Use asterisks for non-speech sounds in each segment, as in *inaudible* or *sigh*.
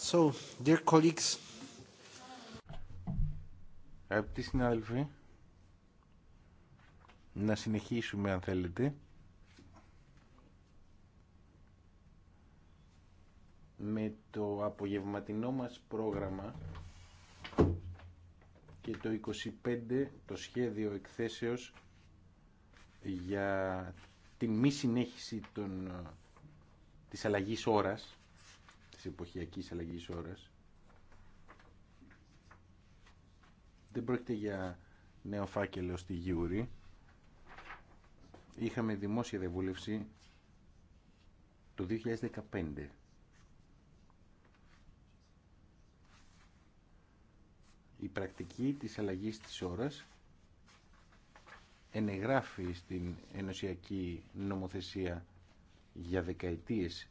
So, dear colleagues. Αγαπητοί συνάδελφοι, να συνεχίσουμε αν θέλετε. με το απογευματινό μας πρόγραμμα και το 25 το σχέδιο εκθέσεως για τη μη συνέχιση των, ε, της αλλαγής ώρας της εποχιακής αλλαγής ώρας. Δεν πρόκειται για νέο φάκελο στη Γιούρη. Είχαμε δημόσια διαβούλευση το 2015. Η πρακτική της αλλαγής της ώρας ενεγράφει στην ενωσιακή νομοθεσία για δεκαετίες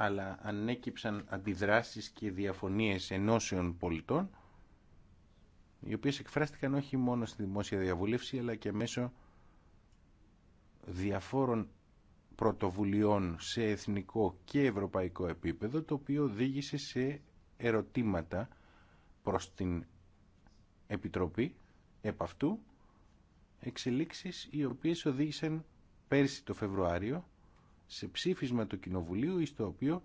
αλλά ανέκυψαν αντιδράσεις και διαφωνίες ενώσεων πολιτών, οι οποίες εκφράστηκαν όχι μόνο στη δημόσια διαβούλευση, αλλά και μέσω διαφόρων πρωτοβουλειών σε εθνικό και ευρωπαϊκό επίπεδο, το οποίο οδήγησε σε ερωτήματα προς την Επιτροπή επ' αυτού, εξελίξεις οι οποίες οδήγησαν πέρσι το Φεβρουάριο σε ψήφισμα του Κοινοβουλίου στο οποίο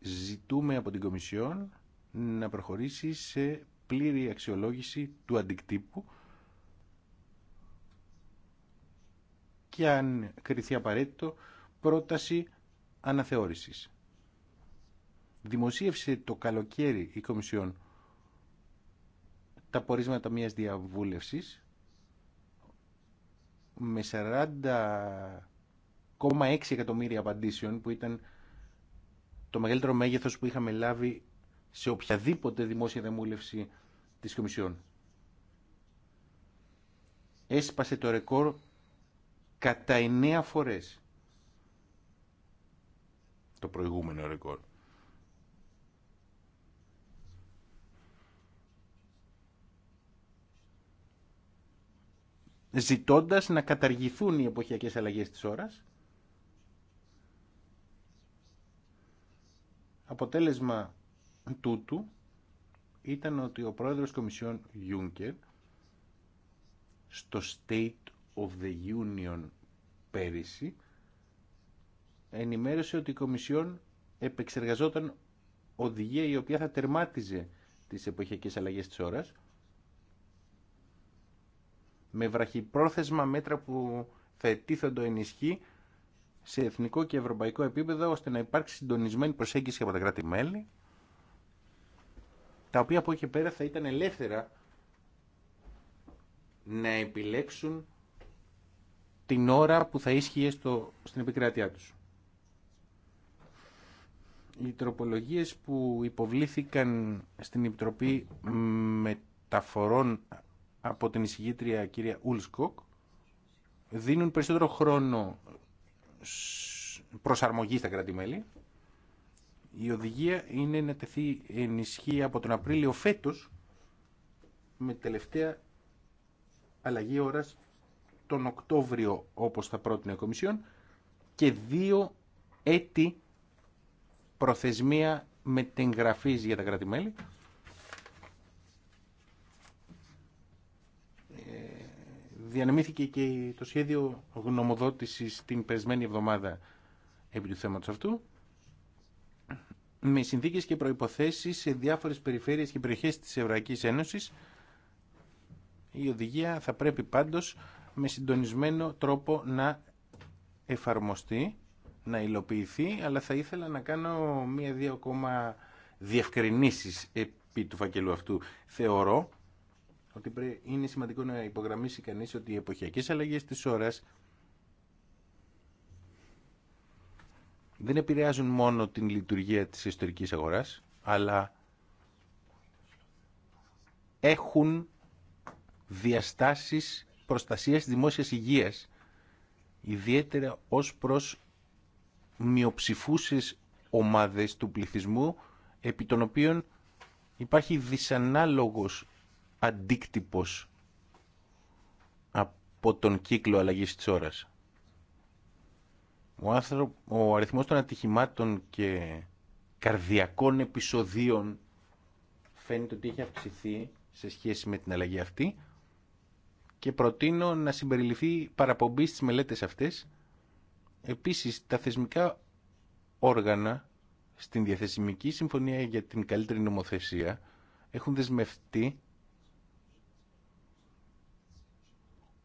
ζητούμε από την Κομισιόν να προχωρήσει σε πλήρη αξιολόγηση του αντικτύπου και αν κριθεί απαραίτητο πρόταση αναθεώρησης. Δημοσίευσε το καλοκαίρι η Κομισιόν τα πορίσματα μιας διαβούλευσης με 40 1,6 εκατομμύρια απαντήσεων που ήταν το μεγαλύτερο μέγεθος που είχαμε λάβει σε οποιαδήποτε δημόσια δεμούλευση της Κομισιόν. Έσπασε το ρεκόρ κατά 9 φορές το προηγούμενο ρεκόρ. ζητώντας να καταργηθούν οι εποχιακές αλλαγές της ώρας Αποτέλεσμα τούτου ήταν ότι ο πρόεδρος Κομισιόν Juncker στο State of the Union πέρυσι ενημέρωσε ότι η Κομισιόν επεξεργαζόταν οδηγία η οποία θα τερμάτιζε τις εποχιακές αλλαγές της ώρας με βραχυπρόθεσμα μέτρα που θα το ενισχύ σε εθνικό και ευρωπαϊκό επίπεδο ώστε να υπάρξει συντονισμένη προσέγγιση από τα κράτη-μέλη τα οποία από εκεί πέρα θα ήταν ελεύθερα να επιλέξουν την ώρα που θα ίσχυε στο, στην επικράτειά τους. Οι τροπολογίες που υποβλήθηκαν στην Επιτροπή Μεταφορών από την εισηγήτρια κυρία Ούλσκοκ δίνουν περισσότερο χρόνο προσαρμογή στα κράτη-μέλη. Η οδηγία είναι να τεθεί ενισχύ από τον Απρίλιο φέτος με τελευταία αλλαγή ώρας τον Οκτώβριο όπως θα πρότεινε η Κομισιόν και δύο έτη προθεσμία με την γραφή για τα κράτη-μέλη διανεμήθηκε και το σχέδιο γνωμοδότησης την περισμένη εβδομάδα επί του θέματος αυτού με συνθήκες και προϋποθέσεις σε διάφορες περιφέρειες και περιοχές της Ευρωπαϊκής Ένωσης η οδηγία θα πρέπει πάντως με συντονισμένο τρόπο να εφαρμοστεί, να υλοποιηθεί, αλλά θα ήθελα να κάνω μία-δύο ακόμα διευκρινήσεις επί του φακελού αυτού. Θεωρώ ότι είναι σημαντικό να υπογραμμίσει κανείς ότι οι εποχιακές αλλαγές της ώρας δεν επηρεάζουν μόνο την λειτουργία της ιστορικής αγοράς, αλλά έχουν διαστάσεις προστασίας δημόσιας υγείας, ιδιαίτερα ως προς μειοψηφούσες ομάδες του πληθυσμού, επί των οποίων υπάρχει δυσανάλογος αντίκτυπος από τον κύκλο αλλαγής της ώρας. Ο, άθρο, αριθμός των ατυχημάτων και καρδιακών επεισοδίων φαίνεται ότι έχει αυξηθεί σε σχέση με την αλλαγή αυτή και προτείνω να συμπεριληφθεί παραπομπή στις μελέτες αυτές. Επίσης, τα θεσμικά όργανα στην Διαθεσιμική Συμφωνία για την Καλύτερη Νομοθεσία έχουν δεσμευτεί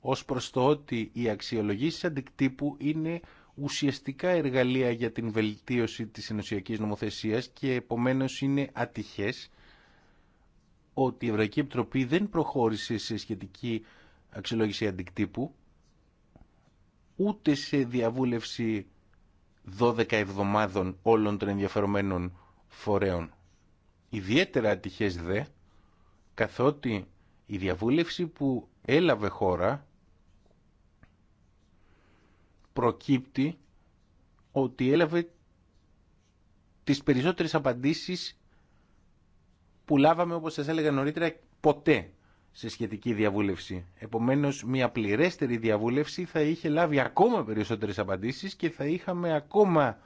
ως προς το ότι οι αξιολογήσεις αντικτύπου είναι ουσιαστικά εργαλεία για την βελτίωση της ενωσιακής νομοθεσίας και επομένως είναι ατυχές ότι η Ευρωπαϊκή Επιτροπή δεν προχώρησε σε σχετική αξιολόγηση αντικτύπου ούτε σε διαβούλευση 12 εβδομάδων όλων των ενδιαφερομένων φορέων. Ιδιαίτερα ατυχές δε, καθότι η διαβούλευση που έλαβε χώρα προκύπτει ότι έλαβε τις περισσότερες απαντήσεις που λάβαμε, όπως σας έλεγα νωρίτερα, ποτέ σε σχετική διαβούλευση. Επομένως, μια πληρέστερη διαβούλευση θα είχε λάβει ακόμα περισσότερες απαντήσεις και θα είχαμε ακόμα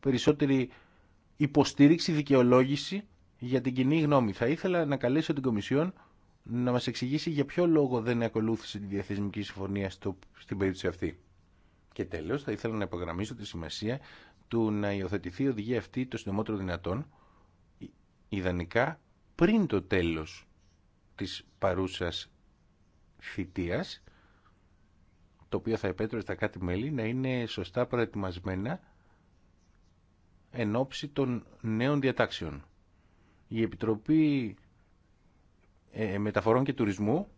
περισσότερη υποστήριξη, δικαιολόγηση για την κοινή γνώμη. Θα ήθελα να καλέσω την Κομισιόν να μας εξηγήσει για ποιο λόγο δεν ακολούθησε τη διαθεσμική συμφωνία στην περίπτωση αυτή. Και τέλος θα ήθελα να υπογραμμίσω τη σημασία του να υιοθετηθεί η οδηγία αυτή το συντομότερο δυνατόν, ιδανικά πριν το τέλος της παρούσας θητείας, το οποίο θα επέτρεπε στα κάτι μέλη να είναι σωστά προετοιμασμένα εν ώψη των νέων διατάξεων. Η Επιτροπή ε, Μεταφορών και Τουρισμού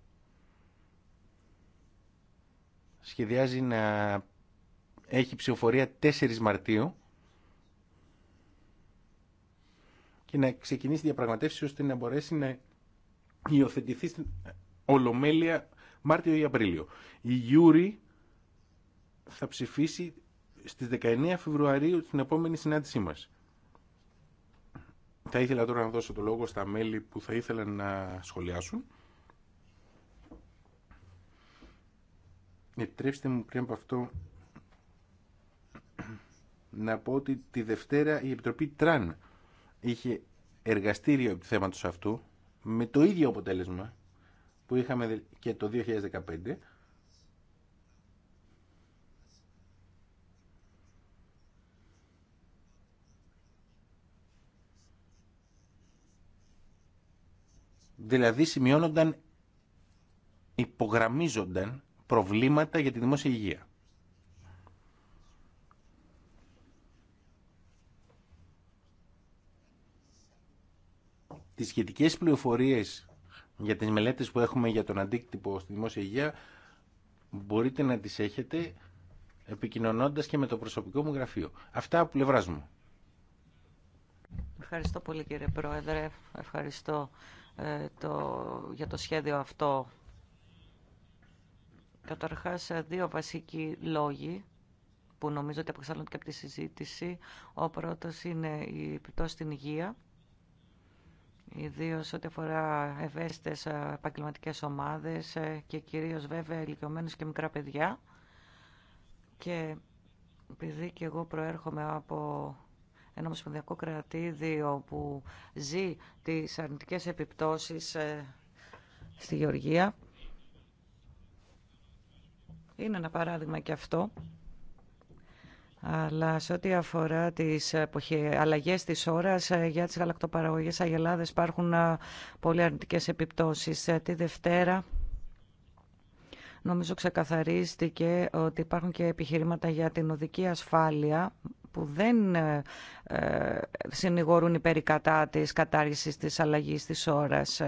σχεδιάζει να έχει ψηφοφορία 4 Μαρτίου και να ξεκινήσει διαπραγματεύσει ώστε να μπορέσει να υιοθετηθεί στην Ολομέλεια Μάρτιο ή Απρίλιο. Η Γιούρη θα ψηφίσει στις 19 Φεβρουαρίου την επόμενη συνάντησή μας. Θα ήθελα τώρα να δώσω το λόγο στα μέλη που θα ήθελαν να σχολιάσουν. Επιτρέψτε μου πριν από αυτό να πω ότι τη Δευτέρα η Επιτροπή Τραν είχε εργαστήριο επί θέματος αυτού με το ίδιο αποτέλεσμα που είχαμε και το 2015 δηλαδή σημειώνονταν υπογραμμίζονταν προβλήματα για τη δημόσια υγεία. τις σχετικές πληροφορίες για τις μελέτες που έχουμε για τον αντίκτυπο στη δημόσια υγεία μπορείτε να τις έχετε επικοινωνώντας και με το προσωπικό μου γραφείο. Αυτά από πλευράς μου. Ευχαριστώ πολύ κύριε Πρόεδρε. Ευχαριστώ ε, το, για το σχέδιο αυτό. Καταρχάς ε, δύο βασικοί λόγοι που νομίζω ότι αποξάλλονται και από τη συζήτηση. Ο πρώτος είναι η επιπτώση στην υγεία ιδίω ό,τι αφορά ευαίσθητε επαγγελματικέ ομάδε ε, και κυρίω βέβαια ηλικιωμένου και μικρά παιδιά. Και επειδή και εγώ προέρχομαι από ένα ομοσπονδιακό κρατήδιο που ζει τις αρνητικές επιπτώσεις ε, στη Γεωργία, είναι ένα παράδειγμα και αυτό αλλά σε ό,τι αφορά τις αλλαγές της ώρας ε, για τις γαλακτοπαραγωγές αγελάδες υπάρχουν ε, πολύ αρνητικές επιπτώσεις. Ε, τη Δευτέρα νομίζω ξεκαθαρίστηκε ότι υπάρχουν και επιχειρήματα για την οδική ασφάλεια που δεν ε, συνηγορούν υπερικατά της κατάργησης της αλλαγής της ώρας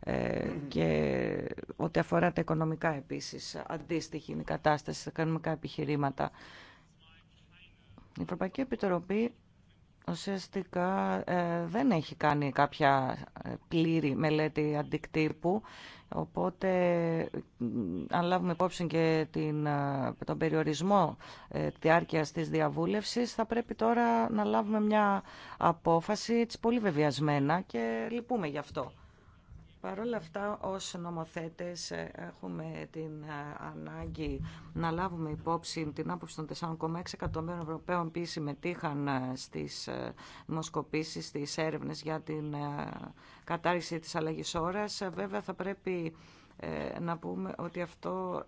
ε, και ό,τι αφορά τα οικονομικά επίσης. Αντίστοιχη είναι η κατάσταση στα οικονομικά επιχειρήματα. Η Ευρωπαϊκή Επιτροπή ουσιαστικά ε, δεν έχει κάνει κάποια ε, πλήρη μελέτη αντικτύπου, οπότε αν λάβουμε υπόψη και την, ε, τον περιορισμό ε, διάρκειας της διαβούλευσης, θα πρέπει τώρα να λάβουμε μια απόφαση έτσι πολύ βεβαιασμένα και λυπούμε γι' αυτό. Παρ' όλα αυτά, ως νομοθέτες ε, έχουμε την ε, ανάγκη να λάβουμε υπόψη την άποψη των 4,6 εκατομμύρων Ευρωπαίων που συμμετείχαν ε, στις δημοσκοπήσεις, στις έρευνες για την κατάρριξη της αλλαγής ώρας. Βέβαια, θα πρέπει να πούμε ότι αυτό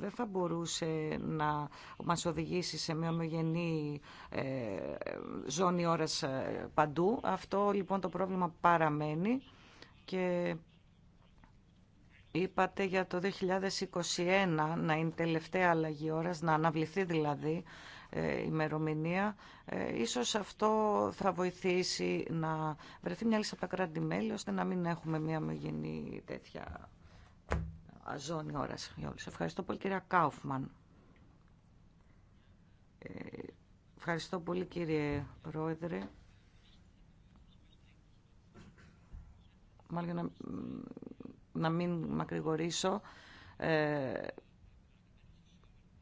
δεν θα μπορούσε να μας οδηγήσει σε μια ομογενή ζώνη ώρας παντού. Αυτό, λοιπόν, το πρόβλημα παραμένει και είπατε για το 2021 να είναι τελευταία αλλαγή ώρας, να αναβληθεί δηλαδή ε, η ημερομηνία. Ε, ίσως αυτό θα βοηθήσει να βρεθεί μια λύση από τα κράτη-μέλη, ώστε να μην έχουμε μια μεγενή τέτοια αζώνη ώρας για Ευχαριστώ πολύ κυρία Κάουφμαν. Ε, ευχαριστώ πολύ κύριε Πρόεδρε. μάλλον να, να μην μακρηγορήσω, ε,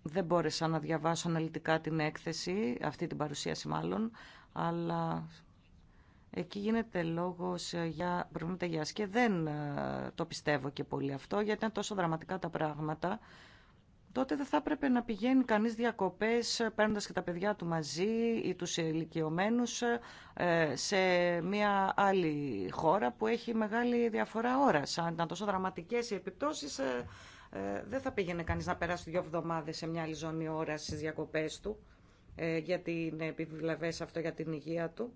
δεν μπόρεσα να διαβάσω αναλυτικά την έκθεση, αυτή την παρουσίαση μάλλον, αλλά εκεί γίνεται λόγος για προβλήματα υγείας και δεν ε, το πιστεύω και πολύ αυτό, γιατί είναι τόσο δραματικά τα πράγματα τότε δεν θα έπρεπε να πηγαίνει κανείς διακοπές παίρνοντας και τα παιδιά του μαζί ή τους ηλικιωμένου ε, σε μια άλλη χώρα που έχει μεγάλη διαφορά ώρας. Αν ήταν τόσο δραματικές οι επιπτώσεις ε, ε, δεν θα πήγαινε κανείς να περάσει δύο εβδομάδες σε μια άλλη ζώνη ώρας στις διακοπές του γιατί είναι επιβλαβές αυτό για την υγεία του.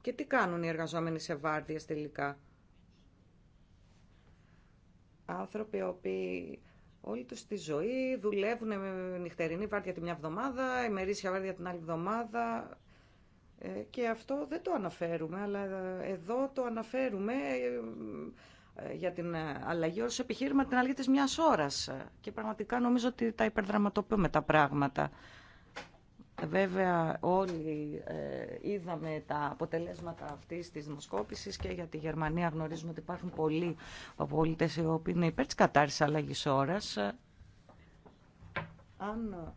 Και τι κάνουν οι εργαζόμενοι σε βάρδιες τελικά. Άνθρωποι οποίοι όλη τους τη ζωή, δουλεύουν με νυχτερινή βάρδια τη μια εβδομάδα, ημερήσια βάρδια την άλλη εβδομάδα ε, και αυτό δεν το αναφέρουμε, αλλά εδώ το αναφέρουμε ε, ε, για την αλλαγή ως επιχείρημα την αλλαγή της μιας ώρας και πραγματικά νομίζω ότι τα υπερδραματοποιούμε τα πράγματα. Βέβαια όλοι ε, είδαμε τα αποτελέσματα αυτής της δημοσκόπησης και για τη Γερμανία γνωρίζουμε ότι υπάρχουν πολλοί πολίτες οι οποίοι είναι υπέρ της κατάρρησης αλλαγής ώρας. Αν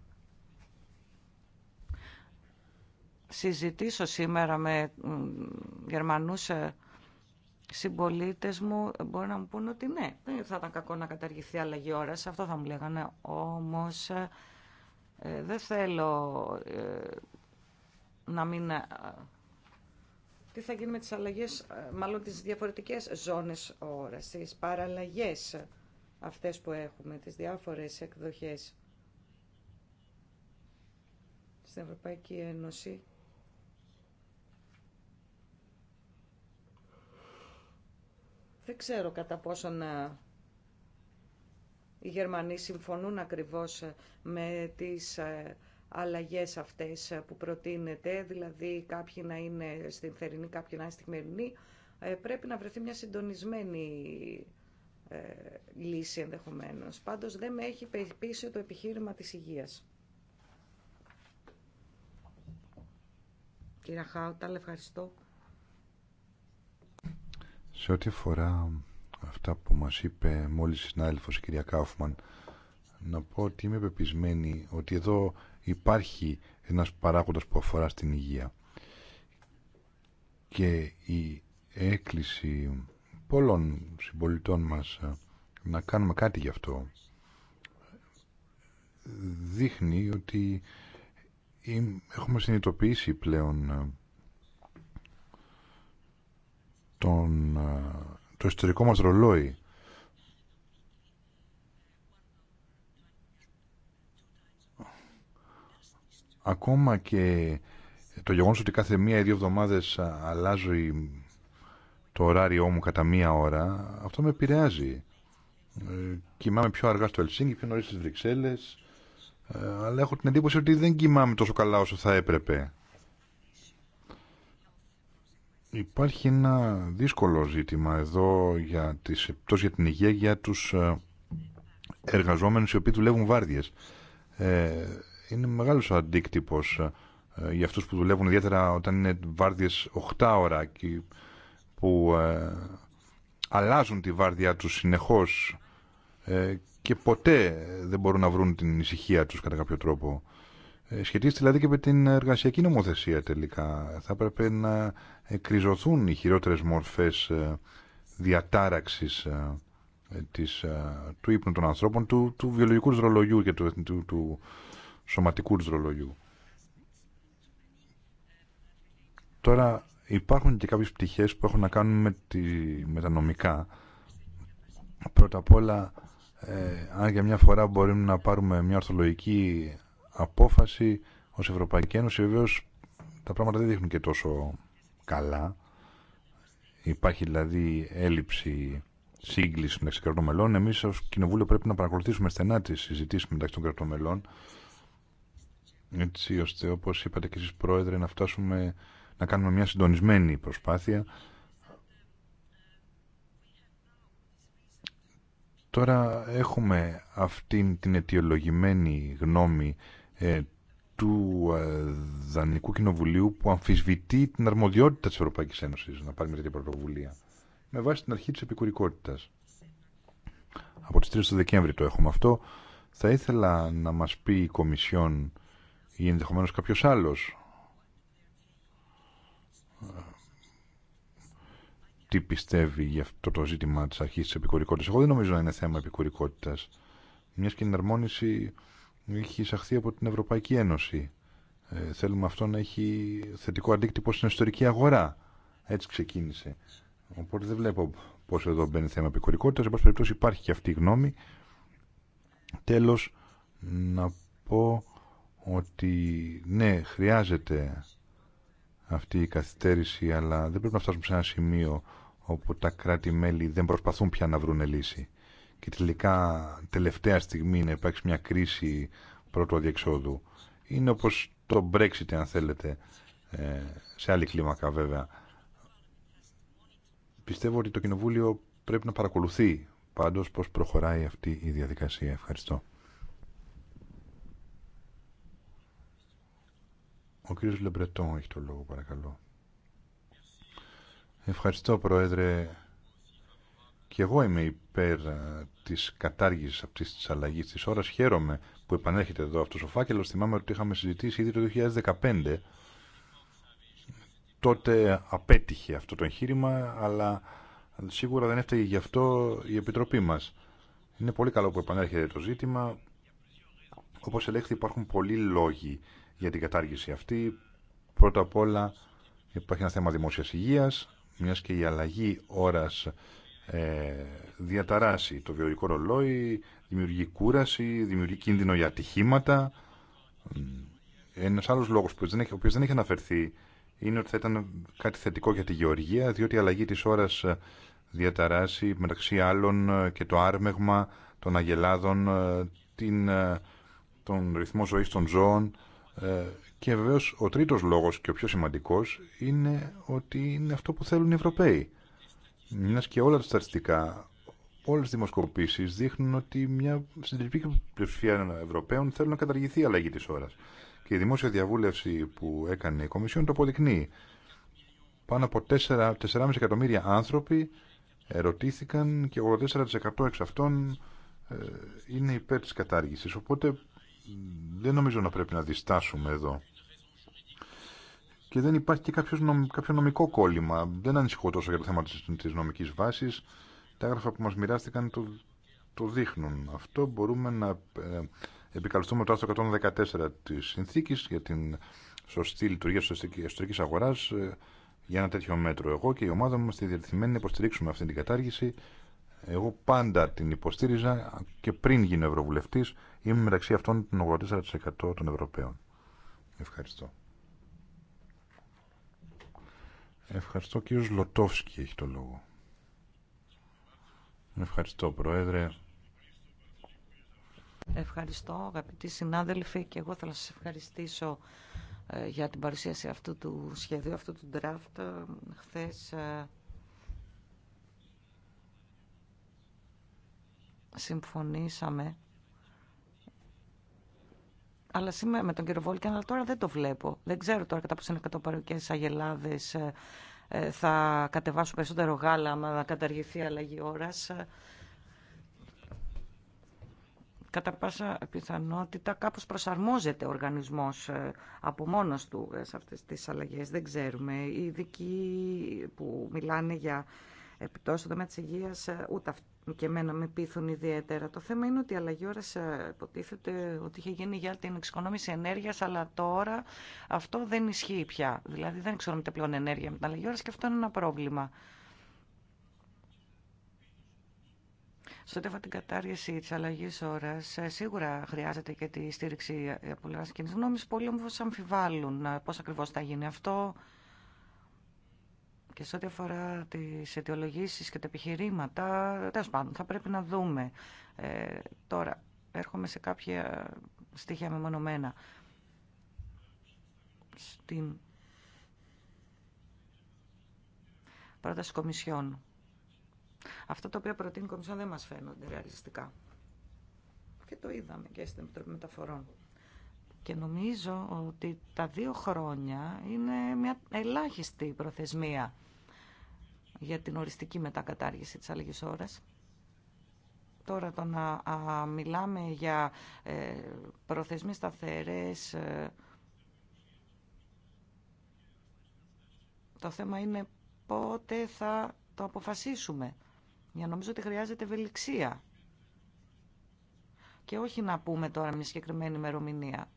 συζητήσω σήμερα με Γερμανούς ε, συμπολίτες μου μπορεί να μου πούνε ότι ναι, δεν θα ήταν κακό να καταργηθεί αλλαγή ώρα, αυτό θα μου λέγανε. Όμως... Ε, ε, δεν θέλω ε, να μην... Ε, τι θα γίνει με τις αλλαγές, μάλλον τις διαφορετικές ζώνες ώρας, τις παραλλαγές αυτές που έχουμε, τις διάφορες εκδοχές στην Ευρωπαϊκή Ένωση. Δεν ξέρω κατά πόσο να οι Γερμανοί συμφωνούν ακριβώς ε, με τις ε, αλλαγές αυτές ε, που προτείνεται, δηλαδή κάποιοι να είναι στην θερινή, κάποιοι να είναι στη χειμερινή, πρέπει να βρεθεί μια συντονισμένη λύση ενδεχομένως. Πάντως δεν με έχει πείσει το επιχείρημα της υγείας. Κύριε Χάουταλ, ευχαριστώ. Σε ό,τι αφορά αυτά που μας είπε μόλις η συνάδελφος η κυρία Κάουφμαν να πω ότι είμαι πεπισμένη ότι εδώ υπάρχει ένας παράγοντας που αφορά στην υγεία και η έκκληση πολλών συμπολιτών μας ε, να κάνουμε κάτι γι' αυτό δείχνει ότι έχουμε συνειδητοποιήσει πλέον ε, τον ε, το ιστορικό μας ρολόι. Ακόμα και το γεγονός ότι κάθε μία ή δύο εβδομάδες αλλάζω το ωράριό μου κατά μία ώρα, αυτό με επηρεάζει. Ε, κοιμάμαι πιο αργά στο Ελσίνγκη, πιο νωρίς στις Βρυξέλλες, ε, αλλά έχω την εντύπωση ότι δεν κοιμάμαι τόσο καλά όσο θα έπρεπε. Υπάρχει ένα δύσκολο ζήτημα εδώ για τις, τόσο για την υγεία για τους ε, εργαζόμενους οι οποίοι δουλεύουν βάρδιες. Ε, είναι μεγάλος αντίκτυπος ε, για αυτούς που δουλεύουν ιδιαίτερα όταν είναι βάρδιες 8 ώρα και που αλλάζουν τη βάρδια τους συνεχώς και ποτέ δεν μπορούν να βρουν την ησυχία τους κατά κάποιο τρόπο. Ε, σχετίζεται δηλαδή και με την εργασιακή νομοθεσία τελικά. Θα έπρεπε να εκκριζωθούν οι χειρότερες μορφές ε, διατάραξης ε, της, του ύπνου των ανθρώπων, του, του βιολογικού ρολογιού και του, του, του σωματικού ρολογιού. Τώρα υπάρχουν και κάποιες πτυχές που έχουν να κάνουν με, τη, με τα νομικά. Πρώτα απ' όλα, αν για μια φορά μπορούμε να πάρουμε μια ορθολογική απόφαση ως Ευρωπαϊκή Ένωση. Βεβαίω τα πράγματα δεν δείχνουν και τόσο καλά. Υπάρχει δηλαδή έλλειψη σύγκληση μεταξύ κρατών μελών. Εμεί ω Κοινοβούλιο πρέπει να παρακολουθήσουμε στενά τις συζητήσει μεταξύ των κρατών μελών. Έτσι ώστε, όπως είπατε και εσείς Πρόεδρε, να φτάσουμε να κάνουμε μια συντονισμένη προσπάθεια. Τώρα έχουμε αυτή την αιτιολογημένη γνώμη ε, του ε, Δανικού Κοινοβουλίου που αμφισβητεί την αρμοδιότητα της Ευρωπαϊκής Ένωσης να πάρει μια τέτοια πρωτοβουλία με βάση την αρχή της επικουρικότητας. Από τις 3 του Δεκέμβρη το έχουμε αυτό. Θα ήθελα να μας πει η Κομισιόν ή ενδεχομένω κάποιο άλλο. Ε, τι πιστεύει για αυτό το ζήτημα της αρχής της επικουρικότητας. Εγώ δεν νομίζω να είναι θέμα επικουρικότητας. Μια και η εναρμόνιση έχει εισαχθεί από την Ευρωπαϊκή Ένωση. Ε, θέλουμε αυτό να έχει θετικό αντίκτυπο στην ιστορική αγορά. Έτσι ξεκίνησε. Οπότε δεν βλέπω πώ εδώ μπαίνει θέμα επικουρικότητα. Εν πάση περιπτώσει υπάρχει και αυτή η γνώμη. Τέλο, να πω ότι ναι, χρειάζεται αυτή η καθυστέρηση, αλλά δεν πρέπει να φτάσουμε σε ένα σημείο όπου τα κράτη-μέλη δεν προσπαθούν πια να βρουν λύση και τελικά τελευταία στιγμή να υπάρξει μια κρίση πρώτου αδιεξόδου. Είναι όπως το Brexit αν θέλετε, ε, σε άλλη κλίμακα βέβαια. Πιστεύω ότι το Κοινοβούλιο πρέπει να παρακολουθεί πάντως πώς προχωράει αυτή η διαδικασία. Ευχαριστώ. Ο κύριος Λεμπρετόν έχει το λόγο παρακαλώ. Ευχαριστώ Πρόεδρε. Και εγώ είμαι υπέρ τη κατάργηση αυτή τη αλλαγή τη ώρα. Χαίρομαι που επανέρχεται εδώ αυτό ο φάκελο. Θυμάμαι ότι είχαμε συζητήσει ήδη το 2015. Τότε απέτυχε αυτό το εγχείρημα, αλλά σίγουρα δεν έφταιγε γι' αυτό η Επιτροπή μα. Είναι πολύ καλό που επανέρχεται το ζήτημα. Όπω ελέγχθη, υπάρχουν πολλοί λόγοι για την κατάργηση αυτή. Πρώτα απ' όλα, υπάρχει ένα θέμα δημόσια υγεία, μια και η αλλαγή ώρα ε, διαταράσει το βιολογικό ρολόι, δημιουργεί κούραση, δημιουργεί κίνδυνο για ατυχήματα. Ένας άλλος λόγος που δεν έχει, ο οποίος δεν έχει αναφερθεί είναι ότι θα ήταν κάτι θετικό για τη γεωργία, διότι η αλλαγή της ώρας ε, διαταράσει μεταξύ άλλων ε, και το άρμεγμα των αγελάδων, την, τον ρυθμό ζωής των ζώων και βεβαίως ο τρίτος λόγος και ο πιο σημαντικός είναι ότι είναι αυτό που θέλουν οι Ευρωπαίοι. Μία και όλα τα στατιστικά, όλες τις δημοσκοπήσεις δείχνουν ότι μια συντριπτική πλειοψηφία Ευρωπαίων θέλουν να καταργηθεί η αλλαγή της ώρας. Και η δημόσια διαβούλευση που έκανε η Κομισιόν το αποδεικνύει. Πάνω από 4,5 εκατομμύρια άνθρωποι ερωτήθηκαν και 84% εξ αυτών ε, είναι υπέρ της κατάργησης. Οπότε δεν νομίζω να πρέπει να διστάσουμε εδώ και δεν υπάρχει και κάποιο, κάποιο νομικό κόλλημα. Δεν ανησυχώ τόσο για το θέμα τη νομική βάσης. Τα έγγραφα που μα μοιράστηκαν το, το δείχνουν. Αυτό μπορούμε να ε, επικαλυστούμε το άρθρο 114 της συνθήκης για την σωστή λειτουργία τη αγοράς αγορά ε, για ένα τέτοιο μέτρο. Εγώ και η ομάδα μου είμαστε διατεθειμένοι να υποστηρίξουμε αυτή την κατάργηση. Εγώ πάντα την υποστήριζα και πριν γίνω Ευρωβουλευτής. Είμαι μεταξύ αυτών των 84% των Ευρωπαίων. Ευχαριστώ. Ευχαριστώ κύριος Λοτόφσκι έχει το λόγο. Ευχαριστώ Πρόεδρε. Ευχαριστώ αγαπητοί συνάδελφοι και εγώ θα σας ευχαριστήσω ε, για την παρουσίαση αυτού του σχεδίου, αυτού του draft. Ε, χθες ε, συμφωνήσαμε αλλά σήμερα με τον κύριο Βόλκαν, αλλά τώρα δεν το βλέπω. Δεν ξέρω τώρα κατά πόσο είναι κατοπαροκέ αγελάδε. Ε, ε, θα κατεβάσω περισσότερο γάλα άμα να καταργηθεί η αλλαγή ώρα. Κατά πάσα πιθανότητα κάπως προσαρμόζεται ο οργανισμός ε, από μόνος του σε αυτές τις αλλαγές. Δεν ξέρουμε. Οι ειδικοί που μιλάνε για επιπτώσει στο τομέα τη υγεία, ε, ούτε και εμένα με πείθουν ιδιαίτερα. Το θέμα είναι ότι η αλλαγή ώρα ε, υποτίθεται ότι είχε γίνει για την εξοικονόμηση ενέργεια, αλλά τώρα αυτό δεν ισχύει πια. Δηλαδή δεν εξοικονομείται πλέον ενέργεια με την αλλαγή ώρα και αυτό είναι ένα πρόβλημα. Σε ό,τι την κατάργηση τη αλλαγή ώρα, ε, σίγουρα χρειάζεται και τη στήριξη από πλευρά κοινή γνώμη. Πολλοί όμω αμφιβάλλουν πώ ακριβώ θα γίνει αυτό. Και σε ό,τι αφορά τι αιτιολογήσει και τα επιχειρήματα, τέλο πάντων, θα πρέπει να δούμε. Ε, τώρα, έρχομαι σε κάποια στοιχεία μεμονωμένα. Στην πρόταση Κομισιόν. Αυτά τα οποία προτείνει η Κομισιόν δεν μας φαίνονται ρεαλιστικά. Και το είδαμε και στην Επιτροπή Μεταφορών. Και νομίζω ότι τα δύο χρόνια είναι μια ελάχιστη προθεσμία για την οριστική μετακατάργηση της αλλαγής ώρας. Τώρα το να μιλάμε για ε, προθεσμίες σταθερές, ε, το θέμα είναι πότε θα το αποφασίσουμε. Για νομίζω ότι χρειάζεται ευελιξία. Και όχι να πούμε τώρα μια συγκεκριμένη ημερομηνία.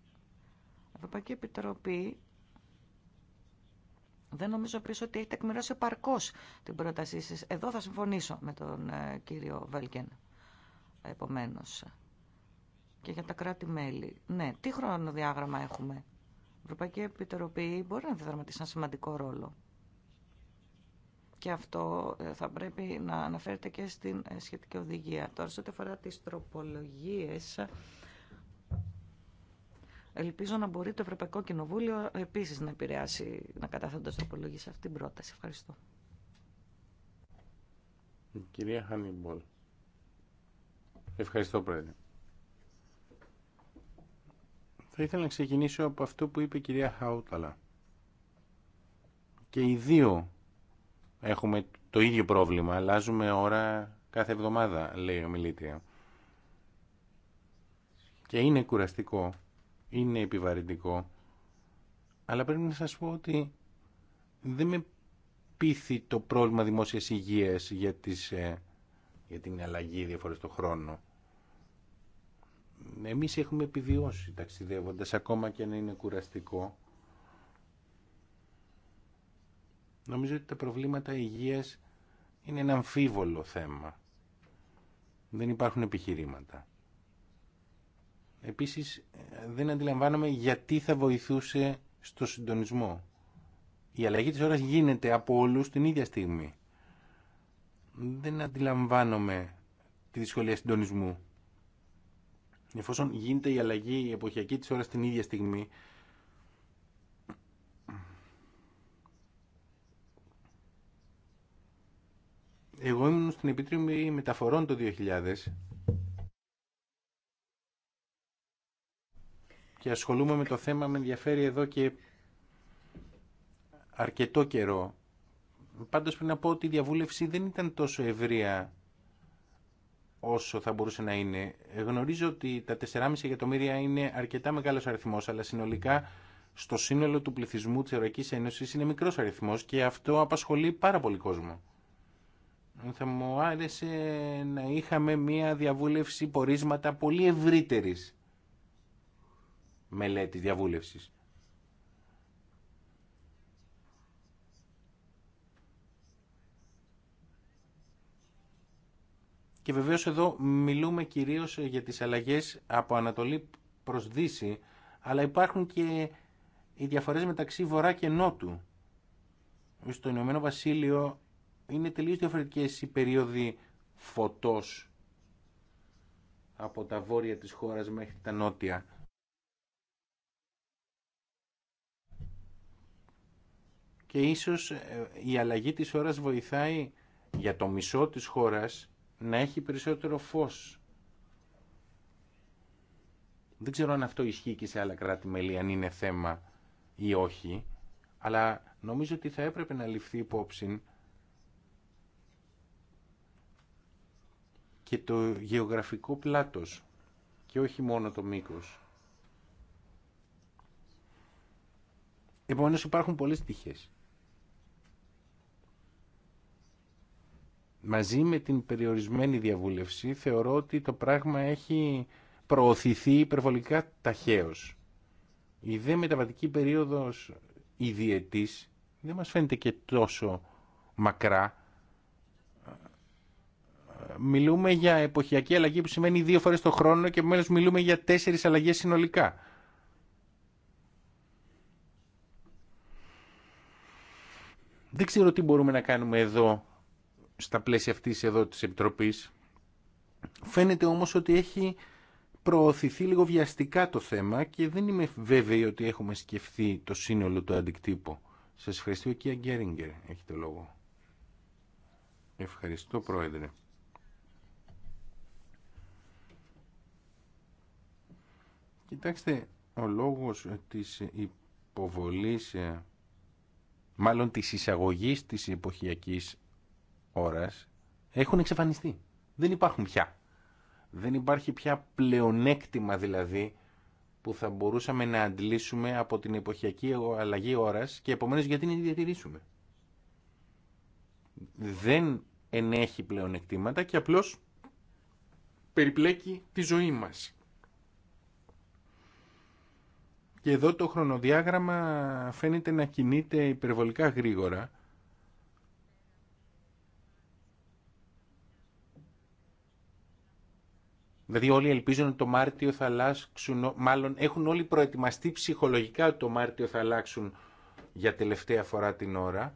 Ευρωπαϊκή Επιτροπή δεν νομίζω πίσω ότι έχει τεκμηρώσει επαρκώ την πρότασή σα. Εδώ θα συμφωνήσω με τον ε, κύριο Βέλκεν. Επομένω. Και για τα κράτη-μέλη. Ναι, τι χρονοδιάγραμμα έχουμε. Η Ευρωπαϊκή Επιτροπή μπορεί να διδραματίσει ένα σημαντικό ρόλο. Και αυτό ε, θα πρέπει να αναφέρεται και στην ε, σχετική οδηγία. Τώρα, σε ό,τι αφορά τι τροπολογίε, Ελπίζω να μπορεί το Ευρωπαϊκό Κοινοβούλιο επίσης να επηρεάσει, να το απολογή σε αυτήν την πρόταση. Ευχαριστώ. κυρία Χανιμπολ. Ευχαριστώ, Πρόεδρε. Θα ήθελα να ξεκινήσω από αυτό που είπε η κυρία Χαούταλα. Και οι δύο έχουμε το ίδιο πρόβλημα. Αλλάζουμε ώρα κάθε εβδομάδα, λέει ο Μιλήτρια. Και είναι κουραστικό είναι επιβαρυντικό. Αλλά πρέπει να σας πω ότι δεν με πείθει το πρόβλημα δημόσιας υγείας για, τις, ε, για την αλλαγή διαφορές στον χρόνο. Εμείς έχουμε επιβιώσει ταξιδεύοντας ακόμα και αν είναι κουραστικό. Νομίζω ότι τα προβλήματα υγείας είναι ένα αμφίβολο θέμα. Δεν υπάρχουν επιχειρήματα. Επίσης δεν αντιλαμβάνομαι γιατί θα βοηθούσε στο συντονισμό. Η αλλαγή της ώρας γίνεται από όλους την ίδια στιγμή. Δεν αντιλαμβάνομαι τη δυσκολία συντονισμού. Εφόσον γίνεται η αλλαγή η εποχιακή της ώρας την ίδια στιγμή, εγώ ήμουν στην Επιτροπή Μεταφορών το 2000 και ασχολούμαι με το θέμα, με ενδιαφέρει εδώ και αρκετό καιρό. Πάντως πρέπει να πω ότι η διαβούλευση δεν ήταν τόσο ευρεία όσο θα μπορούσε να είναι. Γνωρίζω ότι τα 4,5 εκατομμύρια είναι αρκετά μεγάλος αριθμός, αλλά συνολικά στο σύνολο του πληθυσμού της Ευρωπαϊκής Ένωσης είναι μικρός αριθμός και αυτό απασχολεί πάρα πολύ κόσμο. Θα μου άρεσε να είχαμε μια διαβούλευση πορίσματα πολύ ευρύτερης μελέτη διαβούλευσης. Και βεβαίως εδώ μιλούμε κυρίως για τις αλλαγές από Ανατολή προς Δύση, αλλά υπάρχουν και οι διαφορές μεταξύ Βορρά και Νότου. Στο Ηνωμένο Βασίλειο είναι τελείως διαφορετικές οι περίοδοι φωτός από τα βόρεια της χώρας μέχρι τα νότια. και ίσως ε, η αλλαγή της ώρας βοηθάει για το μισό της χώρας να έχει περισσότερο φως. Δεν ξέρω αν αυτό ισχύει και σε άλλα κράτη-μέλη, αν είναι θέμα ή όχι, αλλά νομίζω ότι θα έπρεπε να ληφθεί υπόψη και το γεωγραφικό πλάτος και όχι μόνο το μήκος. Επομένως υπάρχουν πολλές τυχές. μαζί με την περιορισμένη διαβούλευση θεωρώ ότι το πράγμα έχει προωθηθεί υπερβολικά ταχαίως. Η δε μεταβατική περίοδος η δεν μας φαίνεται και τόσο μακρά. Μιλούμε για εποχιακή αλλαγή που σημαίνει δύο φορές το χρόνο και μέλος μιλούμε για τέσσερις αλλαγές συνολικά. Δεν ξέρω τι μπορούμε να κάνουμε εδώ στα πλαίσια αυτής εδώ της Επιτροπής. Φαίνεται όμως ότι έχει προωθηθεί λίγο βιαστικά το θέμα και δεν είμαι βέβαιη ότι έχουμε σκεφτεί το σύνολο του αντικτύπου. Σας ευχαριστώ η Γκέριγκερ, έχει το λόγο. Ευχαριστώ πρόεδρε. Κοιτάξτε, ο λόγος της υποβολής, ε, μάλλον της εισαγωγής της εποχιακής έχουν εξαφανιστεί. Δεν υπάρχουν πια. Δεν υπάρχει πια πλεονέκτημα δηλαδή που θα μπορούσαμε να αντλήσουμε από την εποχιακή αλλαγή ώρας και επομένως γιατί να τη διατηρήσουμε. Δεν ενέχει πλεονεκτήματα και απλώς περιπλέκει τη ζωή μας. Και εδώ το χρονοδιάγραμμα φαίνεται να κινείται υπερβολικά γρήγορα Δηλαδή όλοι ελπίζουν ότι το Μάρτιο θα αλλάξουν, μάλλον έχουν όλοι προετοιμαστεί ψυχολογικά ότι το Μάρτιο θα αλλάξουν για τελευταία φορά την ώρα.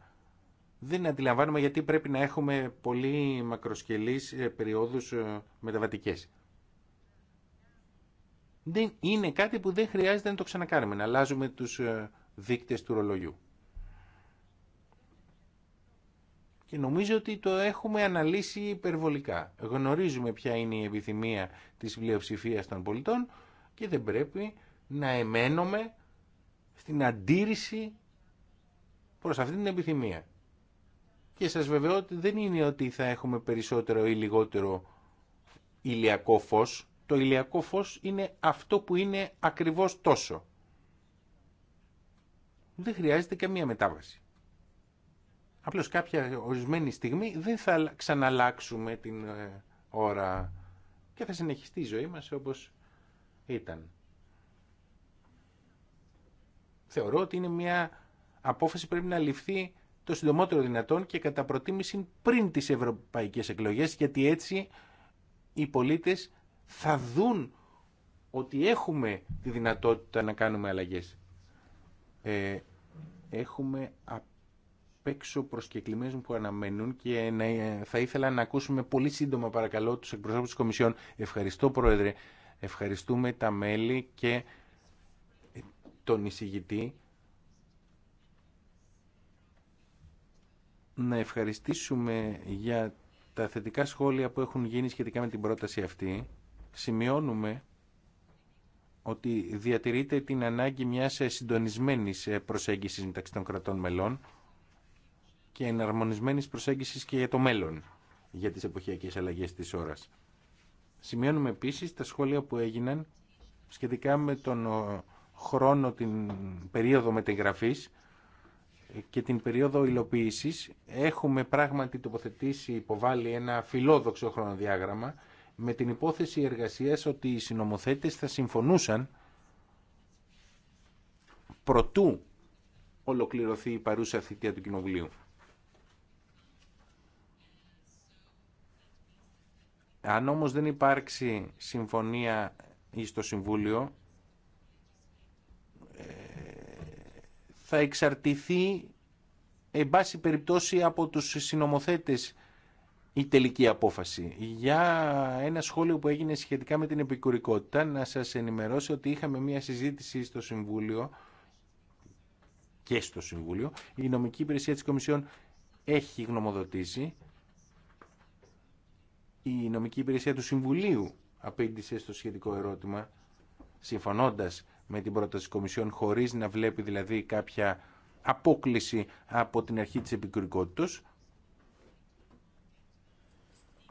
Δεν αντιλαμβάνομαι γιατί πρέπει να έχουμε πολύ μακροσκελής ε, περιόδους ε, μεταβατικές. Δεν είναι κάτι που δεν χρειάζεται να το ξανακάνουμε, να αλλάζουμε τους ε, δείκτες του ρολογιού. και νομίζω ότι το έχουμε αναλύσει υπερβολικά. Γνωρίζουμε ποια είναι η επιθυμία της πλειοψηφίας των πολιτών και δεν πρέπει να εμένουμε στην αντίρρηση προς αυτή την επιθυμία. Και σας βεβαιώ ότι δεν είναι ότι θα έχουμε περισσότερο ή λιγότερο ηλιακό φως. Το ηλιακό φως είναι αυτό που είναι ακριβώς τόσο. Δεν χρειάζεται καμία μετάβαση. Απλώς κάποια ορισμένη στιγμή δεν θα ξαναλλάξουμε την ε, ώρα και θα συνεχιστεί η ζωή μας όπως ήταν. Θεωρώ ότι είναι μια απόφαση που πρέπει να ληφθεί το συντομότερο δυνατόν και κατά προτίμηση πριν τις ευρωπαϊκές εκλογές γιατί έτσι οι πολίτες θα δουν ότι έχουμε τη δυνατότητα να κάνουμε αλλαγές. Ε, έχουμε παίξω που αναμένουν και ε, θα ήθελα να ακούσουμε πολύ σύντομα παρακαλώ τους εκπροσώπους της Κομισιόν. Ευχαριστώ Πρόεδρε, ευχαριστούμε τα μέλη και ε, τον εισηγητή. Να ευχαριστήσουμε για τα θετικά σχόλια που έχουν γίνει σχετικά με την πρόταση αυτή. Σημειώνουμε ότι διατηρείται την ανάγκη μιας συντονισμένης προσέγγισης μεταξύ των κρατών μελών και εναρμονισμένης προσέγγισης και για το μέλλον για τις εποχιακές αλλαγές της ώρας. Σημειώνουμε επίσης τα σχόλια που έγιναν σχετικά με τον χρόνο, την περίοδο μετεγραφής και την περίοδο υλοποίησης. Έχουμε πράγματι τοποθετήσει, υποβάλει ένα φιλόδοξο χρονοδιάγραμμα με την υπόθεση εργασίας ότι οι συνομοθέτες θα συμφωνούσαν προτού ολοκληρωθεί η παρούσα θητεία του Κοινοβουλίου. Αν όμως δεν υπάρξει συμφωνία στο Συμβούλιο, ε, θα εξαρτηθεί, εν πάση περιπτώσει, από τους συνομοθέτες η τελική απόφαση. Για ένα σχόλιο που έγινε σχετικά με την επικουρικότητα, να σας ενημερώσω ότι είχαμε μία συζήτηση στο Συμβούλιο και στο Συμβούλιο. Η νομική υπηρεσία της Κομισιόν έχει γνωμοδοτήσει η νομική υπηρεσία του Συμβουλίου απήντησε στο σχετικό ερώτημα, συμφωνώντας με την πρόταση της Κομισιόν, χωρίς να βλέπει δηλαδή κάποια απόκληση από την αρχή της επικουρικότητας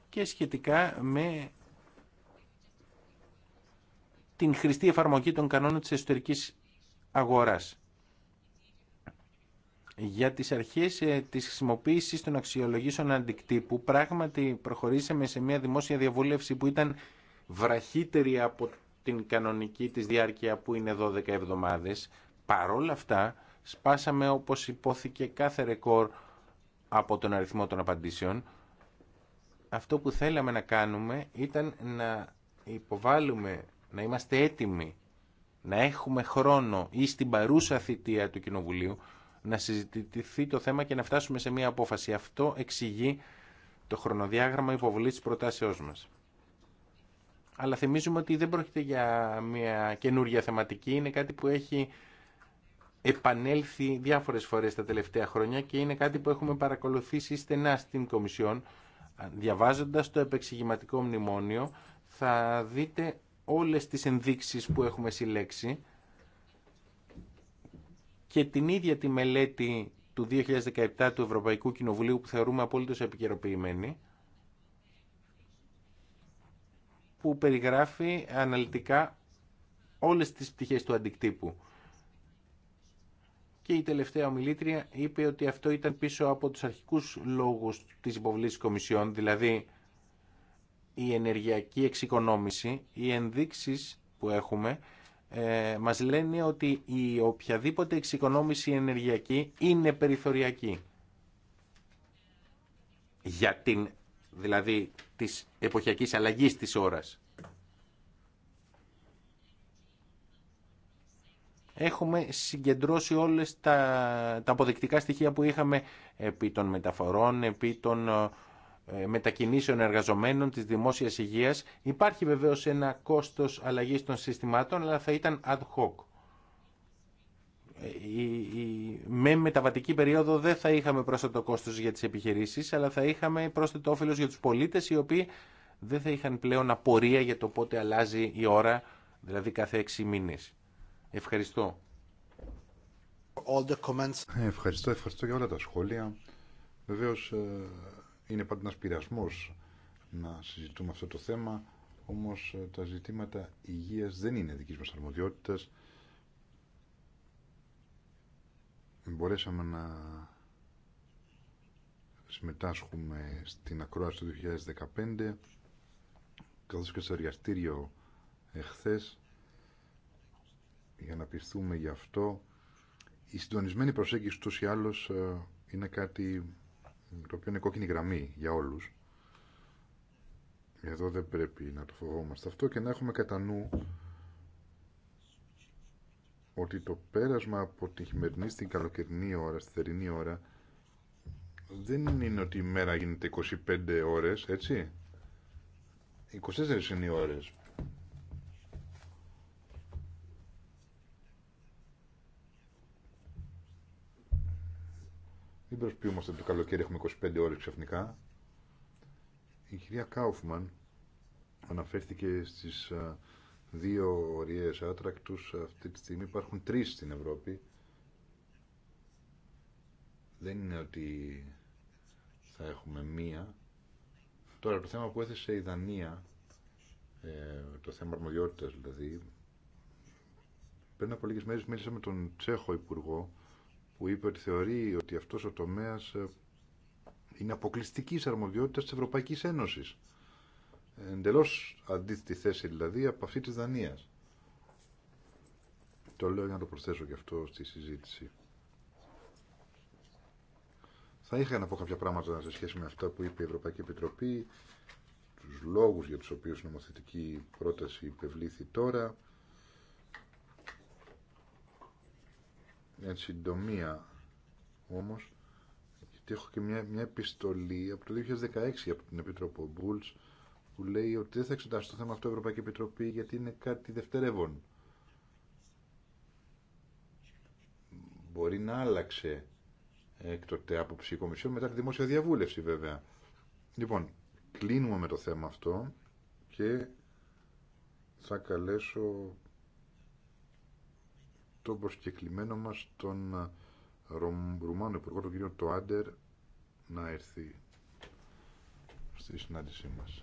και σχετικά με την χρηστή εφαρμογή των κανόνων της εσωτερικής αγοράς για τις αρχές ε, της χρησιμοποίησης των αξιολογήσεων αντικτύπου πράγματι προχωρήσαμε σε μια δημόσια διαβούλευση που ήταν βραχύτερη από την κανονική της διάρκεια που είναι 12 εβδομάδες. Παρόλα αυτά σπάσαμε όπως υπόθηκε κάθε ρεκόρ από τον αριθμό των απαντήσεων. Αυτό που θέλαμε να κάνουμε ήταν να υποβάλουμε, να είμαστε έτοιμοι να έχουμε χρόνο ή στην παρούσα θητεία του Κοινοβουλίου να συζητηθεί το θέμα και να φτάσουμε σε μια απόφαση. Αυτό εξηγεί το χρονοδιάγραμμα υποβολή τη προτάσεω μας. Αλλά θυμίζουμε ότι δεν πρόκειται για μια καινούργια θεματική, είναι κάτι που έχει επανέλθει διάφορες φορές τα τελευταία χρόνια και είναι κάτι που έχουμε παρακολουθήσει στενά στην Κομισιόν. Διαβάζοντας το επεξηγηματικό μνημόνιο θα δείτε όλες τις ενδείξεις που έχουμε συλλέξει και την ίδια τη μελέτη του 2017 του Ευρωπαϊκού Κοινοβουλίου που θεωρούμε απόλυτος επικαιροποιημένη που περιγράφει αναλυτικά όλες τις πτυχές του αντικτύπου. Και η τελευταία ομιλήτρια είπε ότι αυτό ήταν πίσω από τους αρχικούς λόγους της υποβλήσης Κομισιόν, δηλαδή η ενεργειακή εξοικονόμηση, οι ενδείξεις που έχουμε ε, μας λένε ότι η οποιαδήποτε εξοικονόμηση ενεργειακή είναι περιθωριακή. Για την, δηλαδή, της εποχιακής αλλαγής της ώρας. Έχουμε συγκεντρώσει όλες τα, τα αποδεικτικά στοιχεία που είχαμε επί των μεταφορών, επί των ε, μετακινήσεων εργαζομένων, της δημόσιας υγείας. Υπάρχει βεβαίως ένα κόστος αλλαγής των συστημάτων, αλλά θα ήταν ad hoc. Ε, με μεταβατική περίοδο δεν θα είχαμε πρόσθετο κόστος για τις επιχειρήσεις, αλλά θα είχαμε πρόσθετο όφελος για τους πολίτες, οι οποίοι δεν θα είχαν πλέον απορία για το πότε αλλάζει η ώρα, δηλαδή κάθε έξι μήνες. Ευχαριστώ. All the ε, Ευχαριστώ, ευχαριστώ για όλα τα σχόλια. Βεβαίως είναι πάντα ένας πειρασμός να συζητούμε αυτό το θέμα, όμως ε, τα ζητήματα υγείας δεν είναι δική μας αρμοδιότητας. Μπορέσαμε να συμμετάσχουμε στην ακρόαση του 2015 καθώς και στο εργαστήριο εχθές για να πειθούμε γι' αυτό η συντονισμένη προσέγγιση τους ή άλλως ε, είναι κάτι το οποίο είναι κόκκινη γραμμή για όλους. Εδώ δεν πρέπει να το φοβόμαστε αυτό και να έχουμε κατά νου ότι το πέρασμα από τη χειμερινή στην καλοκαιρινή ώρα, στη θερινή ώρα, δεν είναι ότι η μέρα γίνεται 25 ώρες, έτσι. 24 είναι οι ώρες. Δεν προσποιούμαστε ότι το καλοκαίρι έχουμε 25 ώρες ξαφνικά. Η κυρία Κάουφμαν αναφέρθηκε στις δύο ωριές άτρακτους. Αυτή τη στιγμή υπάρχουν τρεις στην Ευρώπη. Δεν είναι ότι θα έχουμε μία. Τώρα το θέμα που έθεσε η Δανία, ε, το θέμα αρμοδιότητας δηλαδή, πριν από λίγες μέρες μίλησα με τον Τσέχο Υπουργό που είπε ότι θεωρεί ότι αυτός ο τομέας ε, είναι αποκλειστική αρμοδιότητα της Ευρωπαϊκής Ένωσης. Εντελώς αντίθετη θέση δηλαδή από αυτή της Δανία. Το λέω για να το προσθέσω και αυτό στη συζήτηση. Θα είχα να πω κάποια πράγματα σε σχέση με αυτά που είπε η Ευρωπαϊκή Επιτροπή, τους λόγους για τους οποίους η νομοθετική πρόταση υπευλήθη τώρα, Μια συντομία όμως γιατί έχω και μια, μια επιστολή από το 2016 από την Επίτροπο Μπουλς που λέει ότι δεν θα εξετάσει το θέμα αυτό η Ευρωπαϊκή Επιτροπή γιατί είναι κάτι δευτερεύον. Μπορεί να άλλαξε έκτοτε από η μετά τη δημόσια διαβούλευση βέβαια. Λοιπόν, κλείνουμε με το θέμα αυτό και θα καλέσω το προσκεκλημένο μας τον ε, Ρουμάνο Υπουργό τον κύριο Τοάντερ να έρθει στη συνάντησή μας.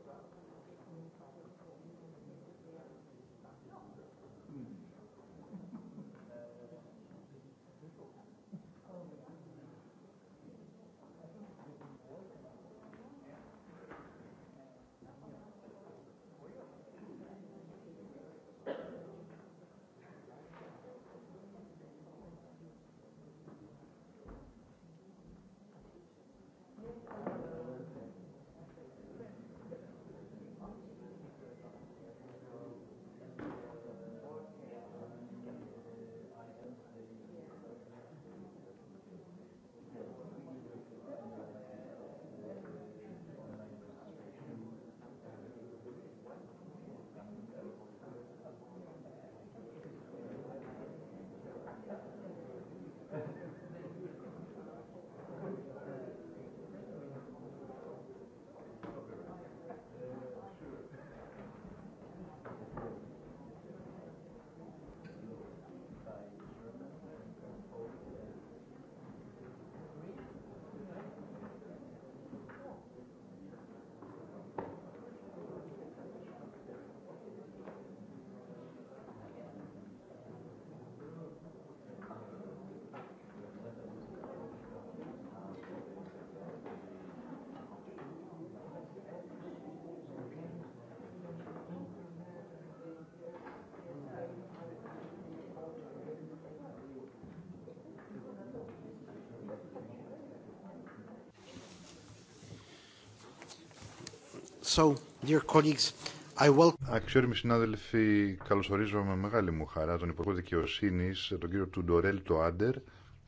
So, dear colleagues, I Αξιόριμοι συνάδελφοι, καλωσορίζω με μεγάλη μου χαρά τον Υπουργό Δικαιοσύνη, τον κύριο Τουντορέλ Τοάντερ,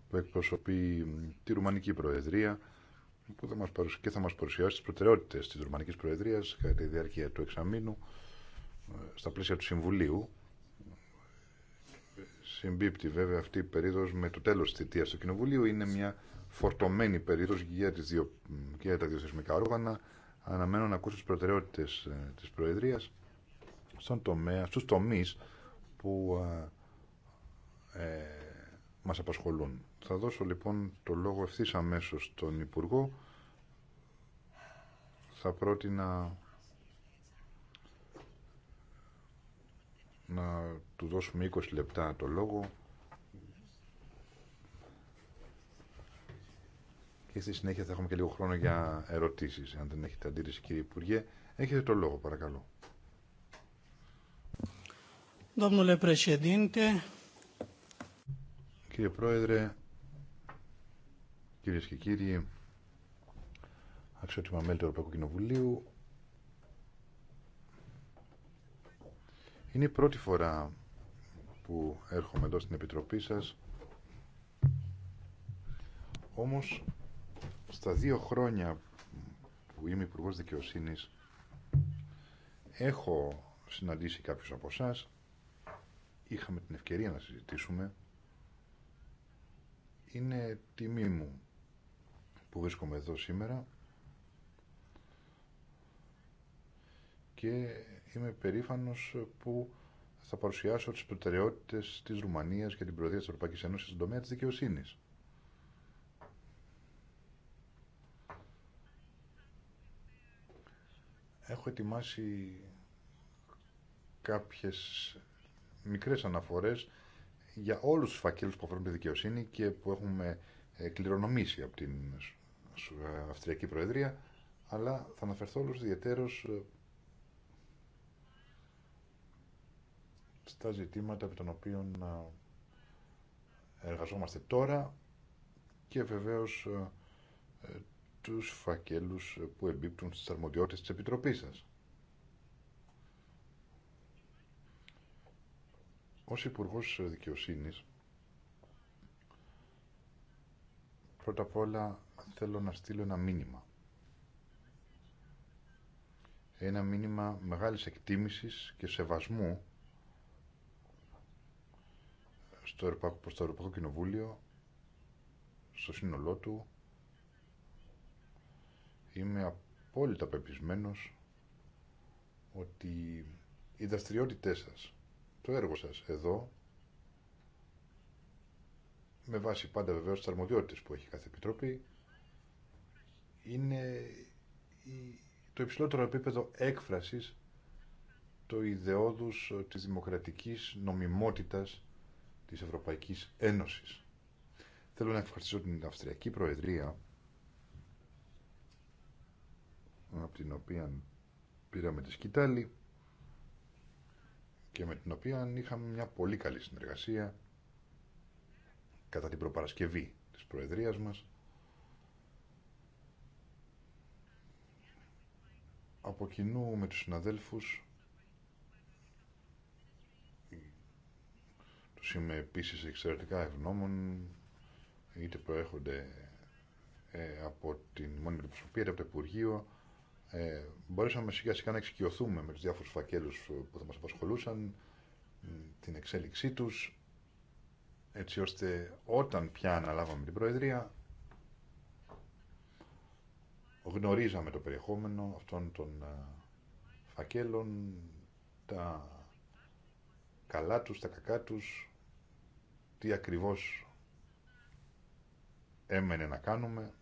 που εκπροσωπεί τη Ρουμανική Προεδρία που θα μας παρουσιάσει, και θα μα παρουσιάσει τι προτεραιότητε τη Ρουμανική Προεδρία κατά τη διάρκεια του εξαμήνου ε, στα πλαίσια του Συμβουλίου. Συμπίπτει βέβαια αυτή η περίοδος με το τέλος της θητείας του Κοινοβουλίου. Είναι μια φορτωμένη περίοδος για, τις δύο, για τα δύο θεσμικά όργανα. Αναμένω να ακούσω τι προτεραιότητε ε, της Προεδρία στον τομέα, στους τομείς που ε, μας απασχολούν. Θα δώσω λοιπόν το λόγο ευθύ αμέσω στον Υπουργό. Θα πρότεινα να του δώσουμε 20 λεπτά το λόγο και στη συνέχεια θα έχουμε και λίγο χρόνο για ερωτήσεις. Αν δεν έχετε αντίρρηση κύριε Υπουργέ, έχετε το λόγο παρακαλώ. Κύριε Πρόεδρε, κυρίες και κύριοι, αξιότιμα μέλη του Ευρωπαϊκού Κοινοβουλίου, είναι η πρώτη φορά που έρχομαι εδώ στην Επιτροπή σας, όμως στα δύο χρόνια που είμαι υπουργό δικαιοσύνη, έχω συναντήσει κάποιους από εσά. Είχαμε την ευκαιρία να συζητήσουμε. Είναι τιμή μου που βρίσκομαι εδώ σήμερα και είμαι περήφανος που θα παρουσιάσω τις προτεραιότητες της Ρουμανίας και την Προεδρία της Ευρωπαϊκής Ένωσης στον τομέα της δικαιοσύνης. Έχω ετοιμάσει κάποιες μικρές αναφορές για όλους τους φακέλους που αφορούν τη δικαιοσύνη και που έχουμε ε, κληρονομήσει από την ε, Αυστριακή Προεδρία, αλλά θα αναφερθώ όλους ιδιαίτερως ε, στα ζητήματα από τον οποίων εργαζόμαστε τώρα και βεβαίως τους φακέλους που εμπίπτουν στις αρμοδιότητες της Επιτροπής σας. Ως υπουργό Δικαιοσύνης, πρώτα απ' όλα θέλω να στείλω ένα μήνυμα. Ένα μήνυμα μεγάλης εκτίμησης και σεβασμού στο Ευρωπαϊκό Κοινοβούλιο, στο σύνολό του, Είμαι απόλυτα πεπισμένος ότι οι δραστηριότητές σας, το έργο σας εδώ, με βάση πάντα βεβαίως τις αρμοδιότητες που έχει κάθε επιτροπή, είναι το υψηλότερο επίπεδο έκφρασης το ιδεώδους της δημοκρατικής νομιμότητας της Ευρωπαϊκής Ένωσης. Θέλω να ευχαριστήσω την Αυστριακή Προεδρία από την οποία πήραμε τη σκητάλη και με την οποία είχαμε μια πολύ καλή συνεργασία κατά την προπαρασκευή της Προεδρίας μας. Από κοινού με τους συναδέλφους τους είμαι επίσης εξαιρετικά ευγνώμων είτε προέρχονται ε, από την μόνιμη προσωπία είτε από το Υπουργείο ε, μπορέσαμε σιγά σιγά να εξοικειωθούμε με τους διάφορους φακέλους ε, που θα μας απασχολούσαν, την εξέλιξή τους, έτσι ώστε όταν πια αναλάβαμε την Προεδρία, γνωρίζαμε το περιεχόμενο αυτών των ε, φακέλων, τα καλά τους, τα κακά τους, τι ακριβώς έμενε να κάνουμε,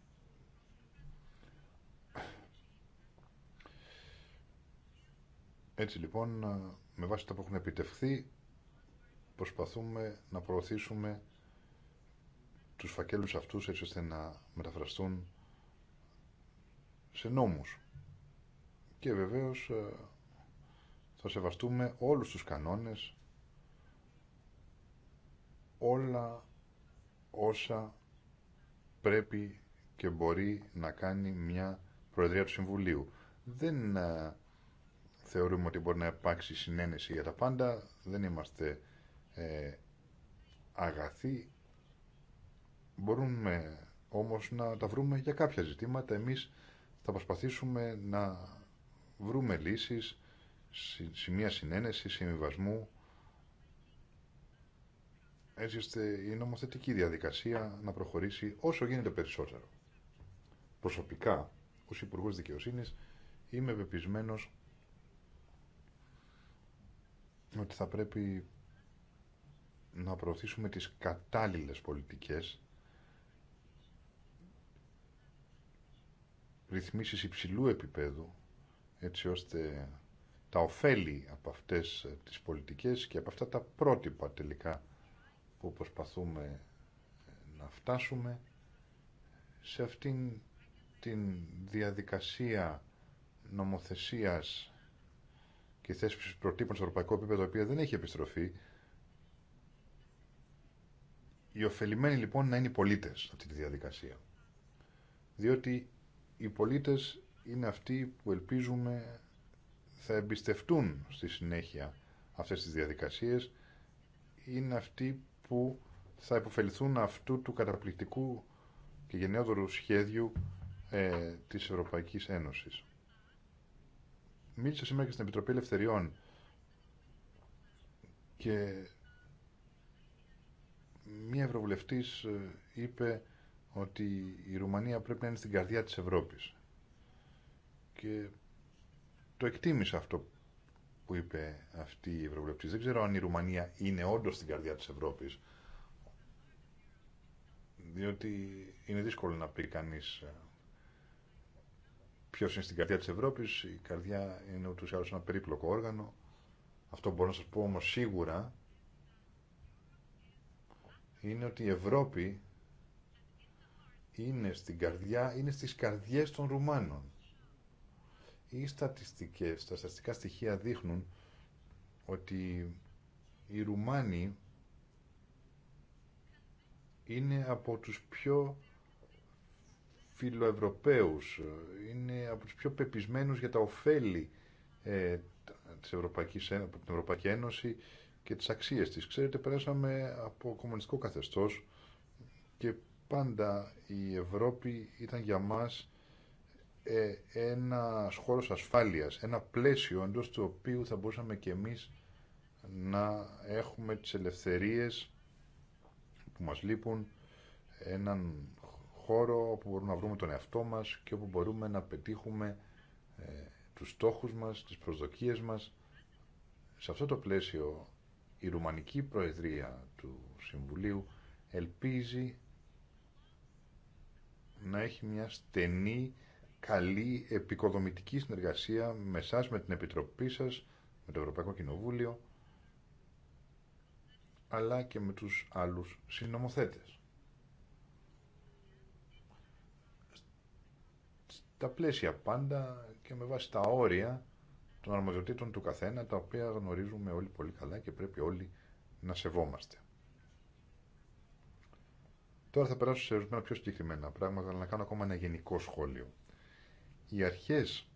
Έτσι λοιπόν, με βάση τα που έχουν επιτευχθεί, προσπαθούμε να προωθήσουμε τους φακέλους αυτούς έτσι ώστε να μεταφραστούν σε νόμους. Και βεβαίως ε, θα σεβαστούμε όλους τους κανόνες, όλα όσα πρέπει και μπορεί να κάνει μια Προεδρία του Συμβουλίου. Δεν ε, θεωρούμε ότι μπορεί να υπάρξει συνένεση για τα πάντα. Δεν είμαστε ε, αγαθοί. Μπορούμε όμως να τα βρούμε για κάποια ζητήματα. Εμείς θα προσπαθήσουμε να βρούμε λύσεις μία συνένεση, συμβιβασμού έτσι ώστε η νομοθετική διαδικασία να προχωρήσει όσο γίνεται περισσότερο. Προσωπικά, ως Υπουργός Δικαιοσύνης, είμαι πεπισμένος ότι θα πρέπει να προωθήσουμε τις κατάλληλες πολιτικές ρυθμίσεις υψηλού επίπεδου έτσι ώστε τα ωφέλη από αυτές τις πολιτικές και από αυτά τα πρότυπα τελικά που προσπαθούμε να φτάσουμε σε αυτήν την διαδικασία νομοθεσίας και θέσει προτύπων στο ευρωπαϊκό επίπεδο, η οποία δεν έχει επιστροφή. Οι ωφελημένοι λοιπόν να είναι οι πολίτε αυτή τη διαδικασία. Διότι οι πολίτε είναι αυτοί που ελπίζουμε θα εμπιστευτούν στη συνέχεια αυτές τις διαδικασίες είναι αυτοί που θα υποφεληθούν αυτού του καταπληκτικού και γενναιόδωρου σχέδιου ε, της Ευρωπαϊκής Ένωσης. Μίλησα σήμερα και στην Επιτροπή Ελευθεριών και μία ευρωβουλευτής ε, είπε ότι η Ρουμανία πρέπει να είναι στην καρδιά της Ευρώπης. Και το εκτίμησα αυτό που είπε αυτή η ευρωβουλευτή. Δεν ξέρω αν η Ρουμανία είναι όντως στην καρδιά της Ευρώπης, Διότι είναι δύσκολο να πει κάνεις. Ε, ποιο είναι στην καρδιά τη Ευρώπη. Η καρδιά είναι ούτω ή άλλω ένα περίπλοκο όργανο. Αυτό που μπορώ να σα πω όμω σίγουρα είναι ότι η Ευρώπη είναι στην καρδιά, είναι στις καρδιές των Ρουμάνων. Οι στατιστικές, τα στατιστικά στοιχεία δείχνουν ότι οι Ρουμάνοι είναι από τους πιο φιλοευρωπαίους, ε, είναι από τους πιο πεπισμένους για τα ωφέλη ε, της Ευρωπαϊκής, από την Ευρωπαϊκή Ένωση και τις αξίες της. Ξέρετε, περάσαμε από κομμουνιστικό καθεστώς και πάντα η Ευρώπη ήταν για μας ε, ένα χώρος ασφάλειας, ένα πλαίσιο εντός του οποίου θα μπορούσαμε και εμείς να έχουμε τις ελευθερίες που μας λείπουν, έναν χώρο όπου μπορούμε να βρούμε τον εαυτό μας και όπου μπορούμε να πετύχουμε ε, τους στόχους μας, τις προσδοκίες μας. Σε αυτό το πλαίσιο η Ρουμανική Προεδρία του Συμβουλίου ελπίζει να έχει μια στενή, καλή, επικοδομητική συνεργασία με με την Επιτροπή σας, με το Ευρωπαϊκό Κοινοβούλιο, αλλά και με τους άλλους συνομοθέτες. τα πλαίσια πάντα και με βάση τα όρια των αρμοδιοτήτων του καθένα, τα οποία γνωρίζουμε όλοι πολύ καλά και πρέπει όλοι να σεβόμαστε. Τώρα θα περάσω σε ορισμένα πιο συγκεκριμένα πράγματα, αλλά να κάνω ακόμα ένα γενικό σχόλιο. Οι αρχές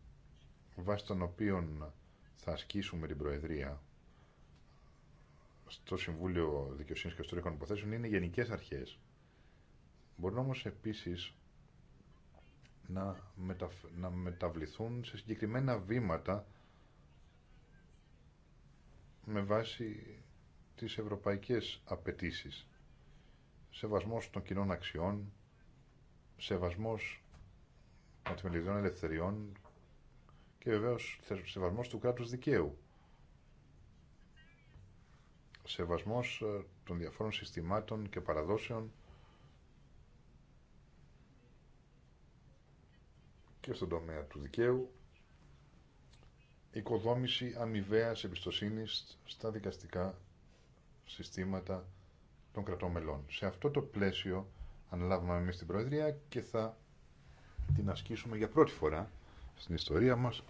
βάσει των οποίων θα ασκήσουμε την Προεδρία στο Συμβούλιο Δικαιοσύνης και Ιστορικών Υποθέσεων είναι γενικές αρχές. Μπορούν όμως επίσης να, να μεταβληθούν σε συγκεκριμένα βήματα με βάση τις ευρωπαϊκές απαιτήσεις. Σεβασμός των κοινών αξιών, σεβασμός των θεμελιωδών ελευθεριών και βεβαίως σεβασμός του κράτους δικαίου. Σεβασμός ε, των διαφόρων συστημάτων και παραδόσεων και στον τομέα του δικαίου, οικοδόμηση αμοιβαία εμπιστοσύνη στα δικαστικά συστήματα των κρατών μελών. Σε αυτό το πλαίσιο αναλάβουμε εμείς την Προεδρία και θα την ασκήσουμε για πρώτη φορά στην ιστορία μας.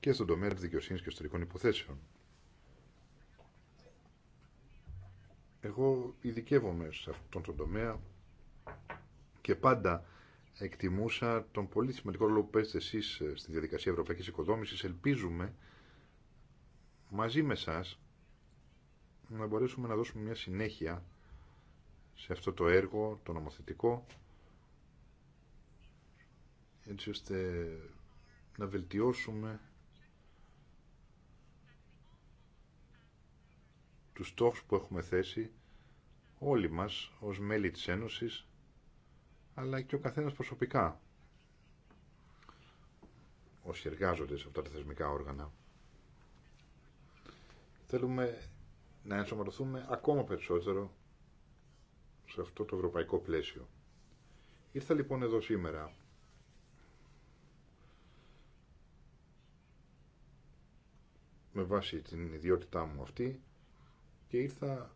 και στον τομέα της δικαιοσύνης και ιστορικών υποθέσεων. Εγώ ειδικεύομαι σε αυτόν τον τομέα και πάντα εκτιμούσα τον πολύ σημαντικό ρόλο που παίζετε εσεί ε, στη διαδικασία ευρωπαϊκή οικοδόμηση. Ελπίζουμε μαζί με εσά να μπορέσουμε να δώσουμε μια συνέχεια σε αυτό το έργο, το νομοθετικό, έτσι ώστε να βελτιώσουμε τους στόχους που έχουμε θέσει όλοι μας ως μέλη της Ένωσης αλλά και ο καθένας προσωπικά όσοι εργάζονται σε αυτά τα θεσμικά όργανα. Θέλουμε να ενσωματωθούμε ακόμα περισσότερο σε αυτό το ευρωπαϊκό πλαίσιο. Ήρθα λοιπόν εδώ σήμερα με βάση την ιδιότητά μου αυτή και ήρθα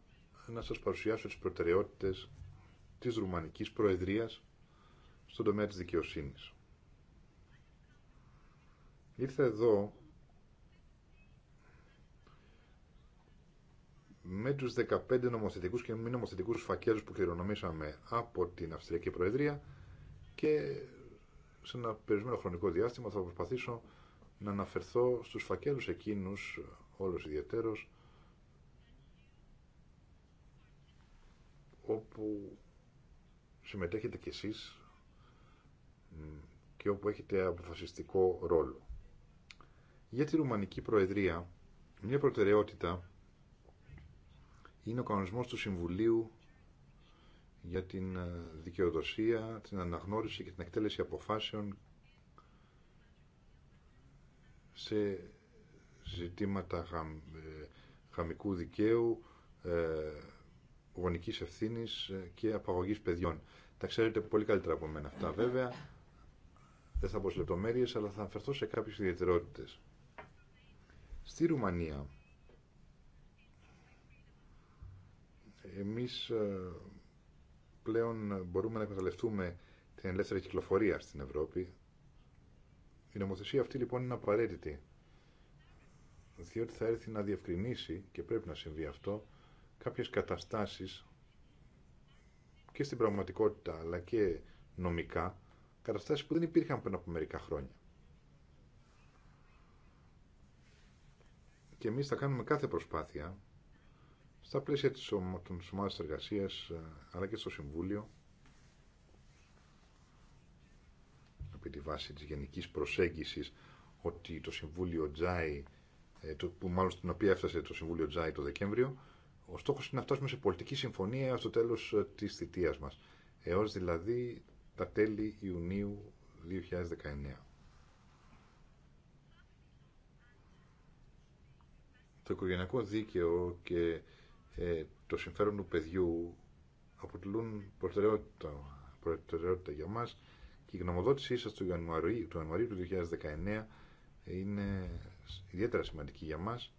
να σας παρουσιάσω τις προτεραιότητες της Ρουμανικής Προεδρίας στον τομέα της δικαιοσύνης. Ήρθα εδώ με τους 15 νομοθετικούς και μη νομοθετικούς φακέλους που κληρονομήσαμε από την Αυστριακή Προεδρία και σε ένα περισμένο χρονικό διάστημα θα προσπαθήσω να αναφερθώ στους φακέλους εκείνους όλος ιδιαίτερος όπου συμμετέχετε κι εσείς και όπου έχετε αποφασιστικό ρόλο. Για τη Ρουμανική Προεδρία, μια προτεραιότητα είναι ο κανονισμός του Συμβουλίου για την ε, δικαιοδοσία, την αναγνώριση και την εκτέλεση αποφάσεων σε ζητήματα χαμικού ε, δικαίου, ε, Γονική ευθύνη ε, και απαγωγή παιδιών. Τα ξέρετε πολύ καλύτερα από μένα αυτά βέβαια. Δεν θα πω σε λεπτομέρειε, αλλά θα αναφερθώ σε κάποιες ιδιαιτερότητε. Στη Ρουμανία, εμείς ε, πλέον μπορούμε να εκμεταλλευτούμε την ελεύθερη κυκλοφορία στην Ευρώπη. Η νομοθεσία αυτή λοιπόν είναι απαραίτητη, διότι θα έρθει να διευκρινίσει, και πρέπει να συμβεί αυτό, κάποιες καταστάσεις και στην πραγματικότητα αλλά και νομικά καταστάσεις που δεν υπήρχαν πριν από μερικά χρόνια. Και εμείς θα κάνουμε κάθε προσπάθεια στα πλαίσια της, ομα, ε, αλλά και στο Συμβούλιο επί τη βάση της γενικής προσέγγισης ότι το Συμβούλιο Τζάι, ε, που μάλλον στην οποία έφτασε το Συμβούλιο Τζάι το Δεκέμβριο, ο στόχος είναι να φτάσουμε σε πολιτική συμφωνία έως το τέλος ε, της θητείας μας. Έως δηλαδή τα τέλη Ιουνίου 2019. Το οικογενειακό δίκαιο και ε, το συμφέρον του παιδιού αποτελούν προτεραιότητα, για μας και η γνωμοδότησή σας του Ιανουαρίου του, του 2019 είναι ιδιαίτερα σημαντική για μας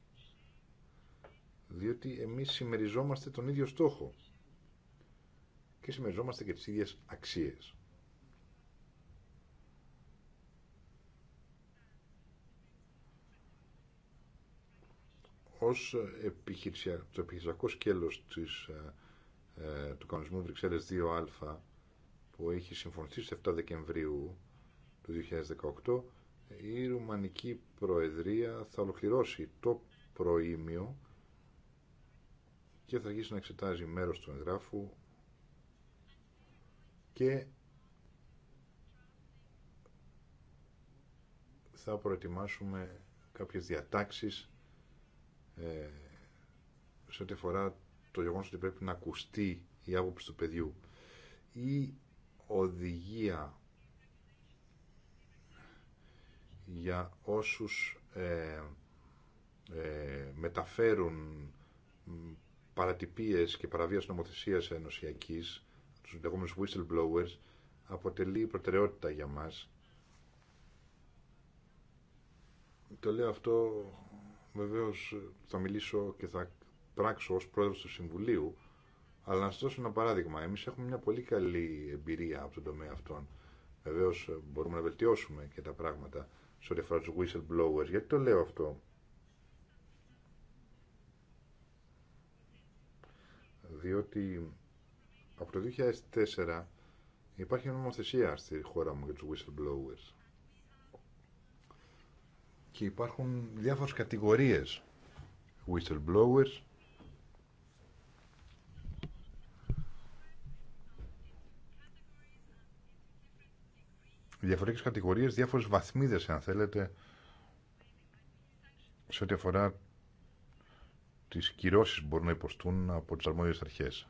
διότι εμείς συμμεριζόμαστε τον ίδιο στόχο και συμμεριζόμαστε και τις ίδιες αξίες. Ως το επιχειρησιακό σκέλος της, ε, ε, του κανονισμού Βρυξέλλες 2α που έχει συμφωνηθεί στις 7 Δεκεμβρίου του 2018 η Ρουμανική Προεδρία θα ολοκληρώσει το προήμιο και θα αρχίσει να εξετάζει μέρος του εγγράφου και θα προετοιμάσουμε κάποιες διατάξεις ε, σε ό,τι αφορά το γεγονός ότι πρέπει να ακουστεί η άποψη του παιδιού. Η οδηγία για όσους ε, ε μεταφέρουν παρατυπίες και παραβίαση νομοθεσίας ενωσιακής, τους λεγόμενους whistleblowers, αποτελεί προτεραιότητα για μας. Το λέω αυτό, βεβαίως θα μιλήσω και θα πράξω ως πρόεδρος του Συμβουλίου, αλλά να σας δώσω ένα παράδειγμα. Εμείς έχουμε μια πολύ καλή εμπειρία από τον τομέα αυτόν. Βεβαίως μπορούμε να βελτιώσουμε και τα πράγματα σε ό,τι αφορά τους whistleblowers. Γιατί το λέω αυτό. διότι από το 2004 υπάρχει νομοθεσία στη χώρα μου για τους whistleblowers και υπάρχουν διάφορες κατηγορίες whistleblowers διαφορετικές κατηγορίες, διάφορες βαθμίδες αν θέλετε σε ό,τι αφορά τι κυρώσει που μπορούν να υποστούν από τις αρμόδιες αρχές.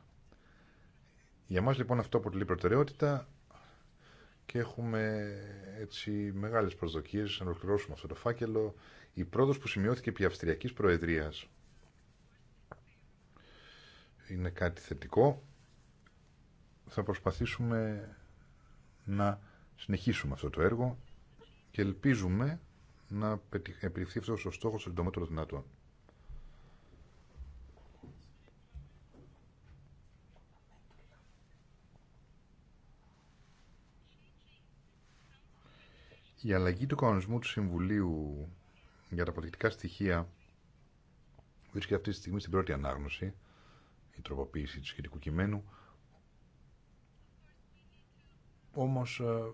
Για μας λοιπόν αυτό αποτελεί προτεραιότητα και έχουμε έτσι μεγάλες προσδοκίες να ολοκληρώσουμε αυτό το φάκελο. Η πρόοδος που σημειώθηκε επί αυστριακή Προεδρίας είναι κάτι θετικό. Θα προσπαθήσουμε να συνεχίσουμε αυτό το έργο και ελπίζουμε να επιληφθεί αυτός ο στόχος τομέα των δυνατόν. Η αλλαγή του κανονισμού του Συμβουλίου για τα πολιτικά στοιχεία βρίσκεται αυτή τη στιγμή στην πρώτη ανάγνωση, η τροποποίηση του σχετικού κειμένου. Όμως ε,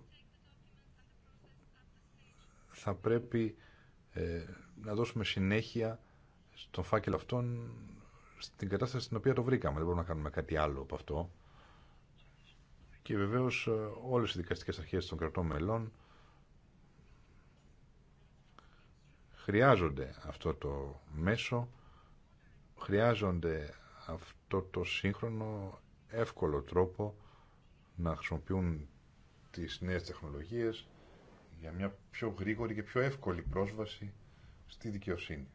θα πρέπει ε, να δώσουμε συνέχεια στον φάκελο αυτόν στην κατάσταση στην οποία το βρήκαμε. Δεν μπορούμε να κάνουμε κάτι άλλο από αυτό. Και βεβαίως ε, όλες οι δικαστικές αρχές των κρατών μελών χρειάζονται αυτό το μέσο, χρειάζονται αυτό το σύγχρονο εύκολο τρόπο να χρησιμοποιούν τις νέες τεχνολογίες για μια πιο γρήγορη και πιο εύκολη πρόσβαση στη δικαιοσύνη.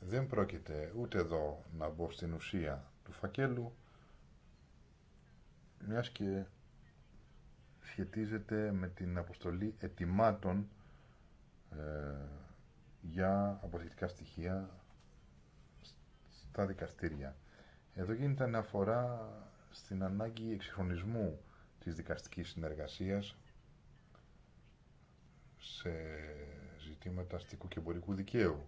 Δεν πρόκειται ούτε εδώ να μπω στην ουσία του φακέλου, μιας και σχετίζεται με την αποστολή ετοιμάτων ε, για αποδεικτικά στοιχεία στα δικαστήρια. Εδώ γίνεται αναφορά στην ανάγκη εξυγχρονισμού της δικαστικής συνεργασίας σε ζητήματα αστικού και εμπορικού δικαίου.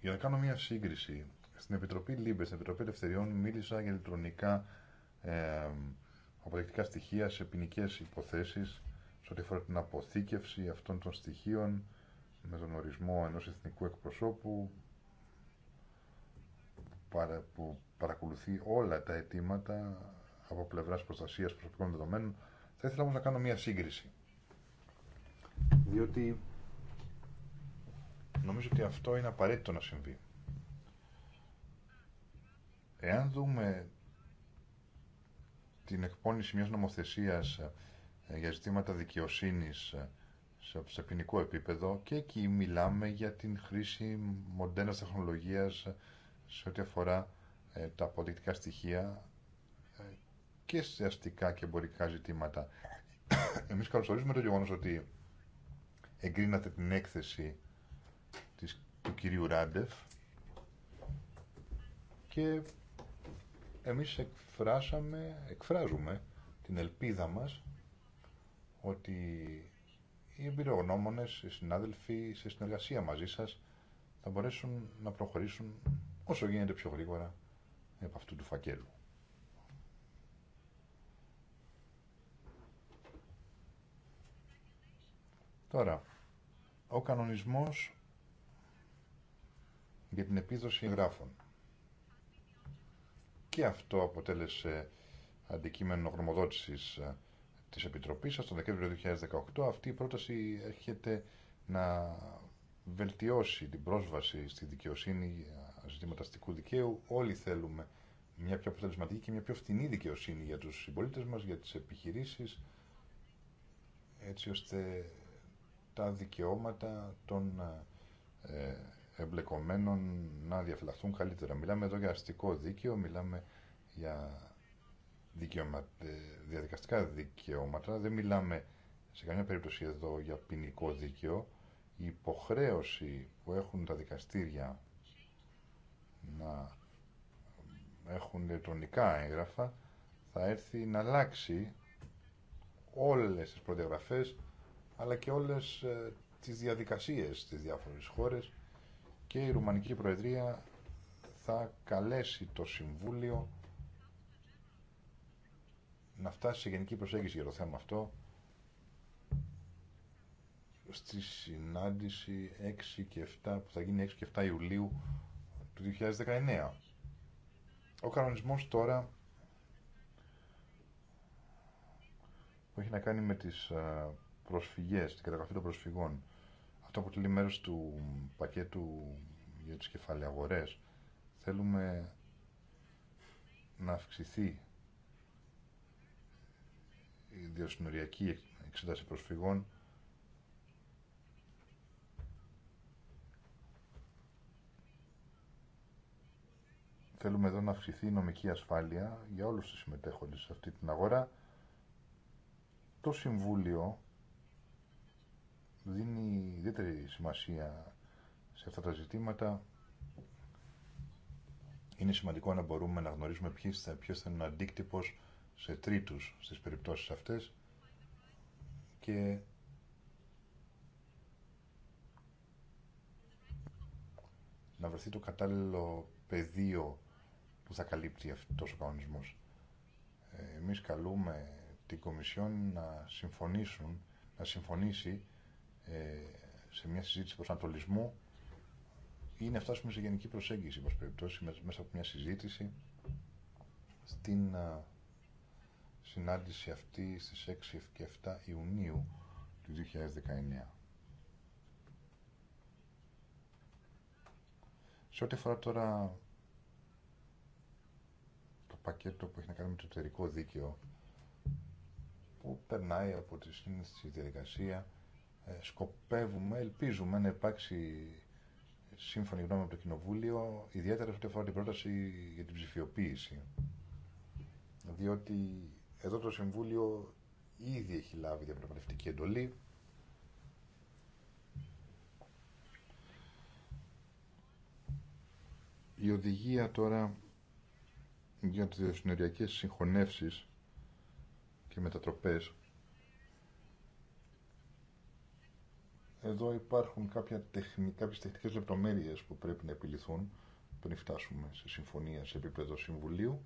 Για να κάνω μια σύγκριση, στην Επιτροπή ΛΥΜΠΕ, στην Επιτροπή Ελευθεριών, μίλησα για ηλεκτρονικά ε, στοιχεία σε ποινικέ υποθέσεις σε ό,τι αφορά την αποθήκευση αυτών των στοιχείων με τον ορισμό ενός εθνικού εκπροσώπου που παρακολουθεί όλα τα αιτήματα από πλευράς προστασίας προσωπικών δεδομένων. Θα ήθελα όμως να κάνω μία σύγκριση. Διότι νομίζω ότι αυτό είναι απαραίτητο να συμβεί. Εάν δούμε την εκπόνηση μιας νομοθεσίας ε, για ζητήματα δικαιοσύνης ε, σε ποινικό επίπεδο και εκεί μιλάμε για την χρήση μοντέρνας τεχνολογίας ε, σε ό,τι αφορά τα πολιτικά στοιχεία και σε αστικά και εμπορικά ζητήματα. *coughs* Εμείς καλωσορίζουμε το γεγονός ότι εγκρίνατε την έκθεση της, του κυρίου Ράντεφ και εμείς εκφράσαμε, εκφράζουμε την ελπίδα μας ότι οι εμπειρογνώμονες, οι συνάδελφοι, σε συνεργασία μαζί σας, θα μπορέσουν να προχωρήσουν όσο γίνεται πιο γρήγορα από αυτού του φακέλου. Τώρα, ο κανονισμός για την επίδοση εγγράφων. Και αυτό αποτέλεσε αντικείμενο γνωμοδότησης ε, της Επιτροπής σας τον Δεκέμβριο 2018. Αυτή η πρόταση έρχεται να βελτιώσει την πρόσβαση στη δικαιοσύνη ε, ζητήματα αστικού δικαίου. Όλοι θέλουμε μια πιο αποτελεσματική και μια πιο φτηνή δικαιοσύνη για τους συμπολίτε μας, για τις επιχειρήσεις, έτσι ώστε τα δικαιώματα των ε, εμπλεκομένων να διαφυλαχθούν καλύτερα. Μιλάμε εδώ για αστικό δίκαιο, μιλάμε για δικαιωμα... Ε, διαδικαστικά δικαιώματα. Δεν μιλάμε σε καμία περίπτωση εδώ για ποινικό δίκαιο. Η υποχρέωση που έχουν τα δικαστήρια να έχουν ηλεκτρονικά έγγραφα θα έρθει να αλλάξει όλες τις προδιαγραφές αλλά και όλες ε, τις διαδικασίες στις διάφορες χώρες και η Ρουμανική Προεδρία θα καλέσει το Συμβούλιο να φτάσει σε γενική προσέγγιση για το θέμα αυτό στη συνάντηση 6 και 7, που θα γίνει 6 και 7 Ιουλίου του 2019. Ο κανονισμός τώρα που έχει να κάνει με τις προσφυγές, την καταγραφή των προσφυγών, αυτό αποτελεί μέρος του πακέτου για τις κεφαλαιαγορές, Θέλουμε να αυξηθεί η διασυνοριακή εξέταση προσφυγών θέλουμε εδώ να αυξηθεί η νομική ασφάλεια για όλους τους συμμετέχοντες σε αυτή την αγορά. Το Συμβούλιο δίνει ιδιαίτερη σημασία σε αυτά τα ζητήματα. Είναι σημαντικό να μπορούμε να γνωρίζουμε ποιος θα, ποιος θα είναι ο αντίκτυπος σε τρίτους στις περιπτώσεις αυτές και να βρεθεί το κατάλληλο πεδίο που θα καλύπτει αυτός ο κανονισμός. Ε, εμείς καλούμε την Κομισιόν να συμφωνήσουν, να συμφωνήσει ε, σε μια συζήτηση προσανατολισμού ή να φτάσουμε σε γενική προσέγγιση, προς περιπτώσεις μέσα από μια συζήτηση στην συνάντηση αυτή στις 6 και 7 Ιουνίου του 2019. Σε ό,τι αφορά τώρα το πακέτο που έχει να κάνει με το εταιρικό δίκαιο που περνάει από τη σύνθεση διαδικασία ε, σκοπεύουμε, ελπίζουμε να υπάρξει σύμφωνη γνώμη από το Κοινοβούλιο ιδιαίτερα σε ό,τι αφορά την πρόταση για την ψηφιοποίηση διότι εδώ το Συμβούλιο ήδη έχει λάβει διαπραγματευτική εντολή. Η οδηγία τώρα για τις διασυνοριακές συγχωνεύσεις και μετατροπές εδώ υπάρχουν κάποια τεχνη, κάποιες τεχνικές λεπτομέρειες που πρέπει να επιληθούν πριν φτάσουμε σε συμφωνία σε επίπεδο Συμβουλίου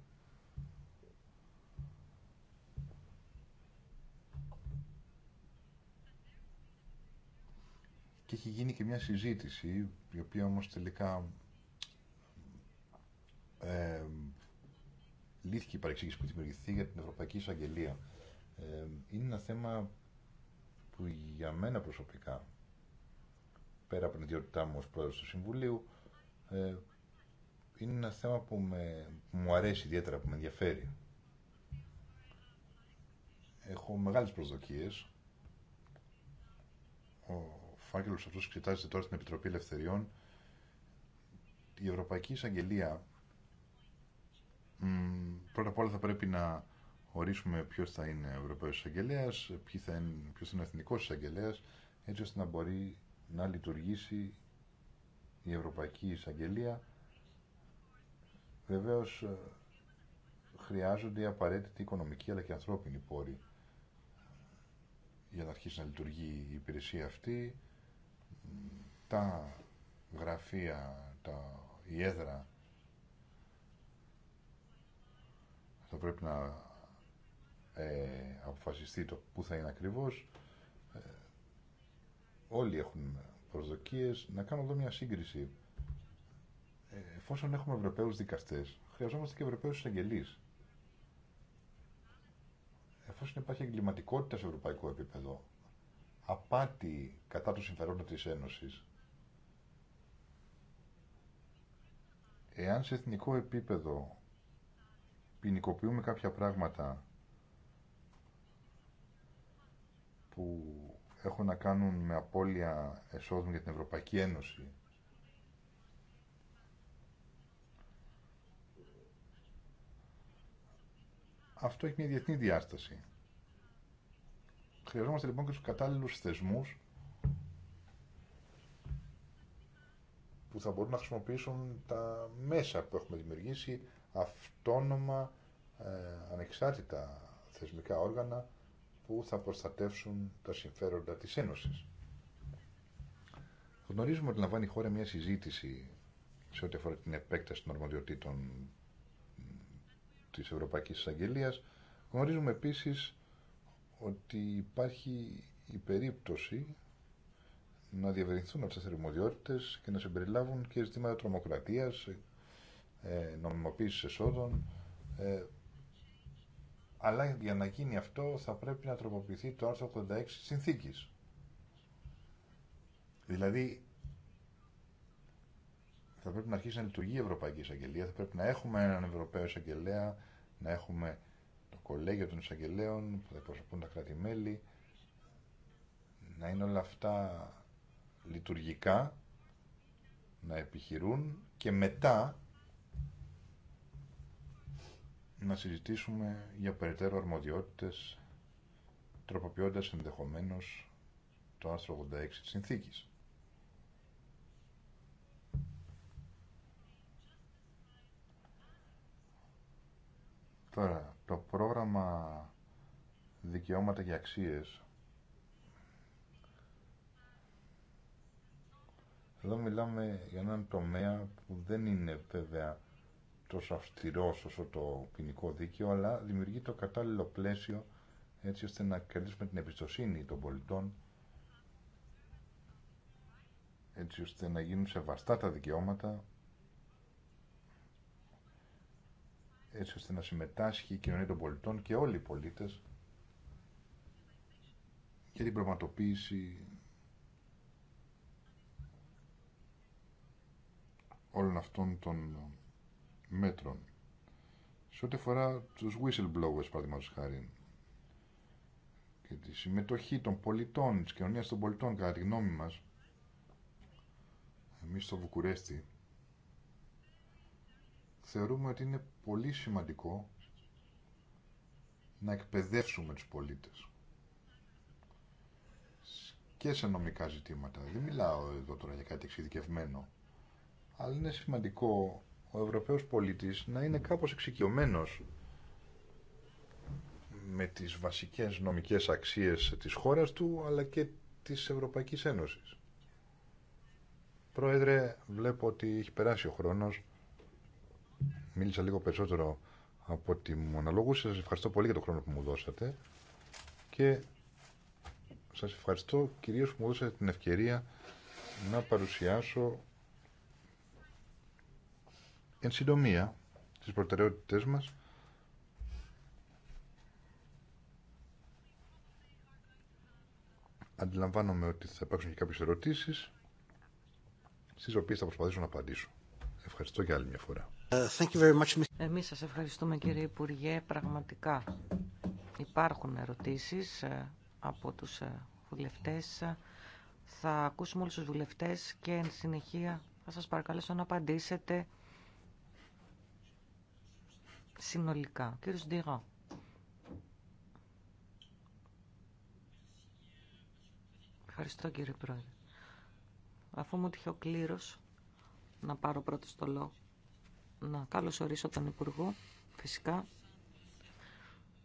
και έχει γίνει και μια συζήτηση η οποία όμως τελικά λύθηκε η παρεξήγηση που δημιουργηθεί για την Ευρωπαϊκή Εισαγγελία. είναι ένα θέμα που για μένα προσωπικά πέρα από την ιδιότητά μου ως πρόεδρος του Συμβουλίου ε, είναι ένα θέμα που, με, μου αρέσει ιδιαίτερα, που με ενδιαφέρει. Έχω μεγάλες προσδοκίες φάκελος φάκελο που εξετάζεται τώρα στην Επιτροπή Ελευθεριών, η Ευρωπαϊκή Εισαγγελία πρώτα απ' όλα θα πρέπει να ορίσουμε ποιο θα είναι ο Ευρωπαίος Εισαγγελέα, ποιο θα είναι, ποιος θα είναι ο Εθνικό Εισαγγελέα, έτσι ώστε να μπορεί να λειτουργήσει η Ευρωπαϊκή Εισαγγελία. Βεβαίω ε, χρειάζονται οι απαραίτητοι οικονομικοί αλλά και ανθρώπινοι πόροι για να αρχίσει να λειτουργεί η υπηρεσία αυτή τα γραφεία, τα, ιέδρα, έδρα θα πρέπει να ε, αποφασιστεί το πού θα είναι ακριβώς. Ε, όλοι έχουν προσδοκίες. Να κάνω εδώ μια σύγκριση. Ε, εφόσον έχουμε Ευρωπαίους δικαστές, χρειαζόμαστε και Ευρωπαίους εισαγγελείς. Εφόσον υπάρχει εγκληματικότητα σε ευρωπαϊκό επίπεδο, απάτη κατά του συμφερόντων της Ένωσης, εάν σε εθνικό επίπεδο ποινικοποιούμε κάποια πράγματα που έχουν να κάνουν με απώλεια εσόδων για την Ευρωπαϊκή Ένωση, αυτό έχει μια διεθνή διάσταση. Χρειαζόμαστε λοιπόν και τους κατάλληλους θεσμούς που θα μπορούν να χρησιμοποιήσουν τα μέσα που έχουμε δημιουργήσει αυτόνομα, ε, ανεξάρτητα θεσμικά όργανα που θα προστατεύσουν τα συμφέροντα της Ένωσης. Γνωρίζουμε ότι λαμβάνει η χώρα μια συζήτηση σε ό,τι αφορά την επέκταση των αρμοδιοτήτων της Ευρωπαϊκής Αγγελίας. Γνωρίζουμε επίσης ότι υπάρχει η περίπτωση να διαβερνηθούν αυτές τις θερμοδιότητες και να συμπεριλάβουν και ζητήματα τρομοκρατίας, ε, νομιμοποίησης εσόδων, ε, αλλά για να γίνει αυτό θα πρέπει να τροποποιηθεί το άρθρο 86 συνθήκης. Δηλαδή, θα πρέπει να αρχίσει να λειτουργεί η Ευρωπαϊκή Εισαγγελία, θα πρέπει να έχουμε έναν Ευρωπαίο Εισαγγελέα, να έχουμε το κολέγιο των εισαγγελέων που θα εκπροσωπούν τα κράτη-μέλη, να είναι όλα αυτά λειτουργικά, να επιχειρούν και μετά να συζητήσουμε για περαιτέρω αρμοδιότητες τροποποιώντας ενδεχομένως το άρθρο 86 της συνθήκης. Τώρα, το πρόγραμμα δικαιώματα και αξίες. Εδώ μιλάμε για έναν τομέα που δεν είναι βέβαια τόσο αυστηρός όσο το ποινικό δίκαιο, αλλά δημιουργεί το κατάλληλο πλαίσιο έτσι ώστε να κερδίσουμε την εμπιστοσύνη των πολιτών, έτσι ώστε να γίνουν σεβαστά τα δικαιώματα έτσι ώστε να συμμετάσχει η κοινωνία των πολιτών και όλοι οι πολίτες για την πραγματοποίηση όλων αυτών των μέτρων. Σε ό,τι αφορά τους whistleblowers, παραδείγματος χάρη, και τη συμμετοχή των πολιτών, της κοινωνίας των πολιτών, κατά τη γνώμη μας, εμείς στο Βουκουρέστι θεωρούμε ότι είναι πολύ σημαντικό να εκπαιδεύσουμε τους πολίτες και σε νομικά ζητήματα. Δεν μιλάω εδώ τώρα για κάτι εξειδικευμένο, αλλά είναι σημαντικό ο Ευρωπαίος πολίτης να είναι κάπως εξοικειωμένος με τις βασικές νομικές αξίες της χώρας του, αλλά και της Ευρωπαϊκής Ένωσης. Πρόεδρε, βλέπω ότι έχει περάσει ο χρόνος. Μίλησα λίγο περισσότερο από ότι μου αναλογούσε. Σας ευχαριστώ πολύ για τον χρόνο που μου δώσατε και σας ευχαριστώ κυρίως που μου δώσατε την ευκαιρία να παρουσιάσω εν συντομία τις προτεραιότητες μας Αντιλαμβάνομαι ότι θα υπάρξουν και κάποιες ερωτήσεις στις οποίες θα προσπαθήσω να απαντήσω. Ευχαριστώ για άλλη μια φορά. Εμείς σας ευχαριστούμε κύριε Υπουργέ. Πραγματικά υπάρχουν ερωτήσεις ε, από τους ε, βουλευτές. Θα ακούσουμε όλους τους βουλευτές και εν συνεχεία θα σας παρακαλέσω να απαντήσετε συνολικά. Κύριος Ντυρό. Ευχαριστώ κύριε Πρόεδρε. Αφού μου τυχε ο κλήρος να πάρω πρώτο το λόγο να καλωσορίσω τον Υπουργό, φυσικά.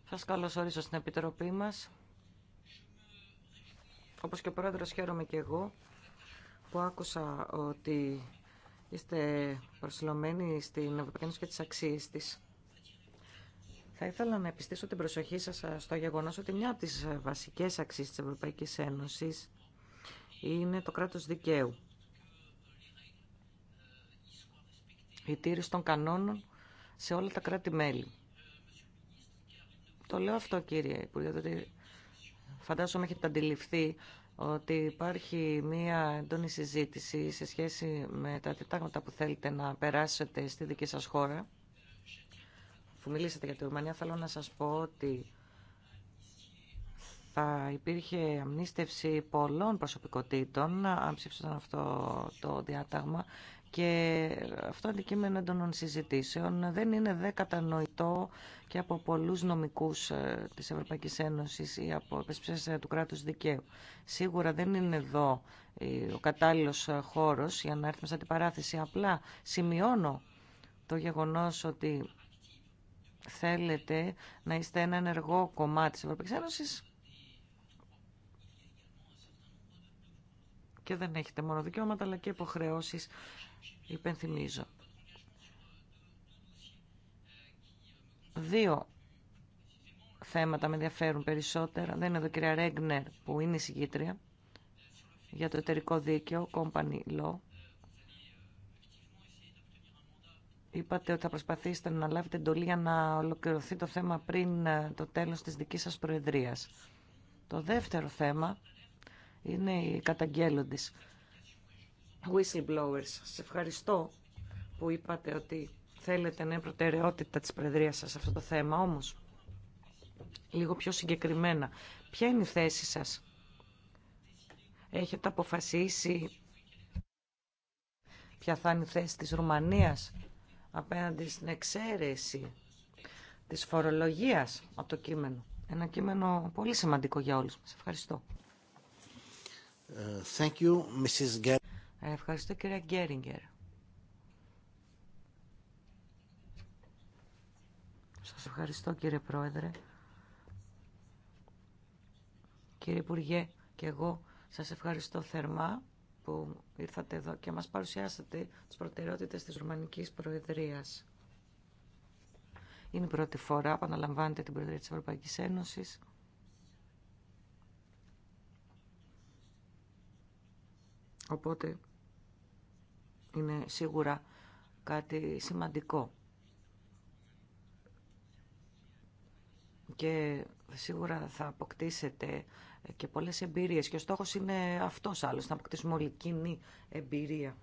Σας καλωσορίσω στην Επιτροπή μας. Όπως και ο Πρόεδρος χαίρομαι και εγώ που άκουσα ότι είστε προσιλωμένοι στην Ευρωπαϊκή Ένωση και τις αξίες της. Θα ήθελα να επιστήσω την προσοχή σας στο γεγονός ότι μια από τις βασικές αξίες της Ευρωπαϊκής Ένωσης είναι το κράτος δικαίου. η τήρηση των κανόνων σε όλα τα κράτη-μέλη. Το λέω αυτό κύριε Υπουργέ, διότι φαντάζομαι έχετε αντιληφθεί ότι υπάρχει μία έντονη συζήτηση σε σχέση με τα τετάγματα που θέλετε να περάσετε στη δική σας χώρα. Αφού μιλήσατε για τη Ρουμανία, θέλω να σας πω ότι θα υπήρχε αμνίστευση πολλών προσωπικότητων, αν ψήφισαν αυτό το διάταγμα, και αυτό αντικείμενο έντονων συζητήσεων δεν είναι δε κατανοητό και από πολλούς νομικούς ε, της Ευρωπαϊκής Ένωσης ή από επεσπιστές ε, του κράτους δικαίου. Σίγουρα δεν είναι εδώ ε, ο κατάλληλος χώρος για να έρθουμε σε παράθεση, Απλά σημειώνω το γεγονός ότι θέλετε να είστε ένα ενεργό κομμάτι της Ευρωπαϊκής Ένωσης και δεν έχετε μόνο δικαιώματα αλλά και υποχρεώσεις υπενθυμίζω. Δύο θέματα με ενδιαφέρουν περισσότερα. Δεν είναι εδώ κυρία Ρέγνερ που είναι η συγκήτρια για το εταιρικό δίκαιο, company law. Είπατε ότι θα προσπαθήσετε να λάβετε εντολή για να ολοκληρωθεί το θέμα πριν ε, το τέλος της δικής σας προεδρίας. Το δεύτερο θέμα είναι οι καταγγέλλοντες whistleblowers. Σε ευχαριστώ που είπατε ότι θέλετε να είναι προτεραιότητα της Προεδρίας σας αυτό το θέμα, όμως λίγο πιο συγκεκριμένα. Ποια είναι η θέση σας. Έχετε αποφασίσει ποια θα είναι η θέση της Ρουμανίας απέναντι στην εξαίρεση της φορολογίας από το κείμενο. Ένα κείμενο πολύ σημαντικό για όλους μας. Ευχαριστώ. Ε, Ευχαριστώ κύριε Γκέριγκερ. Σας ευχαριστώ κύριε Πρόεδρε. Κύριε Υπουργέ, και εγώ σας ευχαριστώ θερμά που ήρθατε εδώ και μας παρουσιάσατε τις προτεραιότητες της Ρουμανικής Προεδρίας. Είναι η πρώτη φορά που αναλαμβάνετε την Προεδρία της Ευρωπαϊκής Ένωσης. Οπότε είναι σίγουρα κάτι σημαντικό. Και σίγουρα θα αποκτήσετε και πολλές εμπειρίες. Και ο στόχος είναι αυτός άλλος, να αποκτήσουμε όλη κοινή εμπειρία.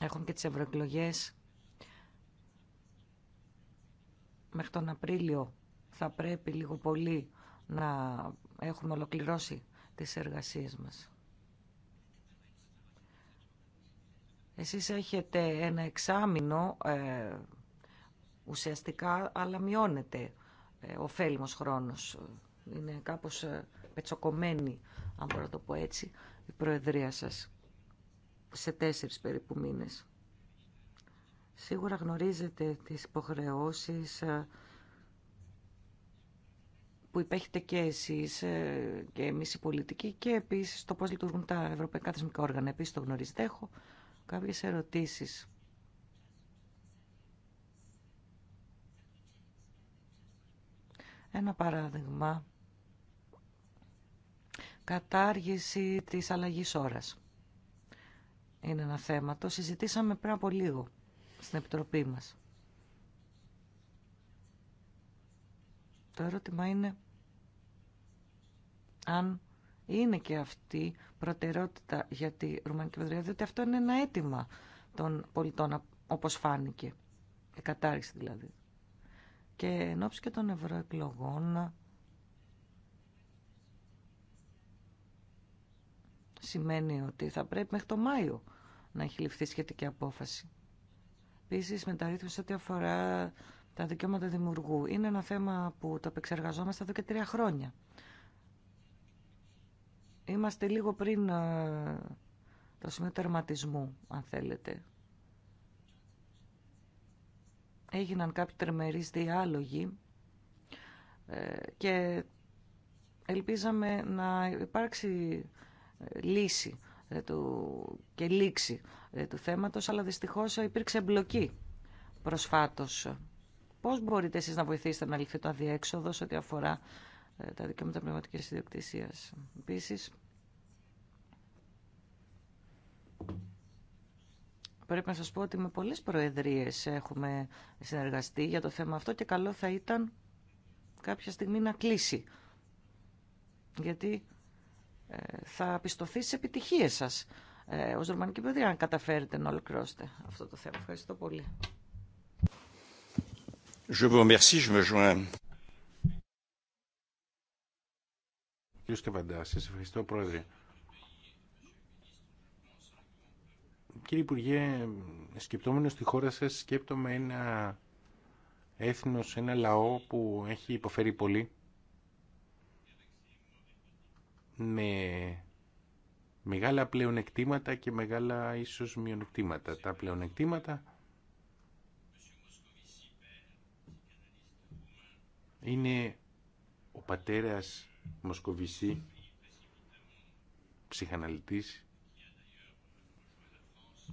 Έχουμε και τις ευρωεκλογέ. Μέχρι τον Απρίλιο θα πρέπει λίγο πολύ να έχουμε ολοκληρώσει τις εργασίες μας. Εσείς έχετε ένα εξάμεινο ε, ουσιαστικά, αλλά μειώνεται ε, ο φέλιμος χρόνος. Είναι κάπως ε, πετσοκομμένη, αν μπορώ να το πω έτσι, η προεδρία σας σε τέσσερις περίπου μήνες. Σίγουρα γνωρίζετε τις υποχρεώσεις ε, που υπέχετε και εσείς ε, και εμείς οι πολιτικοί και επίσης το πώς λειτουργούν τα ευρωπαϊκά θεσμικά όργανα. Επίσης το γνωρίζετε. Έχω κάποιες ερωτήσεις. Ένα παράδειγμα. Κατάργηση της αλλαγής ώρας. Είναι ένα θέμα. Το συζητήσαμε πριν από λίγο στην Επιτροπή μας. Το ερώτημα είναι αν είναι και αυτή προτεραιότητα για τη Ρουμανική Προεδρία, διότι αυτό είναι ένα αίτημα των πολιτών, όπως φάνηκε, η κατάρριξη δηλαδή. Και εν ώψη και των ευρωεκλογών σημαίνει ότι θα πρέπει μέχρι το Μάιο να έχει ληφθεί σχετική απόφαση. Επίση, μεταρρύθμιση ό,τι αφορά τα δικαιώματα δημιουργού. Είναι ένα θέμα που το επεξεργαζόμαστε εδώ και τρία χρόνια. Είμαστε λίγο πριν ε, το σημείο τερματισμού, αν θέλετε. Έγιναν κάποιοι τερμερείς διάλογοι ε, και ελπίζαμε να υπάρξει ε, λύση του, και λήξη του θέματος, αλλά δυστυχώς υπήρξε εμπλοκή προσφάτως. Πώς μπορείτε εσείς να βοηθήσετε να λυθεί το αδιέξοδο ό,τι αφορά ε, τα δικαιώματα πνευματικής ιδιοκτησία. Επίσης, πρέπει να σας πω ότι με πολλές προεδρίες έχουμε συνεργαστεί για το θέμα αυτό και καλό θα ήταν κάποια στιγμή να κλείσει. Γιατί ε, θα πιστωθεί στι επιτυχίες σας ε, ως Ρωμανική Προεδρία αν καταφέρετε να ολοκληρώσετε αυτό το θέμα. Ευχαριστώ πολύ. Je vous remercie, je me joins. Κύριε σας ευχαριστώ πρόεδρε. Κύριε Υπουργέ, σκεπτόμενος στη χώρα σας, σκέπτομαι ένα έθνος, ένα λαό που έχει υποφέρει πολύ με μεγάλα πλεονεκτήματα και μεγάλα ίσως μειονεκτήματα. Τα πλεονεκτήματα είναι ο πατέρας Μοσκοβισή, ψυχαναλυτής,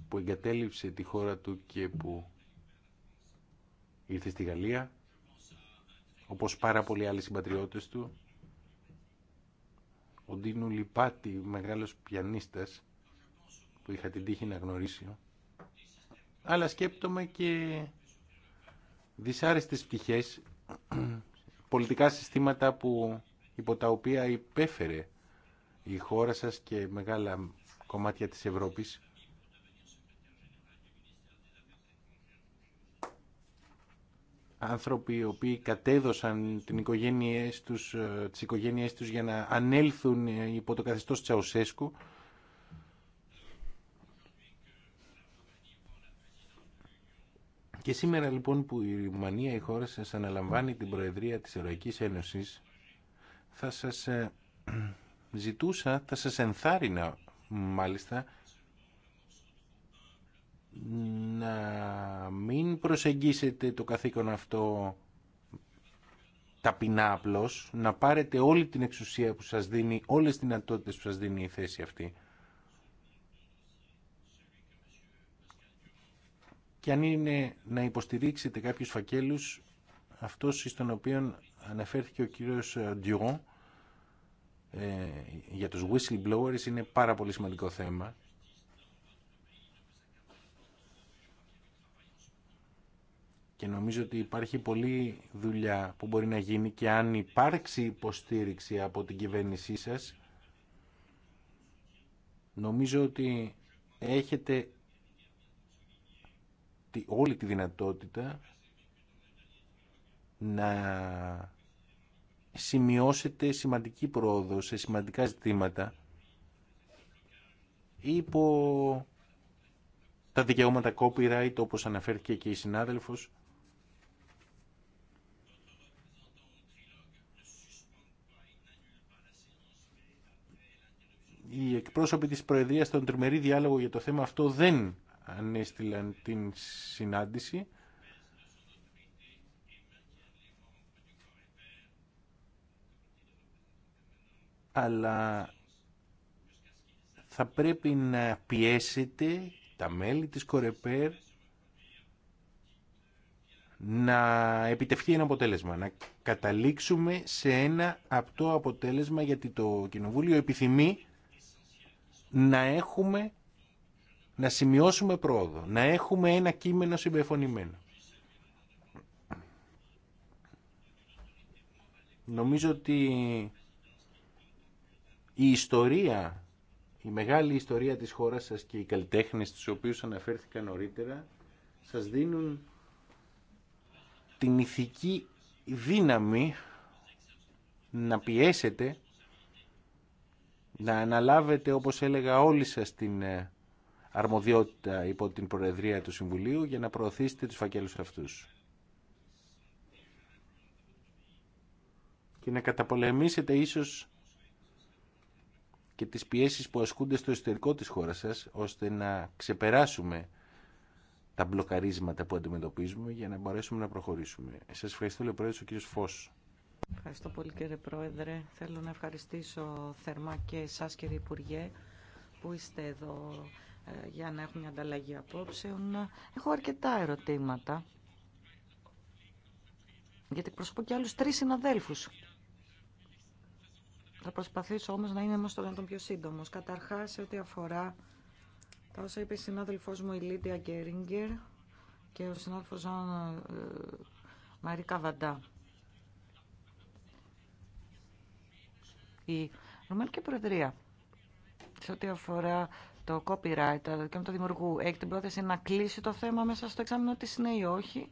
που εγκατέλειψε τη χώρα του και που ήρθε στη Γαλλία, όπως πάρα πολλοί άλλοι συμπατριώτες του, ο Ντίνου Λιπάτη, μεγάλος πιανίστας, που είχα την τύχη να γνωρίσω, αλλά σκέπτομαι και δυσάρεστες πτυχές, *clears throat* πολιτικά συστήματα που υπό τα οποία υπέφερε η χώρα σας και μεγάλα κομμάτια της Ευρώπης. Άνθρωποι οι οποίοι κατέδωσαν την οικογένειές τους, ε, τις οικογένειές τους για να ανέλθουν ε, υπό το καθεστώς Τσαουσέσκου. Και σήμερα λοιπόν που η Ρουμανία η χώρα σας αναλαμβάνει την Προεδρία της Ευρωπαϊκής Ένωσης θα σας ε, *clears throat* ζητούσα, θα σας ενθάρρυνα μάλιστα να μην προσεγγίσετε το καθήκον αυτό ταπεινά απλώς, να πάρετε όλη την εξουσία που σας δίνει, όλες τις δυνατότητε που σας δίνει η θέση αυτή. Και αν είναι να υποστηρίξετε κάποιους φακέλους, αυτός στον οποίο αναφέρθηκε ο κύριος ε, Ντιουρόν ε, για τους whistleblowers είναι πάρα πολύ σημαντικό θέμα. Και νομίζω ότι υπάρχει πολλή δουλειά που μπορεί να γίνει και αν υπάρξει υποστήριξη από την κυβέρνησή σας, νομίζω ότι έχετε όλη τη δυνατότητα να Σημειώσετε σημαντική πρόοδο σε σημαντικά ζητήματα υπό τα δικαιώματα copyright όπως αναφέρθηκε και η συνάδελφος οι εκπρόσωποι της Προεδρίας στον τριμερή διάλογο για το θέμα αυτό δεν ανέστηλαν την συνάντηση αλλά θα πρέπει να πιέσετε τα μέλη της Κορεπέρ να επιτευχθεί ένα αποτέλεσμα, να καταλήξουμε σε ένα απτό αποτέλεσμα γιατί το Κοινοβούλιο επιθυμεί να έχουμε, να σημειώσουμε πρόοδο, να έχουμε ένα κείμενο συμπεφωνημένο. Νομίζω ότι η ιστορία, η μεγάλη ιστορία της χώρας σας και οι καλλιτέχνες τους οποίους αναφέρθηκα νωρίτερα σας δίνουν την ηθική δύναμη να πιέσετε να αναλάβετε όπως έλεγα όλοι σας την ε, αρμοδιότητα υπό την Προεδρία του Συμβουλίου για να προωθήσετε τους φακέλους αυτούς. Και να καταπολεμήσετε ίσως και τις πιέσεις που ασκούνται στο εσωτερικό της χώρας σας, ώστε να ξεπεράσουμε τα μπλοκαρίσματα που αντιμετωπίζουμε για να μπορέσουμε να προχωρήσουμε. Σας ευχαριστώ, λέει ο Πρόεδρος, ο κύριος Φως. Ευχαριστώ πολύ κύριε Πρόεδρε. Θέλω να ευχαριστήσω θερμά και εσάς κύριε Υπουργέ που είστε εδώ ε, για να έχουμε μια ανταλλαγή απόψεων. Έχω αρκετά ερωτήματα γιατί εκπροσωπώ και άλλους τρεις συναδέλφους θα προσπαθήσω όμως να είναι όμως το δυνατόν πιο σύντομος. Καταρχάς, σε ό,τι αφορά τα όσα είπε η συνάδελφός μου η Λίδια Γκέριγκερ και ο συνάδελφος Ζαν ε, Μαρή Καβαντά. Η Ρουμανική Προεδρία, σε ό,τι αφορά το copyright, το δικαίωμα του δημιουργού, έχει την πρόθεση να κλείσει το θέμα μέσα στο εξάμεινο της, είναι ή όχι.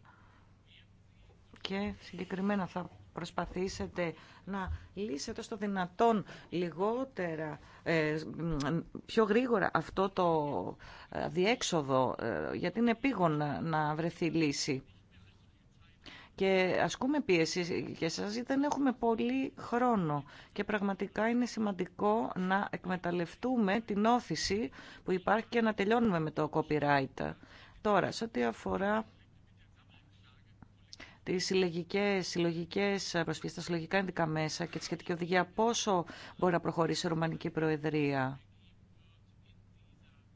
Και συγκεκριμένα θα προσπαθήσετε να λύσετε στο δυνατόν λιγότερα, ε, πιο γρήγορα αυτό το ε, διέξοδο, ε, γιατί είναι επίγον να βρεθεί λύση. Και ασκούμε πίεση για σας, δεν έχουμε πολύ χρόνο. Και πραγματικά είναι σημαντικό να εκμεταλλευτούμε την όθηση που υπάρχει και να τελειώνουμε με το copyright. Τώρα, σε ό,τι αφορά τι συλλογικέ συλλογικές προσφύγε, τα συλλογικά ενδικά μέσα και τη σχετική οδηγία, πόσο μπορεί να προχωρήσει η Ρουμανική Προεδρία.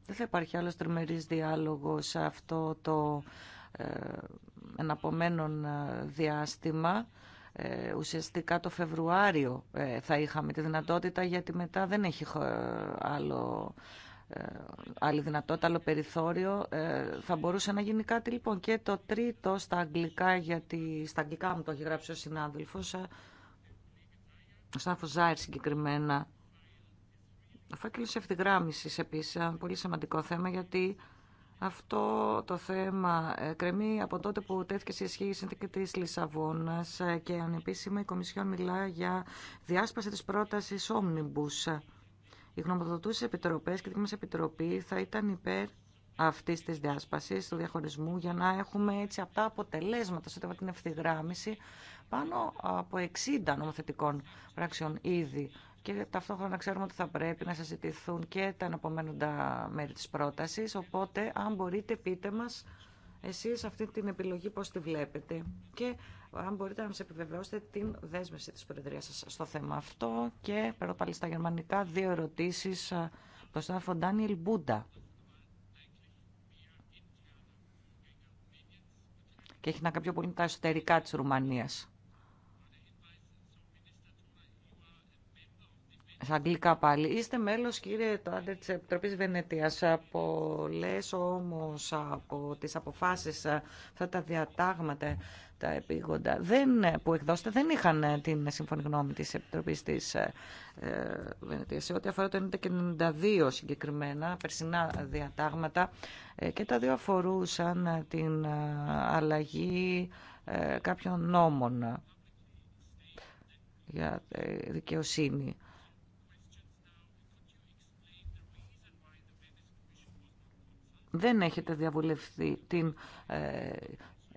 Δεν θα υπάρχει άλλο τριμερής διάλογος σε αυτό το ε, εναπομένων ε, διάστημα. Ε, ουσιαστικά το Φεβρουάριο θα είχαμε τη δυνατότητα γιατί μετά δεν έχει άλλο ε, άλλη δυνατότητα, άλλο περιθώριο. Ε, θα μπορούσε να γίνει κάτι λοιπόν. Και το τρίτο στα αγγλικά, γιατί στα αγγλικά μου το έχει γράψει ο συνάδελφο, ε, ο Σάφο Ζάιρ συγκεκριμένα. Ο φάκελο ευθυγράμμισης επίσης, ένα πολύ σημαντικό θέμα, γιατί αυτό το θέμα κρεμεί από τότε που τέθηκε σε ισχύ η συνθήκη της Λισαβόνας και ανεπίσημα η Κομισιόν μιλά για διάσπαση της πρότασης Omnibus. Οι γνωμοδοτούσε επιτροπέ και η δική μα επιτροπή θα ήταν υπέρ αυτή τη διάσπαση, του διαχωρισμού, για να έχουμε έτσι αυτά αποτελέσματα σε την ευθυγράμμιση πάνω από 60 νομοθετικών πράξεων ήδη. Και ταυτόχρονα ξέρουμε ότι θα πρέπει να συζητηθούν και τα αναπομένοντα μέρη της πρότασης. Οπότε, αν μπορείτε, πείτε μα, εσεί αυτή την επιλογή πώ τη βλέπετε. Και αν μπορείτε να μα επιβεβαιώσετε την δέσμευση τη Προεδρία σα στο θέμα αυτό και παίρνω πάλι στα γερμανικά δύο ερωτήσει ε, προς τον Αφον Ντάνιελ Μπούντα και έχει να κάνει πιο πολύ τα εσωτερικά τη Ρουμανίας. Στα αγγλικά πάλι. Είστε μέλο κύριε Τάντερ, τη Επιτροπή Βενετίας. Ε, Πολλέ όμω από τι αποφάσει ε, αυτά τα διατάγματα τα επίγοντα δεν, που εκδώστε δεν είχαν ε, την σύμφωνη γνώμη της Επιτροπής της ε, Βενετίας σε ό,τι αφορά το 1992 συγκεκριμένα, περσινά διατάγματα ε, και τα δύο αφορούσαν ε, την αλλαγή κάποιων νόμων για δικαιοσύνη. Δεν έχετε διαβουλευτεί την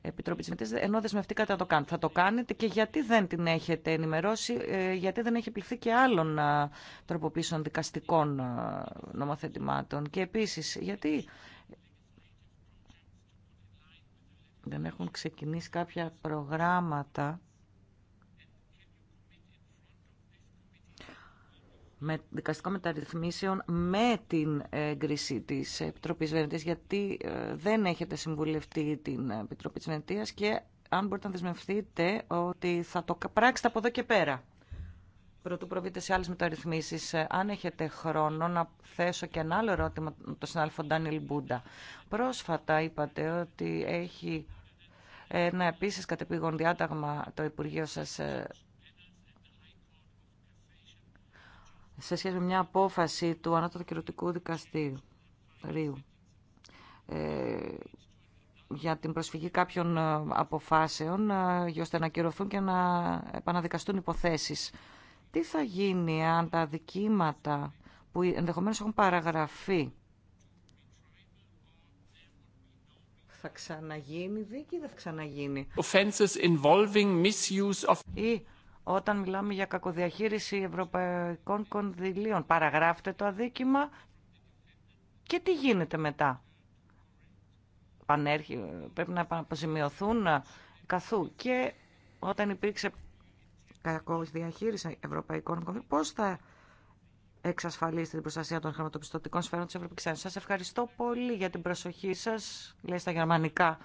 Επιτροπή ενώ δεσμευτήκατε να το κάνετε. Θα το κάνετε και γιατί δεν την έχετε ενημερώσει, ε, γιατί δεν έχει πληθεί και άλλων ε, τροποποίησεων δικαστικών ε, νομοθετημάτων. Και επίσης, γιατί δεν έχουν ξεκινήσει κάποια προγράμματα με, δικαστικό μεταρρυθμίσεων με την έγκριση της Επιτροπής Βενετίας γιατί ε, δεν έχετε συμβουλευτεί την Επιτροπή της Βενετίας και αν μπορείτε να δεσμευτείτε ότι θα το πράξετε από εδώ και πέρα. Πρωτού προβείτε σε άλλες μεταρρυθμίσεις, ε, αν έχετε χρόνο να θέσω και ένα άλλο ερώτημα το συνάδελφο Ντάνιλ Μπούντα. Πρόσφατα είπατε ότι έχει ένα επίσης κατεπήγον διάταγμα το Υπουργείο σας ε, σε σχέση με μια απόφαση του Ανώτατου Κυρωτικού Δικαστήριου ε, για την προσφυγή κάποιων ε, αποφάσεων ε, ώστε να κυρωθούν και να επαναδικαστούν υποθέσεις. Τι θα γίνει αν τα δικήματα που ενδεχομένως έχουν παραγραφεί θα ξαναγίνει δίκη ή δεν θα ξαναγίνει. Όταν μιλάμε για κακοδιαχείριση ευρωπαϊκών κονδυλίων, παραγράφεται το αδίκημα και τι γίνεται μετά. Πανέρχει, πρέπει να αποζημιωθούν ε, καθού. Και όταν υπήρξε κακοδιαχείριση ευρωπαϊκών κονδυλίων, πώς θα εξασφαλίσετε την προστασία των χρηματοπιστωτικών σφαίρων της Ευρωπαϊκής Ένωσης. Σας ευχαριστώ πολύ για την προσοχή σας, λέει στα γερμανικά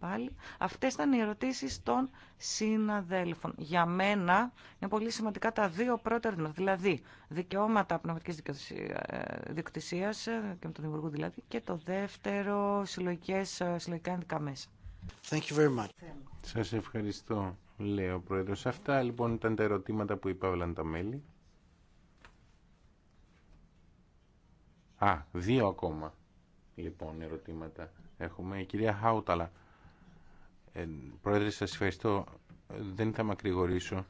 πάλι. Αυτές ήταν οι ερωτήσεις των συναδέλφων. Για μένα είναι πολύ σημαντικά τα δύο πρώτα ερωτήματα. Δηλαδή, δικαιώματα πνευματική ε, διοκτησίας, ε, και με τον Υπουργό δηλαδή, και το δεύτερο, συλλογικές, ε, συλλογικά ενδικά μέσα. Thank you very much. Σας ευχαριστώ, λέει ο Πρόεδρο. Αυτά λοιπόν ήταν τα ερωτήματα που υπάβλαν τα μέλη. Α, δύο ακόμα λοιπόν ερωτήματα έχουμε. Η κυρία Χάουταλα. Ε, πρόεδρε, σας ευχαριστώ. Δεν θα μακρηγορήσω.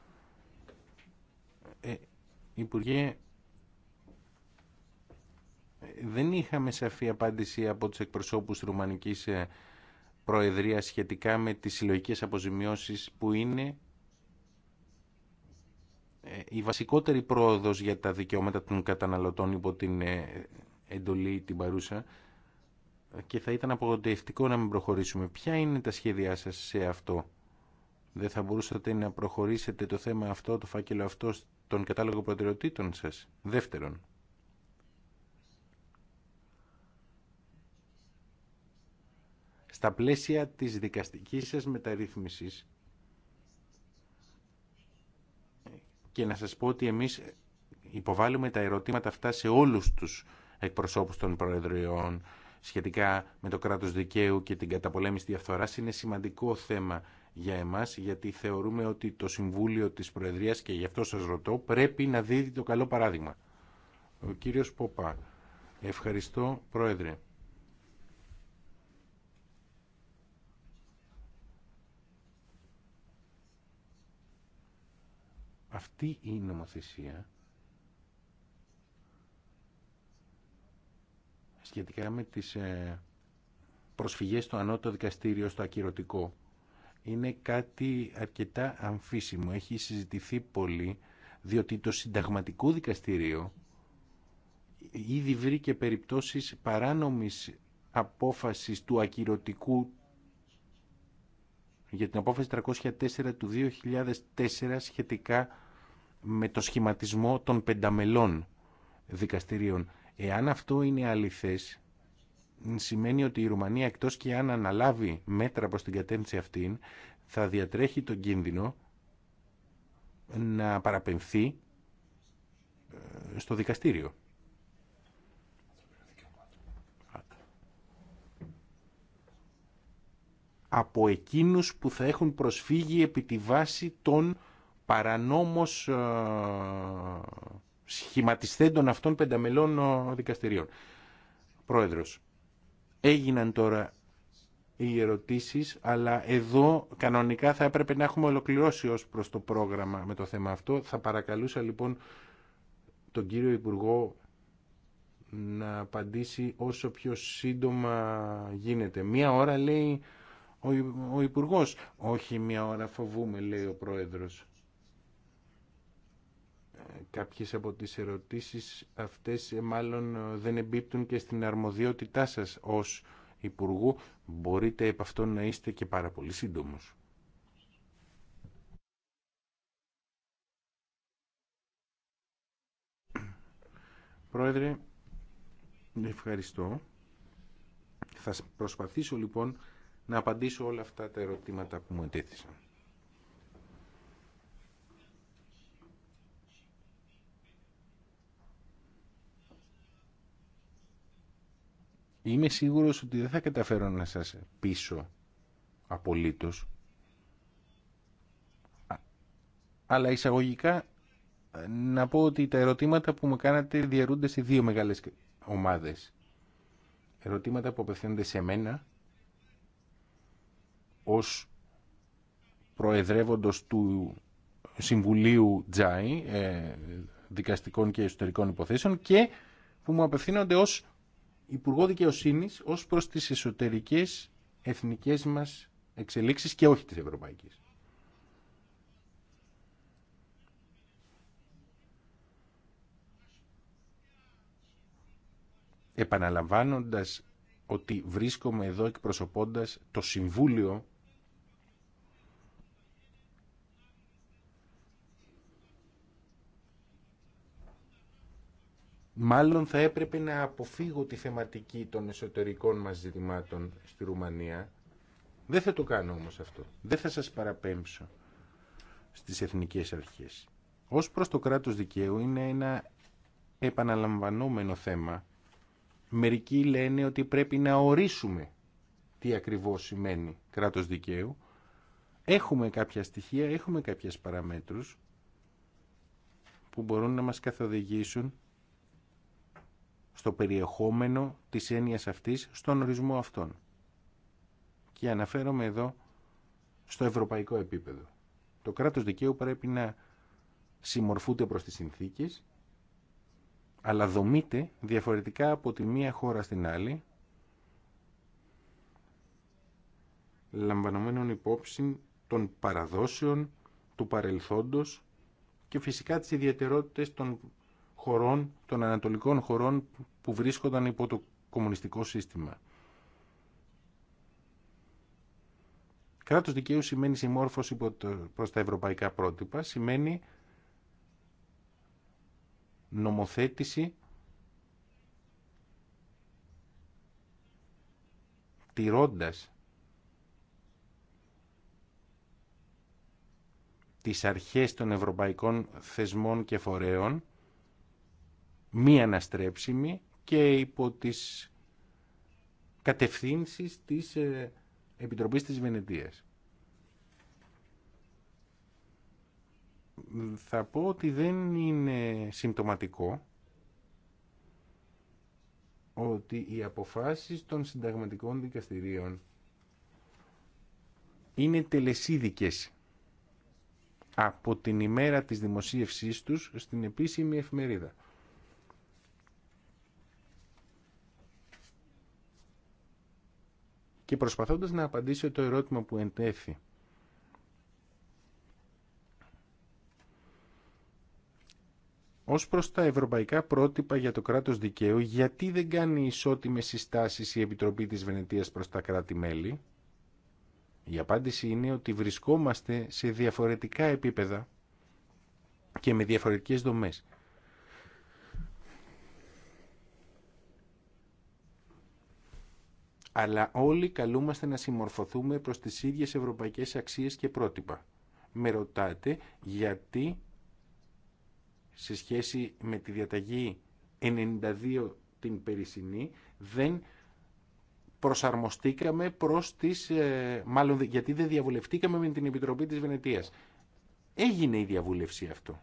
Ε, Υπουργέ, δεν είχαμε σαφή απάντηση από τους εκπροσώπους της Ρουμανικής ε, Προεδρίας σχετικά με τις συλλογικέ αποζημιώσεις που είναι ε, η βασικότερη πρόοδος για τα δικαιώματα των καταναλωτών υπό την ε, εντολή την παρούσα και θα ήταν απογοητευτικό να μην προχωρήσουμε. Ποια είναι τα σχέδιά σας σε αυτό. Δεν θα μπορούσατε να προχωρήσετε το θέμα αυτό, το φάκελο αυτό, στον κατάλογο προτεραιοτήτων σας. Δεύτερον, στα πλαίσια της δικαστικής σας μεταρρύθμισης και να σας πω ότι εμείς υποβάλλουμε τα ερωτήματα αυτά σε όλους τους εκπροσώπους των Προεδριών σχετικά με το κράτος δικαίου και την καταπολέμηση διαφθοράς είναι σημαντικό θέμα για εμάς γιατί θεωρούμε ότι το Συμβούλιο της Προεδρίας και γι' αυτό σας ρωτώ πρέπει να δίδει το καλό παράδειγμα. Ο κύριος Ποπά. Ευχαριστώ Πρόεδρε. Αυτή η νομοθεσία σχετικά με τις ε, προσφυγές στο ανώτο δικαστήριο στο ακυρωτικό είναι κάτι αρκετά αμφίσιμο. Έχει συζητηθεί πολύ διότι το συνταγματικό δικαστήριο ήδη βρήκε περιπτώσεις παράνομης απόφασης του ακυρωτικού για την απόφαση 304 του 2004 σχετικά με το σχηματισμό των πενταμελών δικαστηρίων. Εάν αυτό είναι αληθές, σημαίνει ότι η Ρουμανία εκτός και αν αναλάβει μέτρα προς την κατέμψη αυτήν, θα διατρέχει τον κίνδυνο να παραπεμφθεί ε, στο δικαστήριο. από εκείνους που θα έχουν προσφύγει επί τη βάση των παρανόμως ε, σχηματιστέντων αυτών πενταμελών ε, δικαστηρίων. Πρόεδρος, έγιναν τώρα οι ερωτήσεις, αλλά εδώ κανονικά θα έπρεπε να έχουμε ολοκληρώσει ως προς το πρόγραμμα με το θέμα αυτό. Θα παρακαλούσα λοιπόν τον κύριο Υπουργό να απαντήσει όσο πιο σύντομα γίνεται. Μία ώρα λέει ο Υπουργός. Όχι μία ώρα φοβούμε λέει ο Πρόεδρος κάποιες από τις ερωτήσεις αυτές ε, μάλλον ε, δεν εμπίπτουν και στην αρμοδιότητά σας ως Υπουργού. Μπορείτε επ' αυτό να είστε και πάρα πολύ σύντομος. Πρόεδρε, ευχαριστώ. Θα προσπαθήσω λοιπόν να απαντήσω όλα αυτά τα ερωτήματα που μου ετέθησαν. Είμαι σίγουρος ότι δεν θα καταφέρω να σας πείσω απολύτως. Αλλά εισαγωγικά ε, να πω ότι τα ερωτήματα που μου κάνατε διαρούνται σε δύο μεγάλες ομάδες. Ερωτήματα που απευθύνονται σε μένα ως προεδρεύοντος του Συμβουλίου Τζάι, ε, δικαστικών και εσωτερικών υποθέσεων και που μου απευθύνονται ως Υπουργό Δικαιοσύνη ω προ τι εσωτερικέ εθνικέ μα εξελίξει και όχι τη ευρωπαϊκή. Επαναλαμβάνοντας ότι βρίσκομαι εδώ εκπροσωπώντας το Συμβούλιο Μάλλον θα έπρεπε να αποφύγω τη θεματική των εσωτερικών μας ζητημάτων στη Ρουμανία. Δεν θα το κάνω όμως αυτό. Δεν θα σας παραπέμψω στις εθνικές αρχές. Ως προς το κράτος δικαίου είναι ένα επαναλαμβανόμενο θέμα. Μερικοί λένε ότι πρέπει να ορίσουμε τι ακριβώς σημαίνει κράτος δικαίου. Έχουμε κάποια στοιχεία, έχουμε κάποιες παραμέτρους που μπορούν να μας καθοδηγήσουν στο περιεχόμενο της έννοιας αυτής, στον ορισμό αυτών. Και αναφέρομαι εδώ στο ευρωπαϊκό επίπεδο. Το κράτος δικαίου πρέπει να συμμορφούνται προς τις συνθήκες, αλλά δομείται διαφορετικά από τη μία χώρα στην άλλη, λαμβανομένων υπόψη των παραδόσεων, του παρελθόντος και φυσικά τις ιδιαιτερότητες των χωρών, των ανατολικών χωρών που βρίσκονταν υπό το κομμουνιστικό σύστημα. Κράτος δικαίου σημαίνει συμμόρφωση προς τα ευρωπαϊκά πρότυπα, σημαίνει νομοθέτηση τηρώντας τις αρχές των ευρωπαϊκών θεσμών και φορέων μη αναστρέψιμη και υπό τις κατευθύνσεις της ε, Επιτροπής της Βενετίας. Θα πω ότι δεν είναι συμπτωματικό ότι οι αποφάσεις των συνταγματικών δικαστηρίων είναι τελεσίδικες από την ημέρα της δημοσίευσής τους στην επίσημη εφημερίδα. και προσπαθώντας να απαντήσω το ερώτημα που εντέθη. Ως προς τα ευρωπαϊκά πρότυπα για το κράτος δικαίου, γιατί δεν κάνει ισότιμες συστάσεις η Επιτροπή της Βενετίας προς τα κράτη-μέλη. Η απάντηση είναι ότι βρισκόμαστε σε διαφορετικά επίπεδα και με διαφορετικές δομές. αλλά όλοι καλούμαστε να συμμορφωθούμε προς τις ίδιες ευρωπαϊκές αξίες και πρότυπα. Με ρωτάτε γιατί σε σχέση με τη διαταγή 92 την περισσυνή δεν προσαρμοστήκαμε προς τις... Ε, μάλλον γιατί δεν διαβουλευτήκαμε με την Επιτροπή της Βενετίας. Έγινε η διαβούλευση αυτό,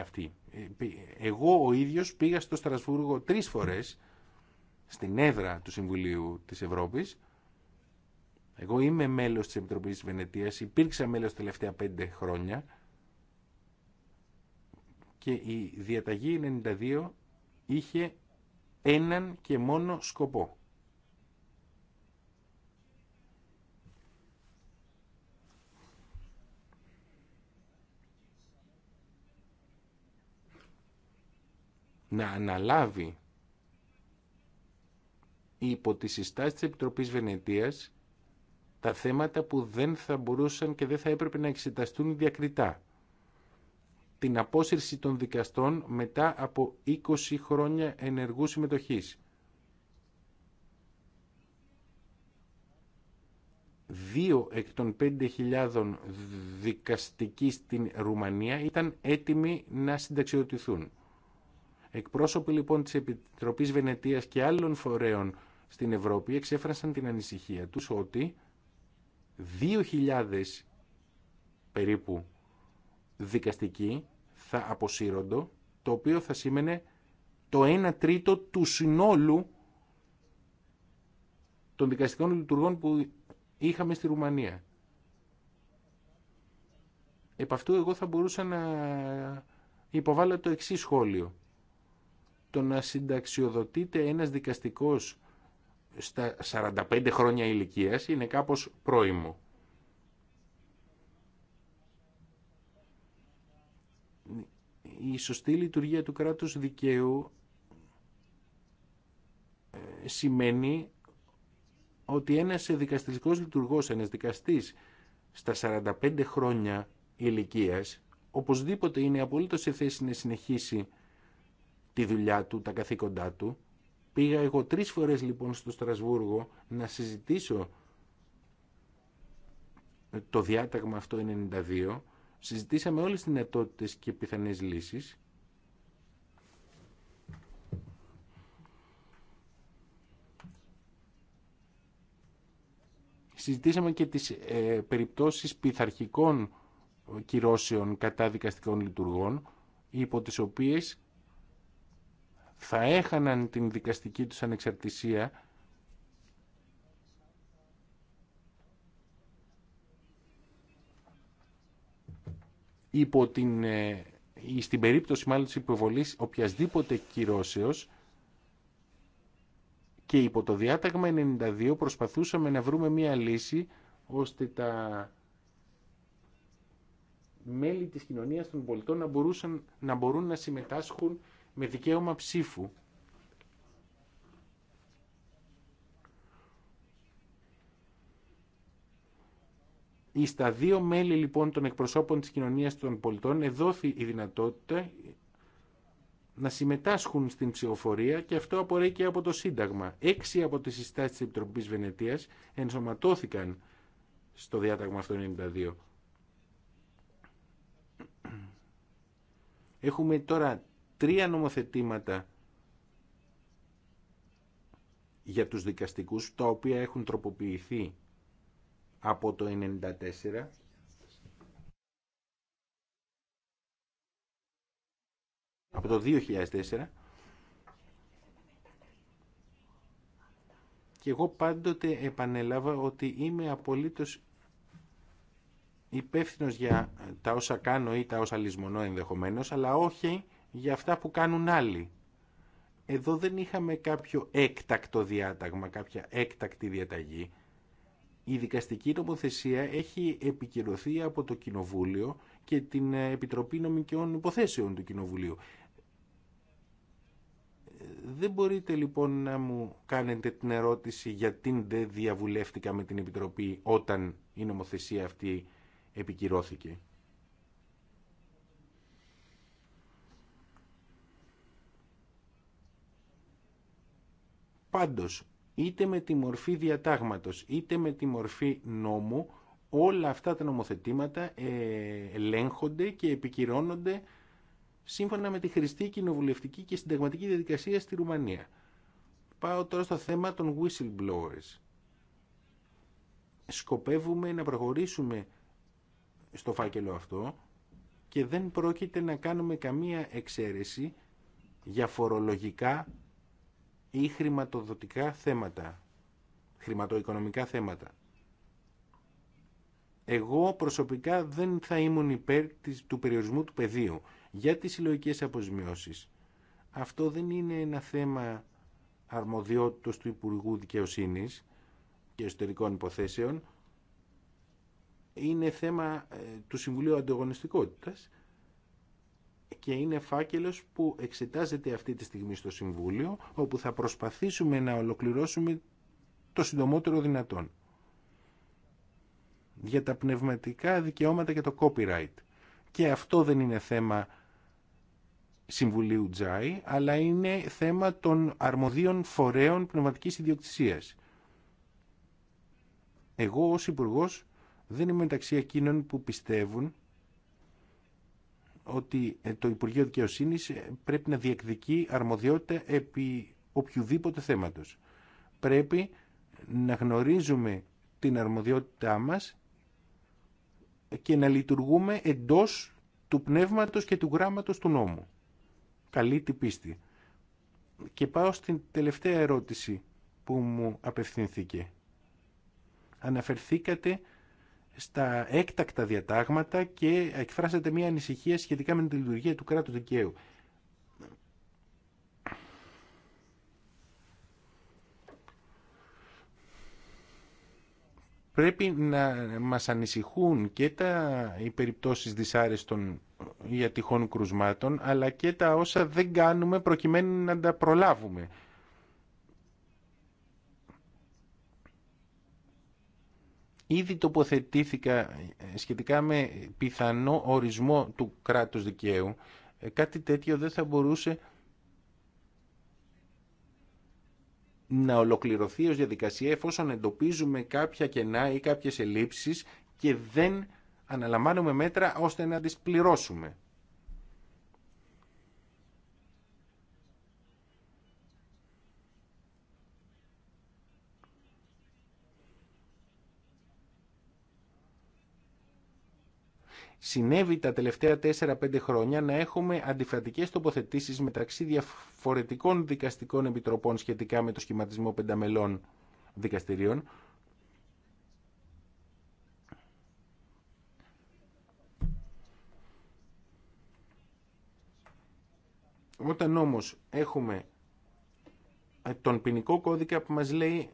αυτή. Ε, εγώ ο ίδιος πήγα στο Στρασβούργο τρεις φορές στην έδρα του Συμβουλίου της Ευρώπης. Εγώ είμαι μέλος της Επιτροπή της Βενετίας, υπήρξα μέλος τα τελευταία πέντε χρόνια και η διαταγή 92 είχε έναν και μόνο σκοπό. Να αναλάβει υπό τη συστάσεις της Επιτροπής Βενετίας τα θέματα που δεν θα μπορούσαν και δεν θα έπρεπε να εξεταστούν διακριτά. Την απόσυρση των δικαστών μετά από 20 χρόνια ενεργού συμμετοχής. Δύο εκ των 5.000 δικαστικοί στην Ρουμανία ήταν έτοιμοι να συνταξιοτηθούν. Εκπρόσωποι λοιπόν της Επιτροπής Βενετίας και άλλων φορέων στην Ευρώπη εξέφρασαν την ανησυχία τους ότι 2.000 περίπου δικαστικοί θα αποσύροντο το οποίο θα σήμαινε το 1 τρίτο του συνόλου των δικαστικών λειτουργών που είχαμε στη Ρουμανία. Επ' αυτού εγώ θα μπορούσα να υποβάλλω το εξής σχόλιο. Το να συνταξιοδοτείται ένας δικαστικός στα 45 χρόνια ηλικίας είναι κάπως πρόημο. Η σωστή λειτουργία του κράτους δικαίου ε, σημαίνει ότι ένας δικαστικός λειτουργός, ένας δικαστής στα 45 χρόνια ηλικίας, οπωσδήποτε είναι απολύτως σε θέση να συνεχίσει τη δουλειά του, τα καθήκοντά του, Πήγα εγώ τρεις φορές λοιπόν στο Στρασβούργο να συζητήσω το διάταγμα αυτό 92. Συζητήσαμε όλες τις δυνατότητες και πιθανές λύσεις. Συζητήσαμε και τις ε, περιπτώσεις πειθαρχικών κυρώσεων κατά δικαστικών λειτουργών, υπό τις οποίες θα έχαναν την δικαστική τους ανεξαρτησία υπό την, ε, στην περίπτωση μάλλον της υποβολής οποιασδήποτε κυρώσεως και υπό το διάταγμα 92 προσπαθούσαμε να βρούμε μία λύση ώστε τα μέλη της κοινωνίας των πολιτών να, να μπορούν να συμμετάσχουν με δικαίωμα ψήφου. Εις τα δύο μέλη λοιπόν των εκπροσώπων της κοινωνίας των πολιτών εδόθη η δυνατότητα να συμμετάσχουν στην ψηφοφορία και αυτό απορρέει και από το Σύνταγμα. Έξι από τις συστάσεις της Επιτροπής Βενετίας ενσωματώθηκαν στο διάταγμα αυτό 92. Έχουμε τώρα τρία νομοθετήματα για τους δικαστικούς τα οποία έχουν τροποποιηθεί από το 1994 από το 2004 και εγώ πάντοτε επανέλαβα ότι είμαι απολύτως υπεύθυνος για τα όσα κάνω ή τα όσα λησμονώ ενδεχομένως αλλά όχι για αυτά που κάνουν άλλοι. Εδώ δεν είχαμε κάποιο έκτακτο διάταγμα, κάποια έκτακτη διαταγή. Η δικαστική νομοθεσία έχει επικυρωθεί από το Κοινοβούλιο και την ε, Επιτροπή Νομικών Υποθέσεων του Κοινοβουλίου. Δεν μπορείτε λοιπόν να μου κάνετε την ερώτηση γιατί δεν διαβουλεύτηκα με την Επιτροπή όταν η νομοθεσία αυτή επικυρώθηκε. Πάντως, είτε με τη μορφή διατάγματος, είτε με τη μορφή νόμου, όλα αυτά τα νομοθετήματα ε, ελέγχονται και επικυρώνονται σύμφωνα με τη χρηστή κοινοβουλευτική και συνταγματική διαδικασία στη Ρουμανία. Πάω τώρα στο θέμα των whistleblowers. Σκοπεύουμε να προχωρήσουμε στο φάκελο αυτό και δεν πρόκειται να κάνουμε καμία εξαίρεση για φορολογικά ή χρηματοδοτικά θέματα, χρηματοοικονομικά θέματα. Εγώ προσωπικά δεν θα ήμουν υπέρ της, του περιορισμού του πεδίου για τις συλλογικέ αποζημιώσεις. Αυτό δεν είναι ένα θέμα αρμοδιότητος του Υπουργού Δικαιοσύνης και Εσωτερικών Υποθέσεων. Είναι θέμα ε, του Συμβουλίου Αντιογωνιστικότητας και είναι φάκελος που εξετάζεται αυτή τη στιγμή στο Συμβούλιο, όπου θα προσπαθήσουμε να ολοκληρώσουμε το συντομότερο δυνατόν. Για τα πνευματικά δικαιώματα και το copyright. Και αυτό δεν είναι θέμα Συμβουλίου Τζάι, αλλά είναι θέμα των αρμοδίων φορέων πνευματικής ιδιοκτησίας. Εγώ ως υπουργό δεν είμαι μεταξύ εκείνων που πιστεύουν ότι ε, το Υπουργείο Δικαιοσύνη ε, πρέπει να διεκδικεί αρμοδιότητα επί οποιοδήποτε θέματος. Πρέπει να γνωρίζουμε την αρμοδιότητά μας και να λειτουργούμε εντός του πνεύματος και του γράμματος του νόμου. Καλή την πίστη. Και πάω στην τελευταία ερώτηση που μου απευθυνθήκε. Αναφερθήκατε στα έκτακτα διατάγματα και εκφράσατε μια ανησυχία σχετικά με τη λειτουργία του κράτου δικαίου. Πρέπει να μας ανησυχούν και τα, οι περιπτώσεις δυσάρεστων για τυχόν κρουσμάτων, αλλά και τα όσα δεν κάνουμε προκειμένου να τα προλάβουμε. Ήδη τοποθετήθηκα ε, σχετικά με πιθανό ορισμό του κράτους δικαίου. Ε, κάτι τέτοιο δεν θα μπορούσε να ολοκληρωθεί ως διαδικασία εφόσον εντοπίζουμε κάποια κενά ή κάποιες ελλείψεις και δεν αναλαμβάνουμε μέτρα ώστε να τις πληρώσουμε. συνέβη τα τελευταία 4-5 χρόνια να έχουμε αντιφατικές τοποθετήσεις μεταξύ διαφορετικών δικαστικών επιτροπών σχετικά με το σχηματισμό πενταμελών δικαστηρίων. Όταν όμως έχουμε τον ποινικό κώδικα που μας λέει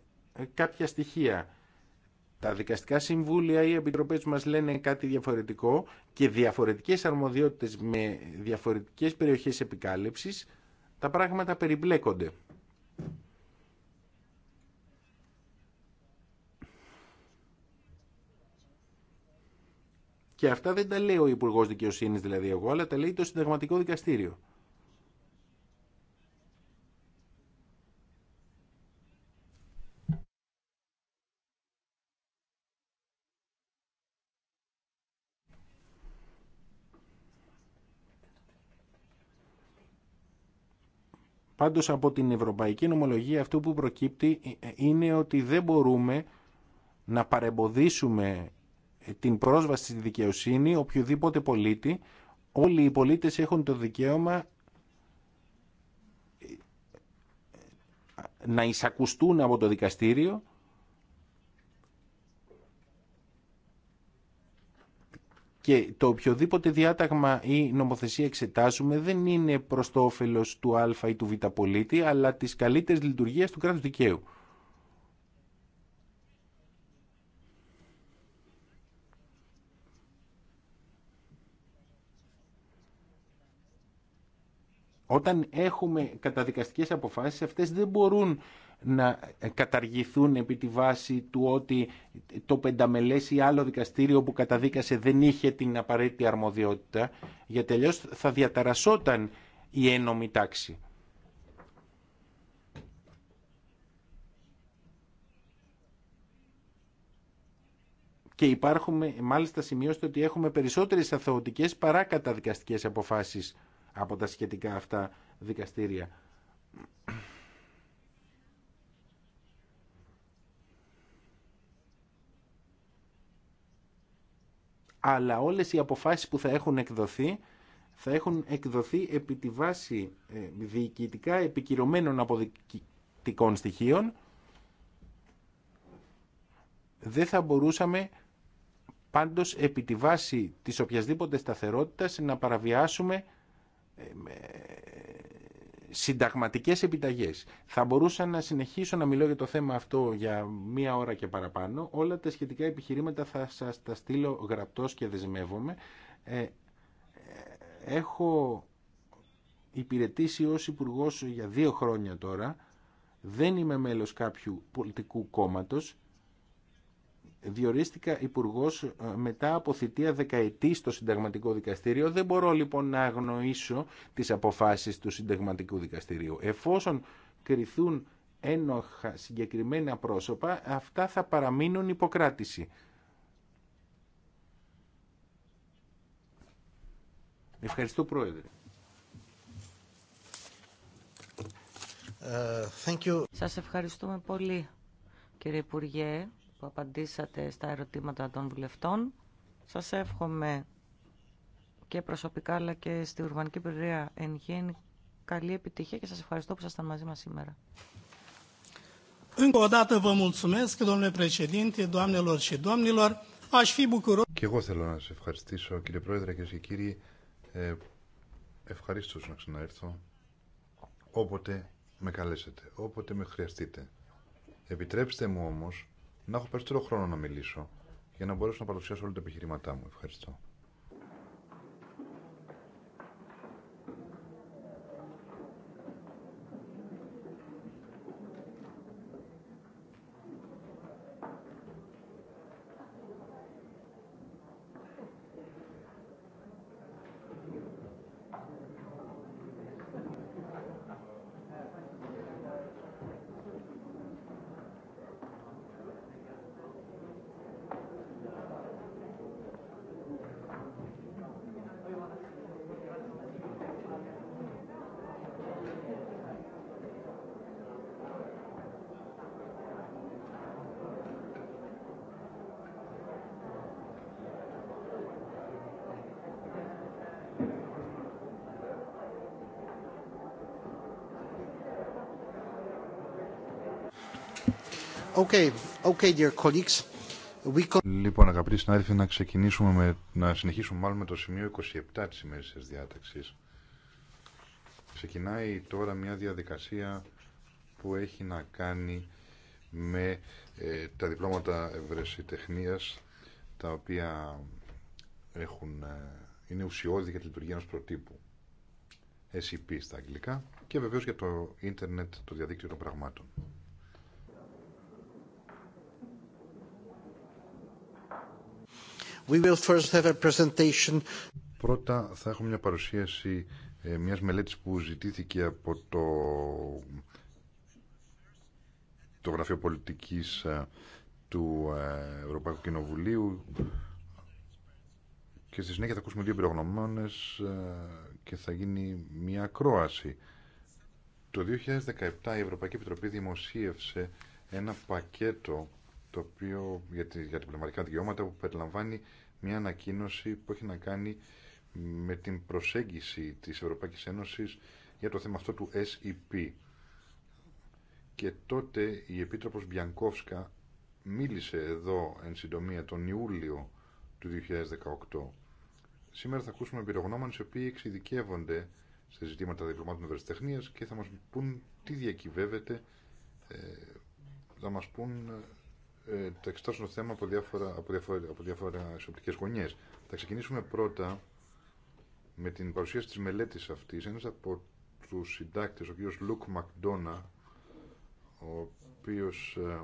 κάποια στοιχεία τα δικαστικά συμβούλια ή οι επιτροπέ μας λένε κάτι διαφορετικό και διαφορετικές αρμοδιότητες με διαφορετικές περιοχές επικάλυψη, τα πράγματα περιπλέκονται. Και αυτά δεν τα λέει ο Υπουργό Δικαιοσύνη δηλαδή εγώ, αλλά τα λέει το Συνταγματικό Δικαστήριο. Πάντως από την ευρωπαϊκή νομολογία αυτό που προκύπτει ε, ε, είναι ότι δεν μπορούμε να παρεμποδίσουμε ε, την πρόσβαση στη δικαιοσύνη οποιοδήποτε πολίτη. Όλοι οι πολίτες έχουν το δικαίωμα να εισακουστούν από το δικαστήριο Και το οποιοδήποτε διάταγμα ή νομοθεσία εξετάζουμε δεν είναι προς το όφελος του α ή του β πολίτη, αλλά τις καλύτερης λειτουργίες του κράτους δικαίου. Όταν έχουμε καταδικαστικές αποφάσεις, αυτές δεν μπορούν να καταργηθούν επί τη βάση του ότι το πενταμελές ή άλλο δικαστήριο που καταδίκασε δεν είχε την απαραίτητη αρμοδιότητα, για τελειώς θα διαταρασσόταν η ένομη τάξη. Και υπάρχουμε μάλιστα σημειώστε ότι έχουμε περισσότερες αθωωτικές παρά καταδικαστικές αποφάσεις από τα σχετικά αυτά δικαστήρια. Αλλά όλες οι αποφάσεις που θα έχουν εκδοθεί θα έχουν εκδοθεί επί τη βάση ε, διοικητικά επικυρωμένων αποδεικτικών στοιχείων. Δεν θα μπορούσαμε πάντως επί τη βάση της οποιασδήποτε σταθερότητας να παραβιάσουμε με συνταγματικές επιταγές. Θα μπορούσα να συνεχίσω να μιλώ για το θέμα αυτό για μία ώρα και παραπάνω. Όλα τα σχετικά επιχειρήματα θα σας τα στείλω γραπτός και δεσμεύομαι. Ε, ε, έχω υπηρετήσει ως υπουργό για δύο χρόνια τώρα. Δεν είμαι μέλος κάποιου πολιτικού κόμματος διορίστηκα υπουργό ε, μετά από θητεία δεκαετή στο συνταγματικό δικαστήριο. Δεν μπορώ λοιπόν να αγνοήσω τις αποφάσεις του συνταγματικού δικαστηρίου. Εφόσον κριθούν ένοχα συγκεκριμένα πρόσωπα, αυτά θα παραμείνουν υποκράτηση. Ευχαριστώ Πρόεδρε. Uh, thank you. Σας ευχαριστούμε πολύ κύριε Υπουργέ που απαντήσατε στα ερωτήματα των βουλευτών. Σας εύχομαι και προσωπικά αλλά και στη Ουρβανική Περιφερεια εν γέννη καλή επιτυχία και σας ευχαριστώ που ήσασταν μαζί μας σήμερα. Και εγώ θέλω να σας ευχαριστήσω κύριε Πρόεδρε και κύριοι. Ε, ευχαρίστω να ξαναέρθω όποτε με καλέσετε, όποτε με χρειαστείτε. Επιτρέψτε μου όμως να έχω περισσότερο χρόνο να μιλήσω για να μπορέσω να παρουσιάσω όλα τα επιχειρήματά μου. Ευχαριστώ. Λοιπόν, αγαπητοί συνάδελφοι, να ξεκινήσουμε με, να συνεχίσουμε μάλλον με το σημείο 27 της ημέρης τη διάταξης. Ξεκινάει τώρα μια διαδικασία που έχει να κάνει με ε, τα διπλώματα ευρεσιτεχνίας τα οποία ε, είναι ουσιώδη για τη λειτουργία ενός προτύπου SCP e στα αγγλικά και βεβαίως για το ίντερνετ, το διαδίκτυο των πραγμάτων. Πρώτα θα έχουμε μια παρουσίαση ε, μιας μελέτης που ζητήθηκε από το, το Γραφείο Πολιτικής ε, του ε, Ευρωπαϊκού Κοινοβουλίου και στη συνέχεια θα ακούσουμε δύο πυρογνωμόνες και θα γίνει μια ακρόαση. Το 2017 η Ευρωπαϊκή Επιτροπή δημοσίευσε ένα πακέτο το οποίο, για, τη, για την πνευματικά δικαιώματα που περιλαμβάνει μια ανακοίνωση που έχει να κάνει με την προσέγγιση της Ευρωπαϊκής Ένωσης για το θέμα αυτό του SEP. Και τότε η Επίτροπος Μπιανκόφσκα μίλησε εδώ εν συντομία τον Ιούλιο του 2018. Σήμερα θα ακούσουμε πυρογνώμανες, οι οποίοι εξειδικεύονται σε ζητήματα διπλωμάτων ευρεσιτεχνίας και θα μας πούν τι διακυβεύεται, ε, θα μας πούν ε, ε, το εξετάσουμε το θέμα από διάφορα, από διάφορα, από διάφορα οπτικές γωνιές. Θα ξεκινήσουμε πρώτα με την παρουσίαση της μελέτης αυτής. Ένας από τους συντάκτες, ο οποίος Λουκ Μακδόνα, ο οποίος ε,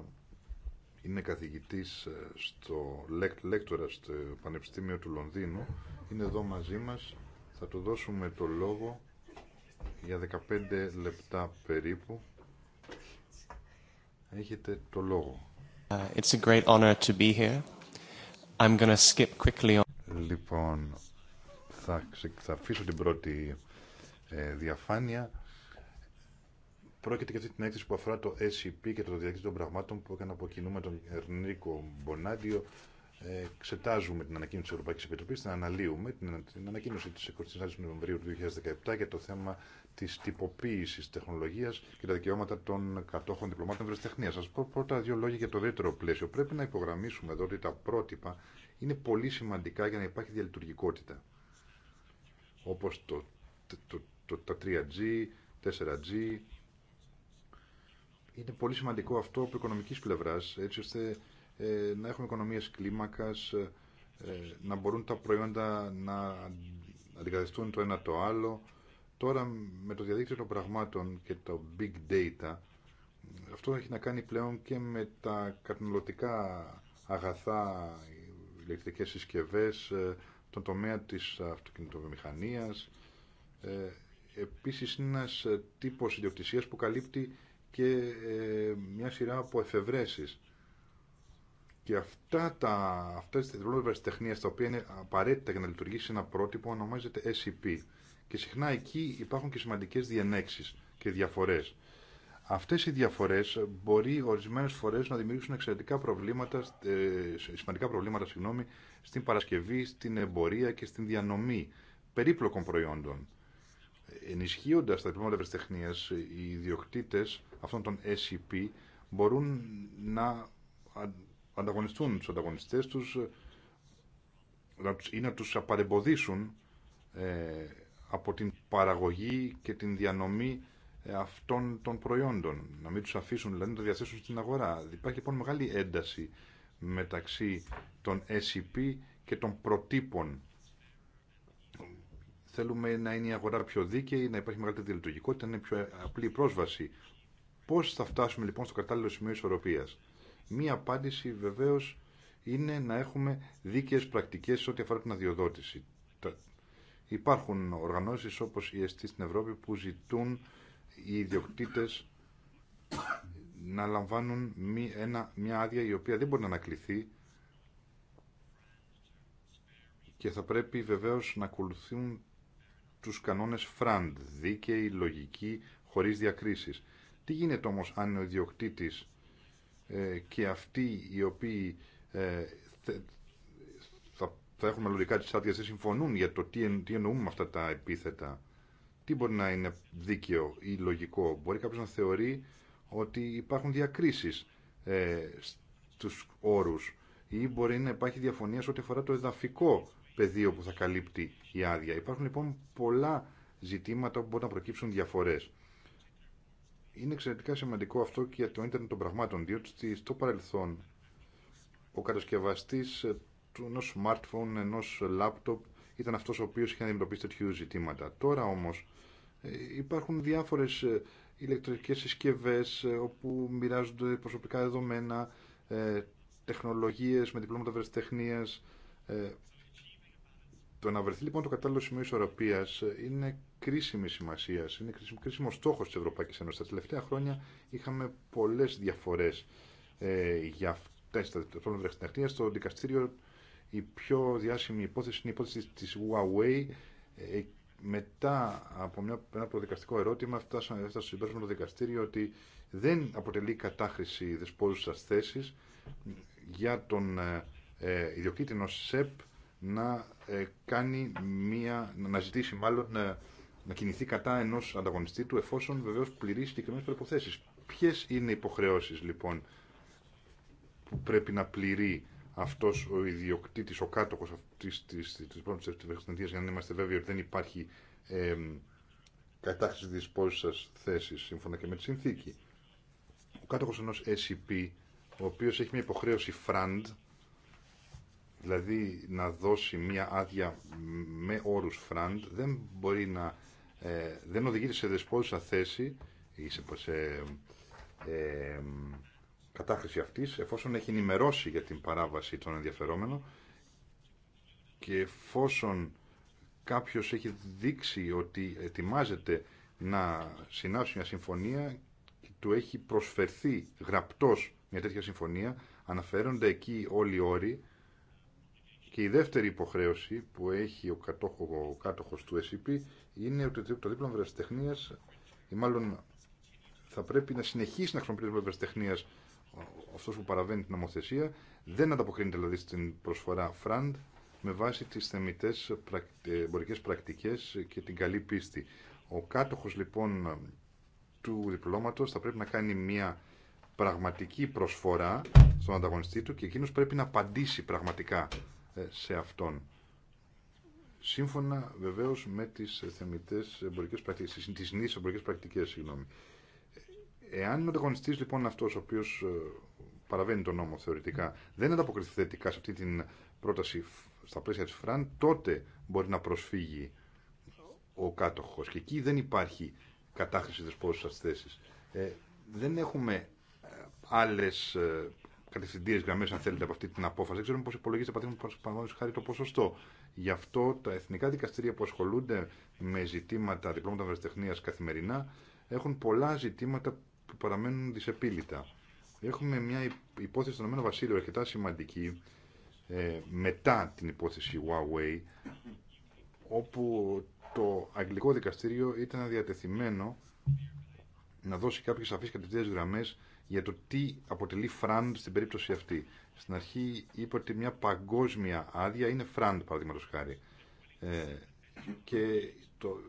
είναι καθηγητής ε, στο λέκτορα στο Πανεπιστήμιο του Λονδίνου, είναι εδώ μαζί μας. Θα του δώσουμε το λόγο για 15 λεπτά περίπου. Έχετε το λόγο. Uh, it's a great honor to be here. I'm skip quickly on... Λοιπόν, θα, θα αφήσω την πρώτη ε, διαφάνεια. Πρόκειται για αυτή την έκθεση που αφορά το SCP και το διαδίκτυο των πραγμάτων που έκανα από κοινού με τον Ερνίκο Μπονάντιο. Ε, εξετάζουμε την ανακοίνωση τη Ευρωπαϊκή Επιτροπή, την αναλύουμε, την, την ανακοίνωση τη 24 Νοεμβρίου του 2017 για το θέμα της τυποποίησης τεχνολογία και τα δικαιώματα των κατόχων διπλωμάτων ευρεσιτεχνία. Σα πω πρώτα δύο λόγια για το δεύτερο πλαίσιο. Πρέπει να υπογραμμίσουμε εδώ ότι τα πρότυπα είναι πολύ σημαντικά για να υπάρχει διαλειτουργικότητα. όπω το, το, το, τα 3G, 4G. Είναι πολύ σημαντικό αυτό από οικονομική πλευρά, έτσι ώστε ε, να έχουμε οικονομίε κλίμακα, ε, να μπορούν τα προϊόντα να αντικαταστούν το ένα το άλλο, Τώρα με το διαδίκτυο των πραγμάτων και το big data, αυτό έχει να κάνει πλέον και με τα καταναλωτικά αγαθά, ηλεκτρικές συσκευές, ε, τον τομέα της αυτοκινητοβιομηχανίας. Ε, επίσης είναι ένας ε, τύπος ιδιοκτησίας που καλύπτει και μια σειρά από εφευρέσεις. Και αυτά τα, αυτές τις τεχνίες τα οποία είναι απαραίτητα για να λειτουργήσει ένα πρότυπο ονομάζεται SCP. E και συχνά εκεί υπάρχουν και σημαντικές διενέξεις και διαφορές. Αυτές οι διαφορές μπορεί ορισμένες φορές να δημιουργήσουν εξαιρετικά προβλήματα, ε, σημαντικά προβλήματα συγγνώμη, στην παρασκευή, στην εμπορία και στην διανομή περίπλοκων προϊόντων. Ενισχύοντας τα διπλώματα ευρεσιτεχνίας, οι ιδιοκτήτες αυτών των SCP e μπορούν να ανταγωνιστούν τους ανταγωνιστές τους ή να τους απαρεμποδίσουν ε, από την παραγωγή και την διανομή ε, αυτών των προϊόντων. Να μην τους αφήσουν, δηλαδή να το διαθέσουν στην αγορά. Υπάρχει λοιπόν μεγάλη ένταση μεταξύ των SCP e και των προτύπων. Θέλουμε να είναι η αγορά πιο δίκαιη, να υπάρχει μεγαλύτερη διαλειτουργικότητα, να είναι πιο απλή πρόσβαση. Πώς θα φτάσουμε λοιπόν στο κατάλληλο σημείο ισορροπίας. Μία απάντηση βεβαίως είναι να έχουμε δίκαιες πρακτικές σε ό,τι αφορά την αδειοδότηση. Υπάρχουν οργανώσεις όπως η ΕΣΤΗ στην Ευρώπη που ζητούν οι ιδιοκτήτες να λαμβάνουν μια άδεια η οποία δεν μπορεί να ανακληθεί και θα πρέπει βεβαίως να ακολουθούν τους κανόνες φραντ, δίκαιη, λογική, χωρίς διακρίσεις. Τι γίνεται όμως αν ο ιδιοκτήτης ε, και αυτοί οι οποίοι ε, θα έχουμε μελλοντικά τι άδειε, δεν συμφωνούν για το τι, τι εννοούμε με αυτά τα επίθετα. Τι μπορεί να είναι δίκαιο ή λογικό. Μπορεί κάποιο να θεωρεί ότι υπάρχουν διακρίσει ε, στους όρους ή μπορεί να υπάρχει διαφωνία σε ό,τι αφορά το εδαφικό πεδίο που θα καλύπτει η άδεια. Υπάρχουν λοιπόν πολλά ζητήματα που μπορούν να προκύψουν διαφορέ. Είναι εξαιρετικά σημαντικό αυτό και για το ίντερνετ των πραγμάτων, διότι στο παρελθόν ο κατασκευαστή ενός smartphone, ενός laptop ήταν αυτός ο οποίος είχε να αντιμετωπίσει τέτοιου ζητήματα. Τώρα όμως ε, υπάρχουν διάφορες ε, ηλεκτρονικές συσκευές ε, όπου μοιράζονται προσωπικά δεδομένα, τεχνολογίες με διπλώματα ευρεσιτεχνία. Το να βρεθεί λοιπόν το κατάλληλο σημείο ισορροπία είναι κρίσιμη σημασία, είναι κρίσιμο στόχο τη Ευρωπαϊκή Ένωση. Τα τελευταία χρόνια είχαμε πολλέ διαφορέ για τα τα τη δικαστήριο η πιο διάσημη υπόθεση είναι η υπόθεση της Huawei. Ε, μετά από μια, ένα προδικαστικό ερώτημα φτάσαμε στο συμπέρασμα του δικαστήριο ότι δεν αποτελεί κατάχρηση δεσπόζουσας θέσης για τον ε, ε, ιδιοκτήτη ενός ΣΕΠ να ε, κάνει μία, να ζητήσει μάλλον να, να κινηθεί κατά ενός ανταγωνιστή του εφόσον βεβαίως πληρεί συγκεκριμένε προποθέσει. Ποιε είναι οι υποχρεώσει, λοιπόν που πρέπει να πληρεί αυτός ο ιδιοκτήτης, ο κάτοχος αυτής της, της πρώτης για να είμαστε βέβαιοι ότι δεν υπάρχει ε, κατάχρηση τη θέσης σύμφωνα και με τη συνθήκη. Ο κάτοχος ενός SCP, e ο οποίος έχει μια υποχρέωση FRAND, δηλαδή να δώσει μια άδεια με όρους FRAND, δεν μπορεί να ε, δεν οδηγείται σε δεσπόζουσα θέση ή σε, σε κατάχρηση αυτής εφόσον έχει ενημερώσει για την παράβαση των ενδιαφερόμενων και εφόσον κάποιος έχει δείξει ότι ετοιμάζεται να συνάψει μια συμφωνία και του έχει προσφερθεί γραπτός μια τέτοια συμφωνία, αναφέρονται εκεί όλοι οι όροι και η δεύτερη υποχρέωση που έχει ο, κάτοχος του SCP e είναι ότι το δίπλωμα βραστεχνίας ή μάλλον θα πρέπει να συνεχίσει να χρησιμοποιεί το δίπλωμα αυτό που παραβαίνει την νομοθεσία δεν ανταποκρίνεται δηλαδή στην προσφορά φραντ με βάση τις θεμητέ ε, εμπορικέ πρακτικές και την καλή πίστη. Ο κάτοχος λοιπόν του διπλώματο θα πρέπει να κάνει μια πραγματική προσφορά στον ανταγωνιστή του και εκείνο πρέπει να απαντήσει πραγματικά ε, σε αυτόν. Σύμφωνα βεβαίως με τι θεμητέ εμπορικέ πρακτικές, τις εμπορικές συγγνώμη. Εάν λοιπόν, ο ανταγωνιστή λοιπόν αυτό ο οποίο ε, παραβαίνει τον νόμο θεωρητικά, δεν ανταποκριθεί θετικά σε αυτή την πρόταση στα πλαίσια τη ΦΡΑΝ, τότε μπορεί να προσφύγει ο κάτοχο. Και εκεί δεν υπάρχει κατάχρηση δεσπόζουσα θέση. Ε, δεν έχουμε ε, άλλε κατευθυντήριε γραμμέ, αν θέλετε, από αυτή την απόφαση. Δεν ξέρουμε πώ υπολογίζεται, παραδείγματο χάρη, το ποσοστό. Γι' αυτό τα εθνικά δικαστήρια που ασχολούνται με ζητήματα διπλώματα βραστεχνία καθημερινά έχουν πολλά ζητήματα που παραμένουν δυσεπίλητα. Έχουμε μια υπόθεση στον Ηνωμένο Βασίλειο αρκετά σημαντική ε, μετά την υπόθεση Huawei όπου το αγγλικό δικαστήριο ήταν διατεθειμένο να δώσει κάποιες σαφείς κατευθείας γραμμές για το τι αποτελεί φραντ στην περίπτωση αυτή. Στην αρχή είπε ότι μια παγκόσμια άδεια είναι φραντ, παραδείγματος χάρη. Ε, και το,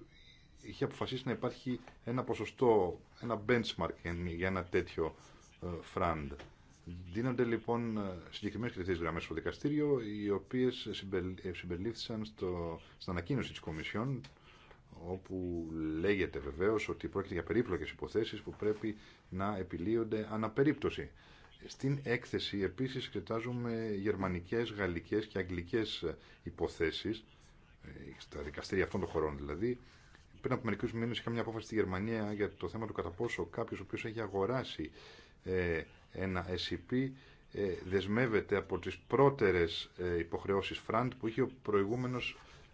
είχε αποφασίσει να υπάρχει ένα ποσοστό, ένα benchmark για ένα τέτοιο ε, φραντ. Δίνονται λοιπόν ε, συγκεκριμένε κριτικέ γραμμέ στο δικαστήριο, οι οποίε ε, συμπεριλήφθησαν στην ανακοίνωση τη Κομισιόν, όπου λέγεται βεβαίω ότι πρόκειται για περίπλοκε υποθέσει που πρέπει να επιλύονται αναπερίπτωση. Στην έκθεση επίσης εξετάζουμε γερμανικές, γαλλικές και αγγλικές υποθέσεις, στα δικαστήρια αυτών των χωρών δηλαδή, πριν από μερικού μήνε είχα μια απόφαση στη Γερμανία για το θέμα του κατά πόσο κάποιο ο οποίο έχει αγοράσει ε, ένα SCP e ε, δεσμεύεται από τι πρώτερε ε, υποχρεώσει φραντ που είχε ο προηγούμενο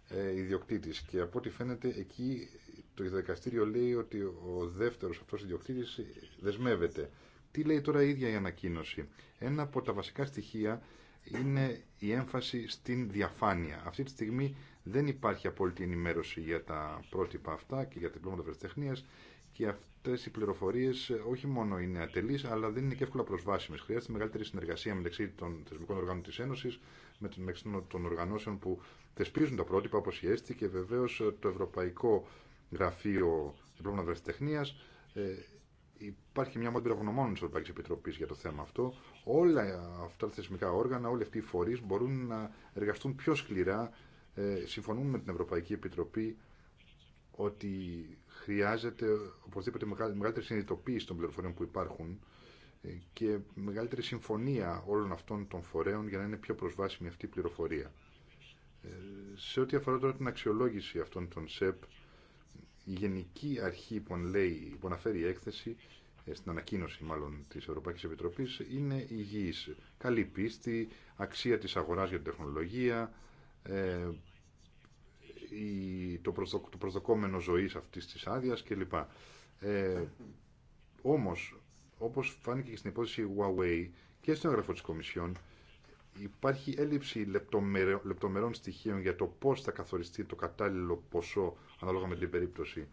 ε, ιδιοκτήτη. Και από ό,τι φαίνεται εκεί το δικαστήριο λέει ότι ο δεύτερο αυτό ιδιοκτήτη δεσμεύεται. Τι λέει τώρα η ίδια η ανακοίνωση. Ένα από τα βασικά στοιχεία είναι η έμφαση στην διαφάνεια. Αυτή τη στιγμή δεν υπάρχει απόλυτη ενημέρωση για τα πρότυπα αυτά και για τα διπλώματα βρετεχνία και αυτέ οι πληροφορίε ε, όχι μόνο είναι ατελεί, αλλά δεν είναι και εύκολα προσβάσιμε. Χρειάζεται μεγαλύτερη συνεργασία μεταξύ των θεσμικών οργάνων τη Ένωση, μεταξύ των οργανώσεων που θεσπίζουν τα πρότυπα, όπω η ΕΣΤΗ και βεβαίω ε, το Ευρωπαϊκό Γραφείο Διπλώματα Βρετεχνία. Ε, υπάρχει μια μόνη γνωμόνων τη Ευρωπαϊκή Επιτροπή για το θέμα αυτό όλα αυτά τα θεσμικά όργανα, όλοι αυτοί οι φορείς μπορούν να εργαστούν πιο σκληρά. Ε, συμφωνούμε με την Ευρωπαϊκή Επιτροπή ότι χρειάζεται οπωσδήποτε μεγαλύτερη συνειδητοποίηση των πληροφοριών που υπάρχουν ε, και μεγαλύτερη συμφωνία όλων αυτών των φορέων για να είναι πιο προσβάσιμη αυτή η πληροφορία. Ε, σε ό,τι αφορά τώρα την αξιολόγηση αυτών των ΣΕΠ, η γενική αρχή που, λέει, που αναφέρει η έκθεση ε, στην ανακοίνωση μάλλον τη Ευρωπαϊκή Επιτροπή είναι υγιή. Καλή πίστη, αξία της αγοράς για την τεχνολογία, ε, το, το προσδοκόμενο ζωή αυτή τη άδεια κλπ. Ε, όμως, όπως φάνηκε και στην υπόθεση Huawei και στον έγγραφο τη Κομισιόν, υπάρχει έλλειψη λεπτομερών στοιχείων για το πώς θα καθοριστεί το κατάλληλο ποσό ανάλογα με την περίπτωση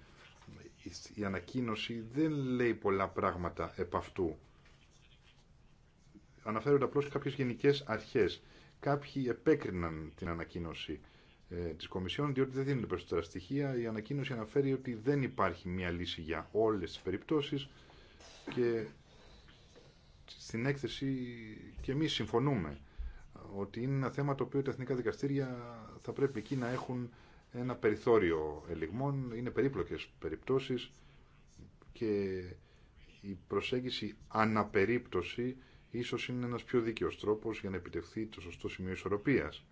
η ανακοίνωση δεν λέει πολλά πράγματα επ' αυτού. Αναφέρονται απλώς κάποιες γενικές αρχές. Κάποιοι επέκριναν την ανακοίνωση ε, της Κομισιόν, διότι δεν δίνουν περισσότερα στοιχεία. Η ανακοίνωση αναφέρει ότι δεν υπάρχει μία λύση για όλες τις περιπτώσεις και στην έκθεση και εμείς συμφωνούμε ότι είναι ένα θέμα το οποίο τα εθνικά δικαστήρια θα πρέπει εκεί να έχουν ένα περιθώριο ελιγμών, είναι περίπλοκες περιπτώσεις και η προσέγγιση αναπερίπτωση ίσως είναι ένας πιο δίκαιος τρόπος για να επιτευχθεί το σωστό σημείο ισορροπίας.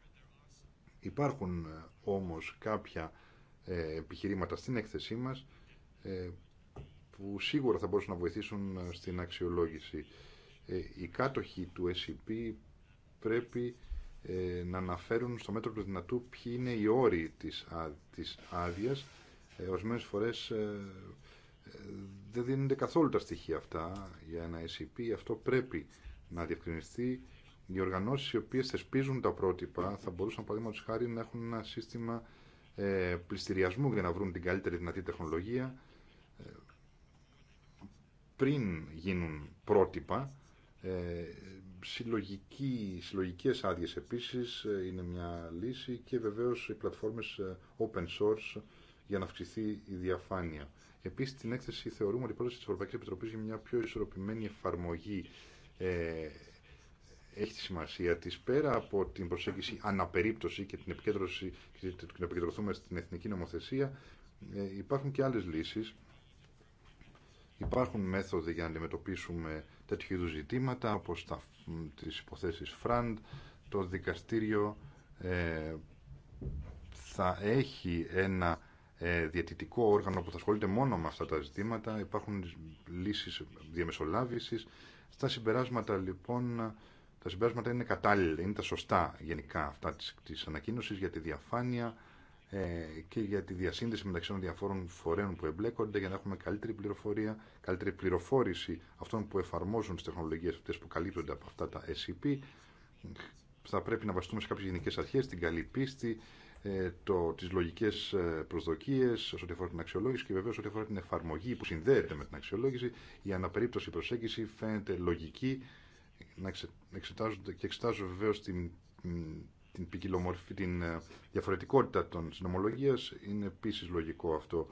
Υπάρχουν ε, όμως κάποια ε, επιχειρήματα στην έκθεσή μας ε, που σίγουρα θα μπορούσαν να βοηθήσουν στην αξιολόγηση. Οι κάτοχοι του SCP e πρέπει ε, να αναφέρουν στο μέτρο του δυνατού ποιοι είναι οι όροι της, α, της άδειας. Ε, φορές ε, ε, δεν δίνονται καθόλου τα στοιχεία αυτά για ένα SCP. Αυτό πρέπει να διευκρινιστεί. Οι οργανώσεις οι οποίες θεσπίζουν τα πρότυπα θα μπορούσαν παραδείγματο χάρη να έχουν ένα σύστημα ε, πληστηριασμού για να βρουν την καλύτερη δυνατή τεχνολογία πριν γίνουν πρότυπα συλλογική, συλλογικές άδειες επίσης ε, είναι μια λύση και βεβαίως οι πλατφόρμες ε, open source για να αυξηθεί η διαφάνεια. Επίσης στην έκθεση θεωρούμε ότι η πρόταση της Ευρωπαϊκής Επιτροπής για μια πιο ισορροπημένη εφαρμογή ε, έχει τη σημασία της πέρα από την προσέγγιση αναπερίπτωση και την επικέντρωση και την επικεντρωθούμε στην εθνική νομοθεσία ε, υπάρχουν και άλλες λύσεις υπάρχουν μέθοδοι για να αντιμετωπίσουμε τέτοιου είδου ζητήματα όπως τι τις υποθέσεις Φραντ το δικαστήριο ε, θα έχει ένα ε, διατητικό όργανο που θα ασχολείται μόνο με αυτά τα ζητήματα υπάρχουν λύσεις διαμεσολάβησης στα συμπεράσματα λοιπόν τα συμπεράσματα είναι κατάλληλα, είναι τα σωστά γενικά αυτά της, της για τη διαφάνεια ε, και για τη διασύνδεση μεταξύ των διαφόρων φορέων που εμπλέκονται για να έχουμε καλύτερη πληροφορία, καλύτερη πληροφόρηση αυτών που εφαρμόζουν τι τεχνολογίε αυτέ που καλύπτονται από αυτά τα SCP. E Θα πρέπει να βαστούμε σε κάποιε γενικέ αρχέ, την καλή πίστη, ε, το, τις λογικές ε, προσδοκίες ό,τι αφορά την αξιολόγηση και βεβαίως ό,τι αφορά την εφαρμογή που συνδέεται με την αξιολόγηση η αναπερίπτωση προσέγγιση φαίνεται λογική να εξετάζονται και εξετάζω βεβαίω την την, ποικιλομορφή, την ε, διαφορετικότητα των συνομολογίας είναι επίσης λογικό αυτό.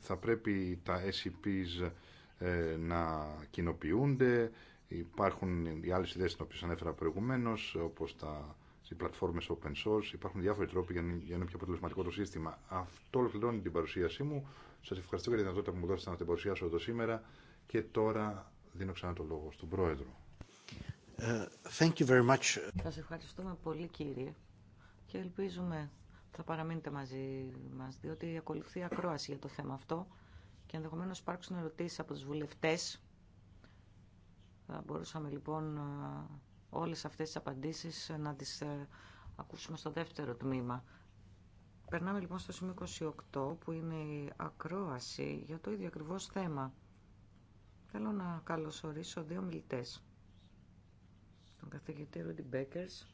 Θα πρέπει τα SCPs e ε, να κοινοποιούνται, υπάρχουν οι άλλες ιδέες τις οποίες ανέφερα προηγουμένως, όπως τα οι πλατφόρμες open source, υπάρχουν διάφοροι τρόποι για να είναι πιο αποτελεσματικό το σύστημα. Αυτό ολοκληρώνει την παρουσίασή μου. Σας ευχαριστώ για τη δυνατότητα που μου δώσατε να την παρουσιάσω εδώ σήμερα και τώρα δίνω ξανά το λόγο στον Πρόεδρο. Ε, thank Σας ευχαριστούμε πολύ κύριε και ελπίζουμε θα παραμείνετε μαζί μας διότι ακολουθεί ακρόαση για το θέμα αυτό και ενδεχομένως υπάρξουν ερωτήσεις από τους βουλευτές. Θα μπορούσαμε λοιπόν ε, όλες αυτές τις απαντήσεις ε, να τις ακούσουμε στο δεύτερο τμήμα. Περνάμε λοιπόν στο σημείο 28 που είναι η ακρόαση για το ίδιο ακριβώς θέμα. Θέλω να καλωσορίσω δύο μιλητές καθηγητή Ρούντι Μπέκερς,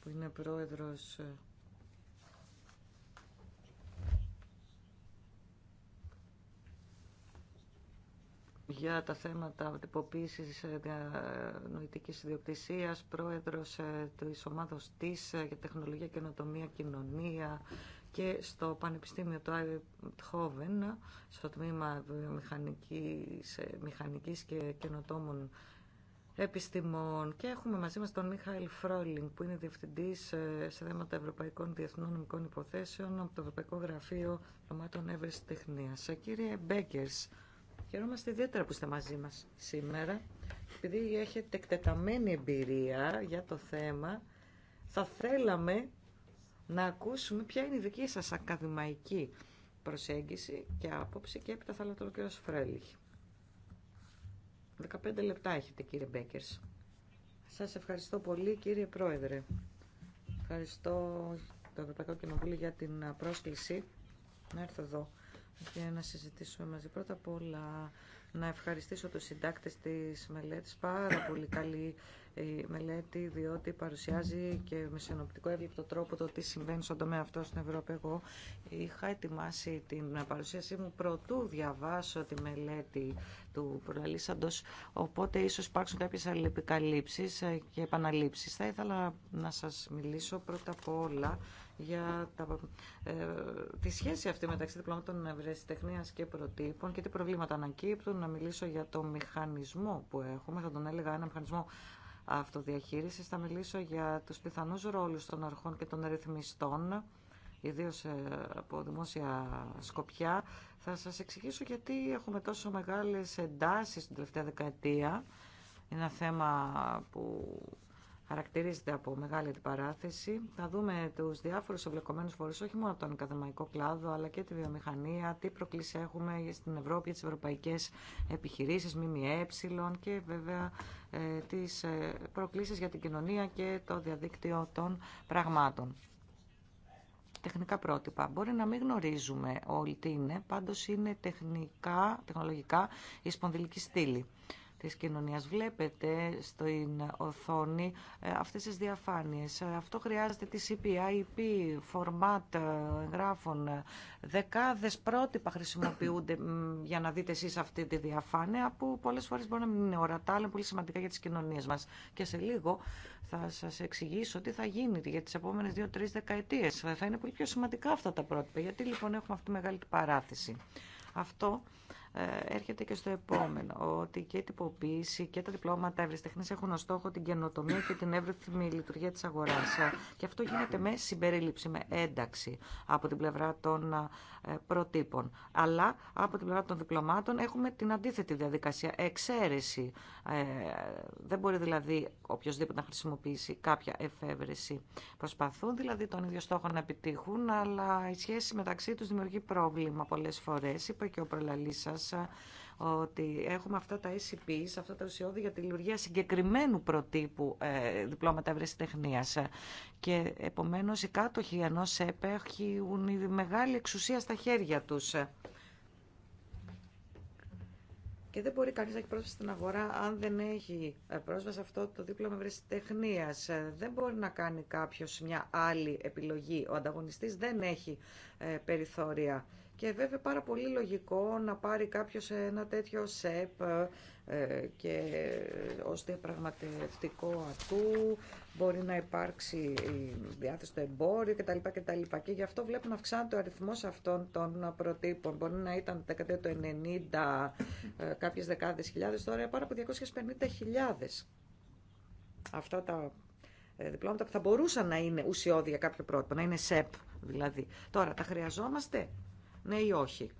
που είναι πρόεδρος ε, για τα θέματα τυποποίησης ε, ε, νοητικής ιδιοκτησίας, πρόεδρος της ομάδος της για τεχνολογία, καινοτομία, κοινωνία και στο Πανεπιστήμιο του Χόβεν στο τμήμα μηχανικής, μηχανικής και καινοτόμων επιστημών και έχουμε μαζί μας τον Μιχαήλ Φρόλινγκ που είναι διευθυντής ε, σε θέματα ευρωπαϊκών διεθνών νομικών υποθέσεων από το Ευρωπαϊκό Γραφείο Νομάτων Εύρεσης Τεχνίας. Ε, κύριε Μπέκερς, χαιρόμαστε ιδιαίτερα που είστε μαζί μας σήμερα επειδή έχετε εκτεταμένη εμπειρία για το θέμα θα θέλαμε να ακούσουμε ποια είναι η δική σας ακαδημαϊκή προσέγγιση και άποψη και έπειτα θα λέω τον κύριο Φρέλιχ. 15 λεπτά έχετε κύριε Μπέκερς. Σας ευχαριστώ πολύ κύριε Πρόεδρε. Ευχαριστώ το Ευρωπαϊκό Κοινοβούλιο για την πρόσκληση να έρθω εδώ και να συζητήσουμε μαζί. Πρώτα απ' όλα να ευχαριστήσω τους συντάκτες της μελέτης. Πάρα πολύ καλή η μελέτη, διότι παρουσιάζει και με συνοπτικό έβλεπτο τρόπο το τι συμβαίνει στον τομέα αυτό στην Ευρώπη. Εγώ είχα ετοιμάσει την παρουσίασή μου προτού διαβάσω τη μελέτη του προαλήσαντος, οπότε ίσως υπάρξουν κάποιες αλληλεπικαλύψεις και επαναλήψεις. Θα ήθελα να σας μιλήσω πρώτα απ' όλα για τα, ε, τη σχέση αυτή μεταξύ διπλωμάτων ευρεσιτεχνία και προτύπων και τι προβλήματα ανακύπτουν. Να μιλήσω για το μηχανισμό που έχουμε, θα τον έλεγα ένα μηχανισμό αυτοδιαχείρισης. Θα μιλήσω για τους πιθανούς ρόλους των αρχών και των ρυθμιστών, ιδίως ε, από δημόσια σκοπιά. Θα σα εξηγήσω γιατί έχουμε τόσο μεγάλε εντάσει την τελευταία δεκαετία. Είναι ένα θέμα που χαρακτηρίζεται από μεγάλη αντιπαράθεση. Θα δούμε του διάφορου εμπλεκομένου φορεί, όχι μόνο τον ακαδημαϊκό κλάδο, αλλά και τη βιομηχανία, τι προκλήσει έχουμε στην Ευρώπη για τι ευρωπαϊκέ επιχειρήσει, ΜΜΕ και βέβαια ε, τι ε, προκλήσει για την κοινωνία και το διαδίκτυο των πραγμάτων. Τεχνικά πρότυπα. Μπορεί να μην γνωρίζουμε όλοι τι είναι, πάντως είναι τεχνικά, τεχνολογικά η σπονδυλική στήλη της κοινωνίας. Βλέπετε στην οθόνη ε, αυτές τις διαφάνειες. Ε, αυτό χρειάζεται τη CPIP, format ε, γράφων. Δεκάδες πρότυπα χρησιμοποιούνται για να δείτε εσείς αυτή τη διαφάνεια που πολλές φορές μπορεί να μην είναι ορατά, αλλά είναι πολύ σημαντικά για τις κοινωνίες μας. Και σε λίγο θα σας εξηγήσω τι θα γίνει για τις επόμενες δύο-τρει δεκαετίες. Θα είναι πολύ πιο σημαντικά αυτά τα πρότυπα. Γιατί λοιπόν έχουμε αυτή τη μεγάλη παράθεση. Αυτό ε, έρχεται και στο επόμενο, ότι και η τυποποίηση και τα διπλώματα ευρεσιτεχνή έχουν ως στόχο την καινοτομία και την εύρυθμη λειτουργία της αγοράς. Ε, και αυτό γίνεται με συμπερίληψη, με ένταξη από την πλευρά των ε, ε, προτύπων. Αλλά από την πλευρά των διπλωμάτων έχουμε την αντίθετη διαδικασία, εξαίρεση. Ε, δεν μπορεί δηλαδή οποιοδήποτε να χρησιμοποιήσει κάποια εφεύρεση. Προσπαθούν δηλαδή τον ίδιο στόχο να επιτύχουν, αλλά η σχέση μεταξύ τους δημιουργεί πρόβλημα πολλές φορές. Είπα και ο προλαλής σας, ότι έχουμε αυτά τα SCPs, αυτά τα ουσιώδη για τη λειτουργία συγκεκριμένου προτύπου ε, διπλώματα ευρεσιτεχνία. Και επομένω οι κάτοχοι ενό ΕΠΕ έχουν μεγάλη εξουσία στα χέρια του. Και δεν μπορεί κανεί να έχει πρόσβαση στην αγορά αν δεν έχει ε, πρόσβαση αυτό το δίπλωμα ευρεσιτεχνία. Ε, δεν μπορεί να κάνει κάποιο μια άλλη επιλογή. Ο ανταγωνιστή δεν έχει περιθώρια και βέβαια πάρα πολύ λογικό να πάρει κάποιος ένα τέτοιο ΣΕΠ ε, και ως διαπραγματευτικό ατού μπορεί να υπάρξει η διάθεση στο εμπόριο κτλ. Και γι' αυτό βλέπουμε αυξάνεται ο αριθμός αυτών των προτύπων. Μπορεί να ήταν το δεκαετία 90 ε, κάποιες δεκάδες χιλιάδες, τώρα πάνω από 250 χιλιάδες. Αυτά τα ε, διπλώματα που θα μπορούσαν να είναι ουσιώδη για κάποιο πρότυπο, να είναι ΣΕΠ δηλαδή. Τώρα τα χρειαζόμαστε ναι ή όχι.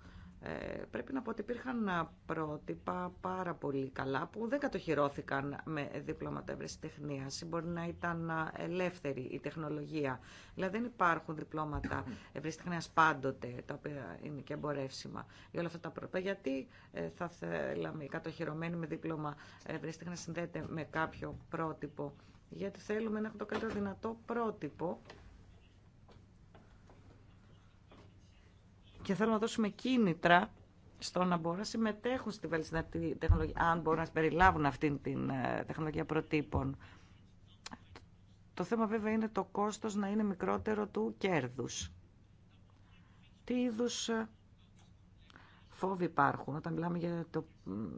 Ε, πρέπει να πω ότι υπήρχαν ε, πρότυπα πάρα πολύ καλά που δεν κατοχυρώθηκαν με διπλώματα ευρεσιτεχνία. Μπορεί να ήταν ε, ελεύθερη η τεχνολογία. Δηλαδή δεν υπάρχουν διπλώματα ευρεσιτεχνία πάντοτε, τα οποία είναι και εμπορεύσιμα για όλα αυτά τα πρότυπα. Γιατί θα θέλαμε κατοχυρωμένη με δίπλωμα ευρεσιτεχνία συνδέεται με κάποιο πρότυπο. Γιατί θέλουμε να έχουμε το καλύτερο δυνατό πρότυπο και θέλω να δώσουμε κίνητρα στο να μπορούν να συμμετέχουν στη βελτιστική τεχνολογία, αν μπορούν να περιλάβουν αυτήν την ε, τεχνολογία προτύπων. Το θέμα βέβαια είναι το κόστος να είναι μικρότερο του κέρδους. Τι είδους ε, φόβοι υπάρχουν όταν μιλάμε για το,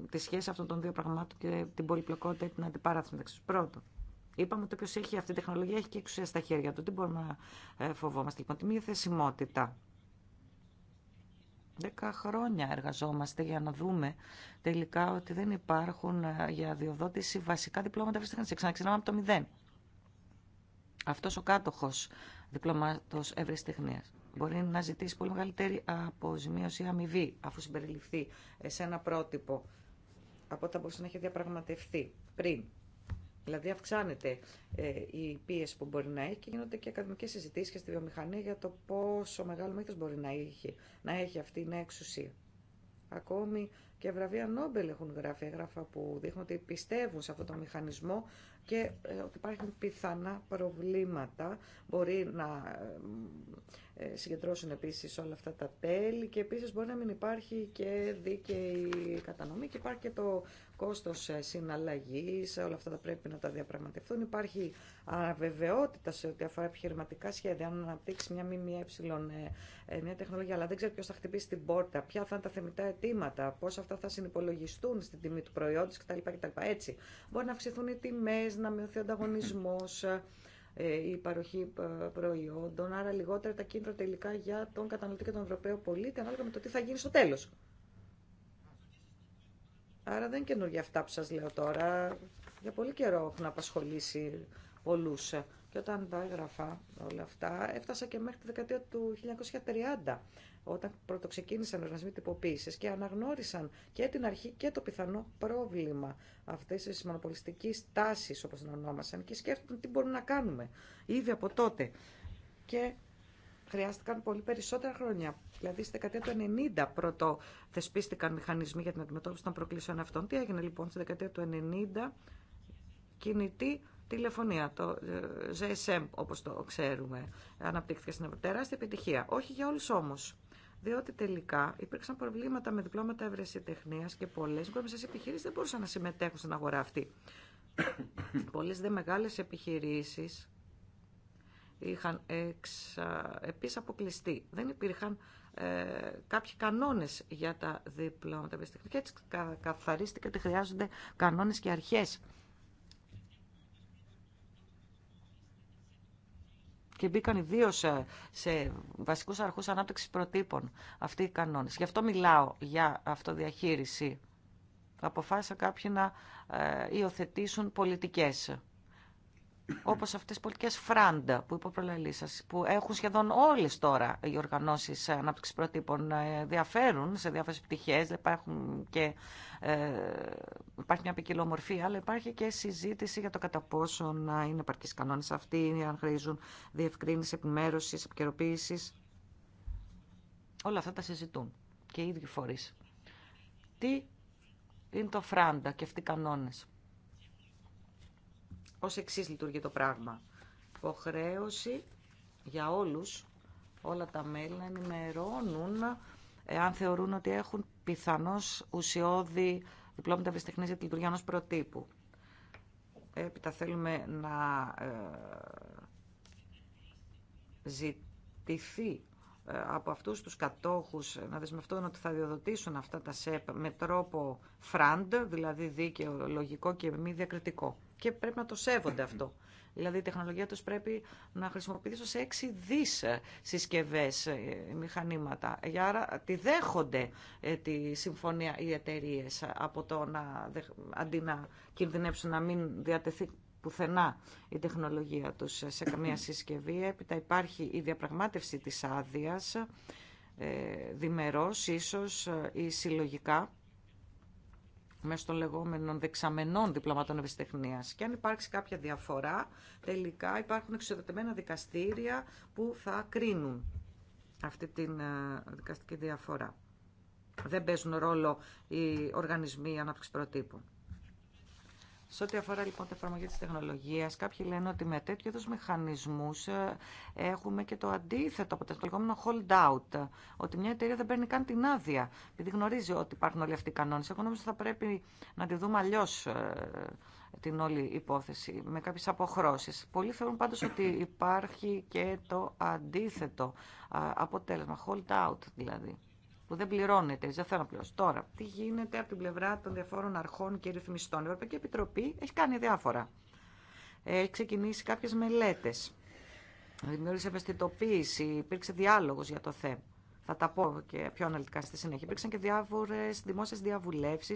τη σχέση αυτών των δύο πραγμάτων και την πολυπλοκότητα ή την αντιπαράθεση μεταξύ του. Πρώτον, είπαμε ότι όποιο έχει αυτή τη τεχνολογία έχει και εξουσία στα χέρια του. Τι μπορούμε να ε, φοβόμαστε. Λοιπόν, τη μη θεσιμότητα. Δέκα χρόνια εργαζόμαστε για να δούμε τελικά ότι δεν υπάρχουν ε, για διοδότηση βασικά διπλώματα ευρεσιτεχνία. Ξαναξινάμε από το μηδέν. Αυτός ο κάτοχος διπλώματος ευρεσιτεχνία μπορεί να ζητήσει πολύ μεγαλύτερη αποζημίωση αμοιβή, αφού συμπεριληφθεί σε ένα πρότυπο από όταν μπορούσε να έχει διαπραγματευτεί πριν. Δηλαδή αυξάνεται ε, η πίεση που μπορεί να έχει και γίνονται και ακαδημικές συζητήσεις και στη βιομηχανία για το πόσο μεγάλο μέγεθος μπορεί να έχει, να έχει αυτή η νέα εξουσία. Ακόμη και βραβεία Νόμπελ έχουν γράφει, έγγραφα που δείχνουν ότι πιστεύουν σε αυτό το μηχανισμό και ε, ότι υπάρχουν πιθανά προβλήματα. Μπορεί να ε, ε, συγκεντρώσουν επίσης όλα αυτά τα τέλη και επίσης μπορεί να μην υπάρχει και δίκαιη κατανομή και υπάρχει και το κόστος ε, συναλλαγής, όλα αυτά θα πρέπει να τα διαπραγματευτούν. Υπάρχει αβεβαιότητα σε ό,τι αφορά επιχειρηματικά σχέδια, αν αναπτύξει μια ΜΜΕ, ε, μια τεχνολογία, αλλά δεν ξέρει ποιο θα χτυπήσει την πόρτα, ποια θα είναι τα θεμητά αιτήματα, πώ αυτά θα συνυπολογιστούν στην τιμή του προϊόντος κτλ. Έτσι, μπορεί να αυξηθούν οι τιμέ, να μειωθεί ο ανταγωνισμό. Ε, η παροχή ε, προϊόντων, άρα λιγότερα τα κίνητρα τελικά για τον καταναλωτή και τον Ευρωπαίο πολίτη, ανάλογα με το τι θα γίνει στο τέλος. Άρα δεν είναι καινούργια αυτά που σα λέω τώρα. Για πολύ καιρό έχουν απασχολήσει όλου. Και όταν τα έγραφα όλα αυτά, έφτασα και μέχρι τη δεκαετία του 1930, όταν πρώτο ξεκίνησαν οι οργανισμοί τυποποίηση και αναγνώρισαν και την αρχή και το πιθανό πρόβλημα αυτή τη μονοπολιστική τάση, όπω την ονόμασαν, και σκέφτονται τι μπορούμε να κάνουμε ήδη από τότε. Και χρειάστηκαν πολύ περισσότερα χρόνια. Δηλαδή, στη δεκαετία του 1990 πρώτο θεσπίστηκαν μηχανισμοί για την αντιμετώπιση των προκλήσεων αυτών. Τι έγινε λοιπόν στη δεκαετία του 90, κινητή τηλεφωνία, το GSM ε, όπως το ξέρουμε, αναπτύχθηκε στην Ευρώπη. Τεράστια επιτυχία. Όχι για όλους όμως. Διότι τελικά υπήρξαν προβλήματα με διπλώματα ευρεσιτεχνία και πολλές μικρομεσαίε επιχειρήσεις δεν μπορούσαν να συμμετέχουν στην αγορά αυτή. *coughs* Πολλές δε μεγάλες επιχειρήσεις είχαν εξ, επίσης αποκλειστεί. Δεν υπήρχαν ε, κάποιοι κανόνες για τα διπλώματα ευρεσιτεχνία. Και έτσι καθαρίστηκε ότι χρειάζονται κανόνες και αρχές και μπήκαν ιδίω σε βασικούς αρχούς ανάπτυξης προτύπων αυτοί οι κανόνες. Γι' αυτό μιλάω για αυτοδιαχείριση. Αποφάσισα κάποιοι να ε, υιοθετήσουν πολιτικές όπως αυτές τι πολιτικέ φράντα που είπε ο που έχουν σχεδόν όλες τώρα οι οργανώσει ανάπτυξη προτύπων ε, διαφέρουν σε διάφορε πτυχέ, και, ε, υπάρχει μια ποικιλομορφία, αλλά υπάρχει και συζήτηση για το κατά πόσο να είναι επαρκεί κανόνε αυτοί, αν χρήζουν διευκρίνηση, επιμέρωση, επικαιροποίηση. Όλα αυτά τα συζητούν και οι ίδιοι φορεί. Τι είναι το φράντα και αυτοί οι κανόνες. Ως εξής λειτουργεί το πράγμα. Υποχρέωση για όλους, όλα τα μέλη να ενημερώνουν ε, αν θεωρούν ότι έχουν πιθανώς ουσιώδη διπλώματα ευρεσιτεχνής για τη λειτουργία ενός προτύπου. Έπειτα θέλουμε να ε, ζητηθεί ε, από αυτούς τους κατόχους να δεσμευτούν ότι θα διοδοτήσουν αυτά τα ΣΕΠ με τρόπο φραντ, δηλαδή δίκαιο, λογικό και μη διακριτικό και πρέπει να το σέβονται αυτό. Δηλαδή η τεχνολογία τους πρέπει να χρησιμοποιηθεί σε έξι δις ε, συσκευές, ε, μηχανήματα. Για ε, άρα τη δέχονται τη συμφωνία οι εταιρείε από το να, αντί να κινδυνεύσουν να μην διατεθεί πουθενά η τεχνολογία τους σε καμία συσκευή. Έπειτα υπάρχει η διαπραγμάτευση της άδεια, διμερός ίσως ή συλλογικά μέσω των λεγόμενων δεξαμενών διπλωματών ευρεσιτεχνία. Και αν υπάρξει κάποια διαφορά, τελικά υπάρχουν εξοδετεμένα δικαστήρια που θα κρίνουν αυτή τη ε, δικαστική διαφορά. Δεν παίζουν ρόλο οι οργανισμοί ανάπτυξη προτύπου. Σε ό,τι αφορά λοιπόν την εφαρμογή τη τεχνολογία, κάποιοι λένε ότι με τέτοιου είδου μηχανισμούς ε, έχουμε και το αντίθετο από το λεγόμενο hold out, ότι μια εταιρεία δεν παίρνει καν την άδεια, επειδή γνωρίζει ότι υπάρχουν όλοι αυτοί οι κανόνε. Εγώ νομίζω ότι θα πρέπει να τη δούμε αλλιώ ε, την όλη υπόθεση, με κάποιες αποχρώσεις. Πολλοί θεωρούν πάντως ότι υπάρχει και το αντίθετο ε, αποτέλεσμα, hold out δηλαδή που δεν πληρώνεται, δεν θέλω να πληρώσω. Τώρα, τι γίνεται από την πλευρά των διαφόρων αρχών και ρυθμιστών. Η Ευρωπαϊκή Επιτροπή έχει κάνει διάφορα. Έχει ξεκινήσει κάποιε μελέτε. Δημιούργησε ευαισθητοποίηση, υπήρξε διάλογο για το θέμα. Θα τα πω και πιο αναλυτικά στη συνέχεια. Υπήρξαν και διάφορε δημόσιες διαβουλεύσει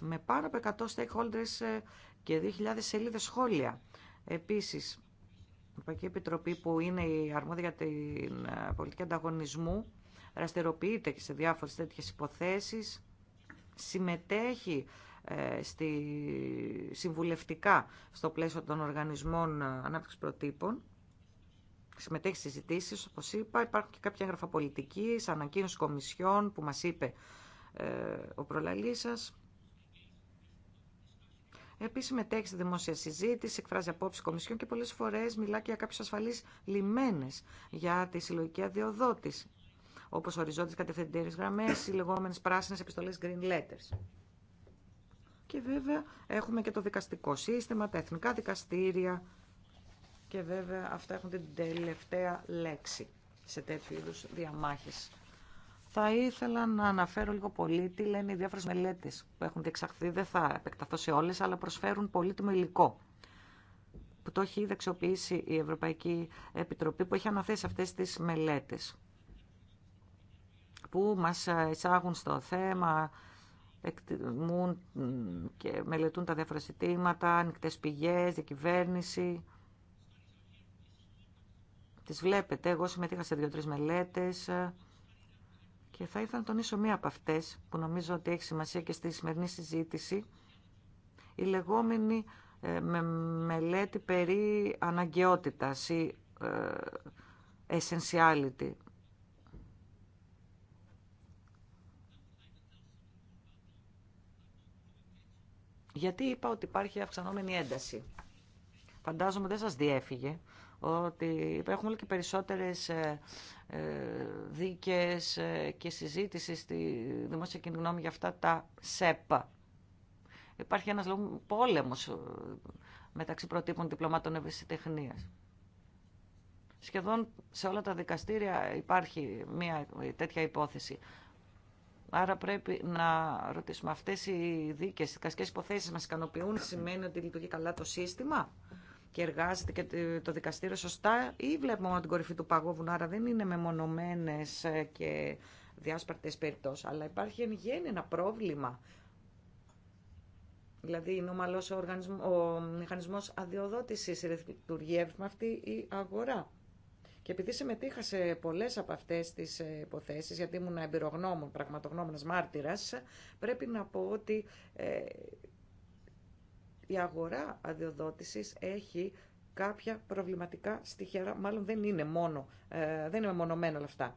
με πάνω από 100 stakeholders ε, και 2.000 σελίδε σχόλια. Επίση, η Ευρωπαϊκή Επιτροπή που είναι η αρμόδια για την ε, πολιτική ανταγωνισμού δραστηριοποιείται και σε διάφορες τέτοιες υποθέσεις, συμμετέχει ε, στη, συμβουλευτικά στο πλαίσιο των οργανισμών ανάπτυξης προτύπων, συμμετέχει στις συζητήσεις, όπως είπα, υπάρχουν και κάποια έγγραφα πολιτικής, ανακοίνωση κομισιών που μας είπε ε, ο προλαλής σας. Επίση, συμμετέχει στη δημόσια συζήτηση, εκφράζει απόψει κομισιών και πολλέ φορέ μιλά και για κάποιου ασφαλεί λιμένε για τη συλλογική αδειοδότηση. Όπω οριζόντιε κατευθυντήριες γραμμέ, οι λεγόμενε πράσινε επιστολέ green letters. Και βέβαια έχουμε και το δικαστικό σύστημα, τα εθνικά δικαστήρια και βέβαια αυτά έχουν την τελευταία λέξη σε τέτοιου είδου διαμάχες. Θα ήθελα να αναφέρω λίγο πολύ τι λένε οι διάφορε μελέτε που έχουν διεξαχθεί. Δεν θα επεκταθώ σε όλε, αλλά προσφέρουν πολύτιμο υλικό που το έχει ήδη η Ευρωπαϊκή Επιτροπή που έχει αναθέσει αυτές τις μελέτες που μας ε, εισάγουν στο θέμα, εκτιμούν και μελετούν τα διάφορα ζητήματα, ανοιχτέ πηγές, διακυβέρνηση. Τις βλέπετε, εγώ συμμετείχα σε δύο-τρεις μελέτες ε, και θα ήθελα να τονίσω μία από αυτές που νομίζω ότι έχει σημασία και στη σημερινή συζήτηση, η λεγόμενη ε, μελέτη περί αναγκαιότητας ή essentiality. Γιατί είπα ότι υπάρχει αυξανόμενη ένταση. Φαντάζομαι δεν σας διέφυγε ότι υπάρχουν όλο και περισσότερες ε, ε, δίκες ε, και συζήτηση στη δημόσια κοινή γνώμη για αυτά τα ΣΕΠΑ. Υπάρχει ένας λόγος πόλεμος μεταξύ προτύπων διπλωμάτων ευαισθητεχνίας. Σχεδόν σε όλα τα δικαστήρια υπάρχει μια τέτοια υπόθεση. Άρα πρέπει να ρωτήσουμε αυτές οι δίκες, οι δικαστικές υποθέσεις μας ικανοποιούν, σημαίνει ότι λειτουργεί καλά το σύστημα και εργάζεται και το δικαστήριο σωστά ή βλέπουμε την κορυφή του παγόβουνου, άρα δεν είναι μεμονωμένες ε, και διάσπαρτες περιπτώσεις, αλλά υπάρχει εν γέννη ένα πρόβλημα. Δηλαδή είναι ομαλός ο, οργανισμός, ο μηχανισμός αδειοδότησης, λειτουργεί αυτή η βλεπουμε την κορυφη του παγοβουνου αρα δεν ειναι μεμονωμενες και διασπαρτες περιπτώσει, αλλα υπαρχει εν γεννη ενα προβλημα δηλαδη ειναι ο οργανισμος ο μηχανισμος αδειοδοτησης λειτουργει αυτη η αγορα και επειδή συμμετείχα σε πολλέ από αυτέ τι υποθέσει, γιατί ήμουν εμπειρογνώμων, πραγματογνώμων μάρτυρα, πρέπει να πω ότι ε, η αγορά αδειοδότηση έχει κάποια προβληματικά στοιχεία, μάλλον δεν είναι μόνο, ε, δεν είναι μονομένα όλα αυτά.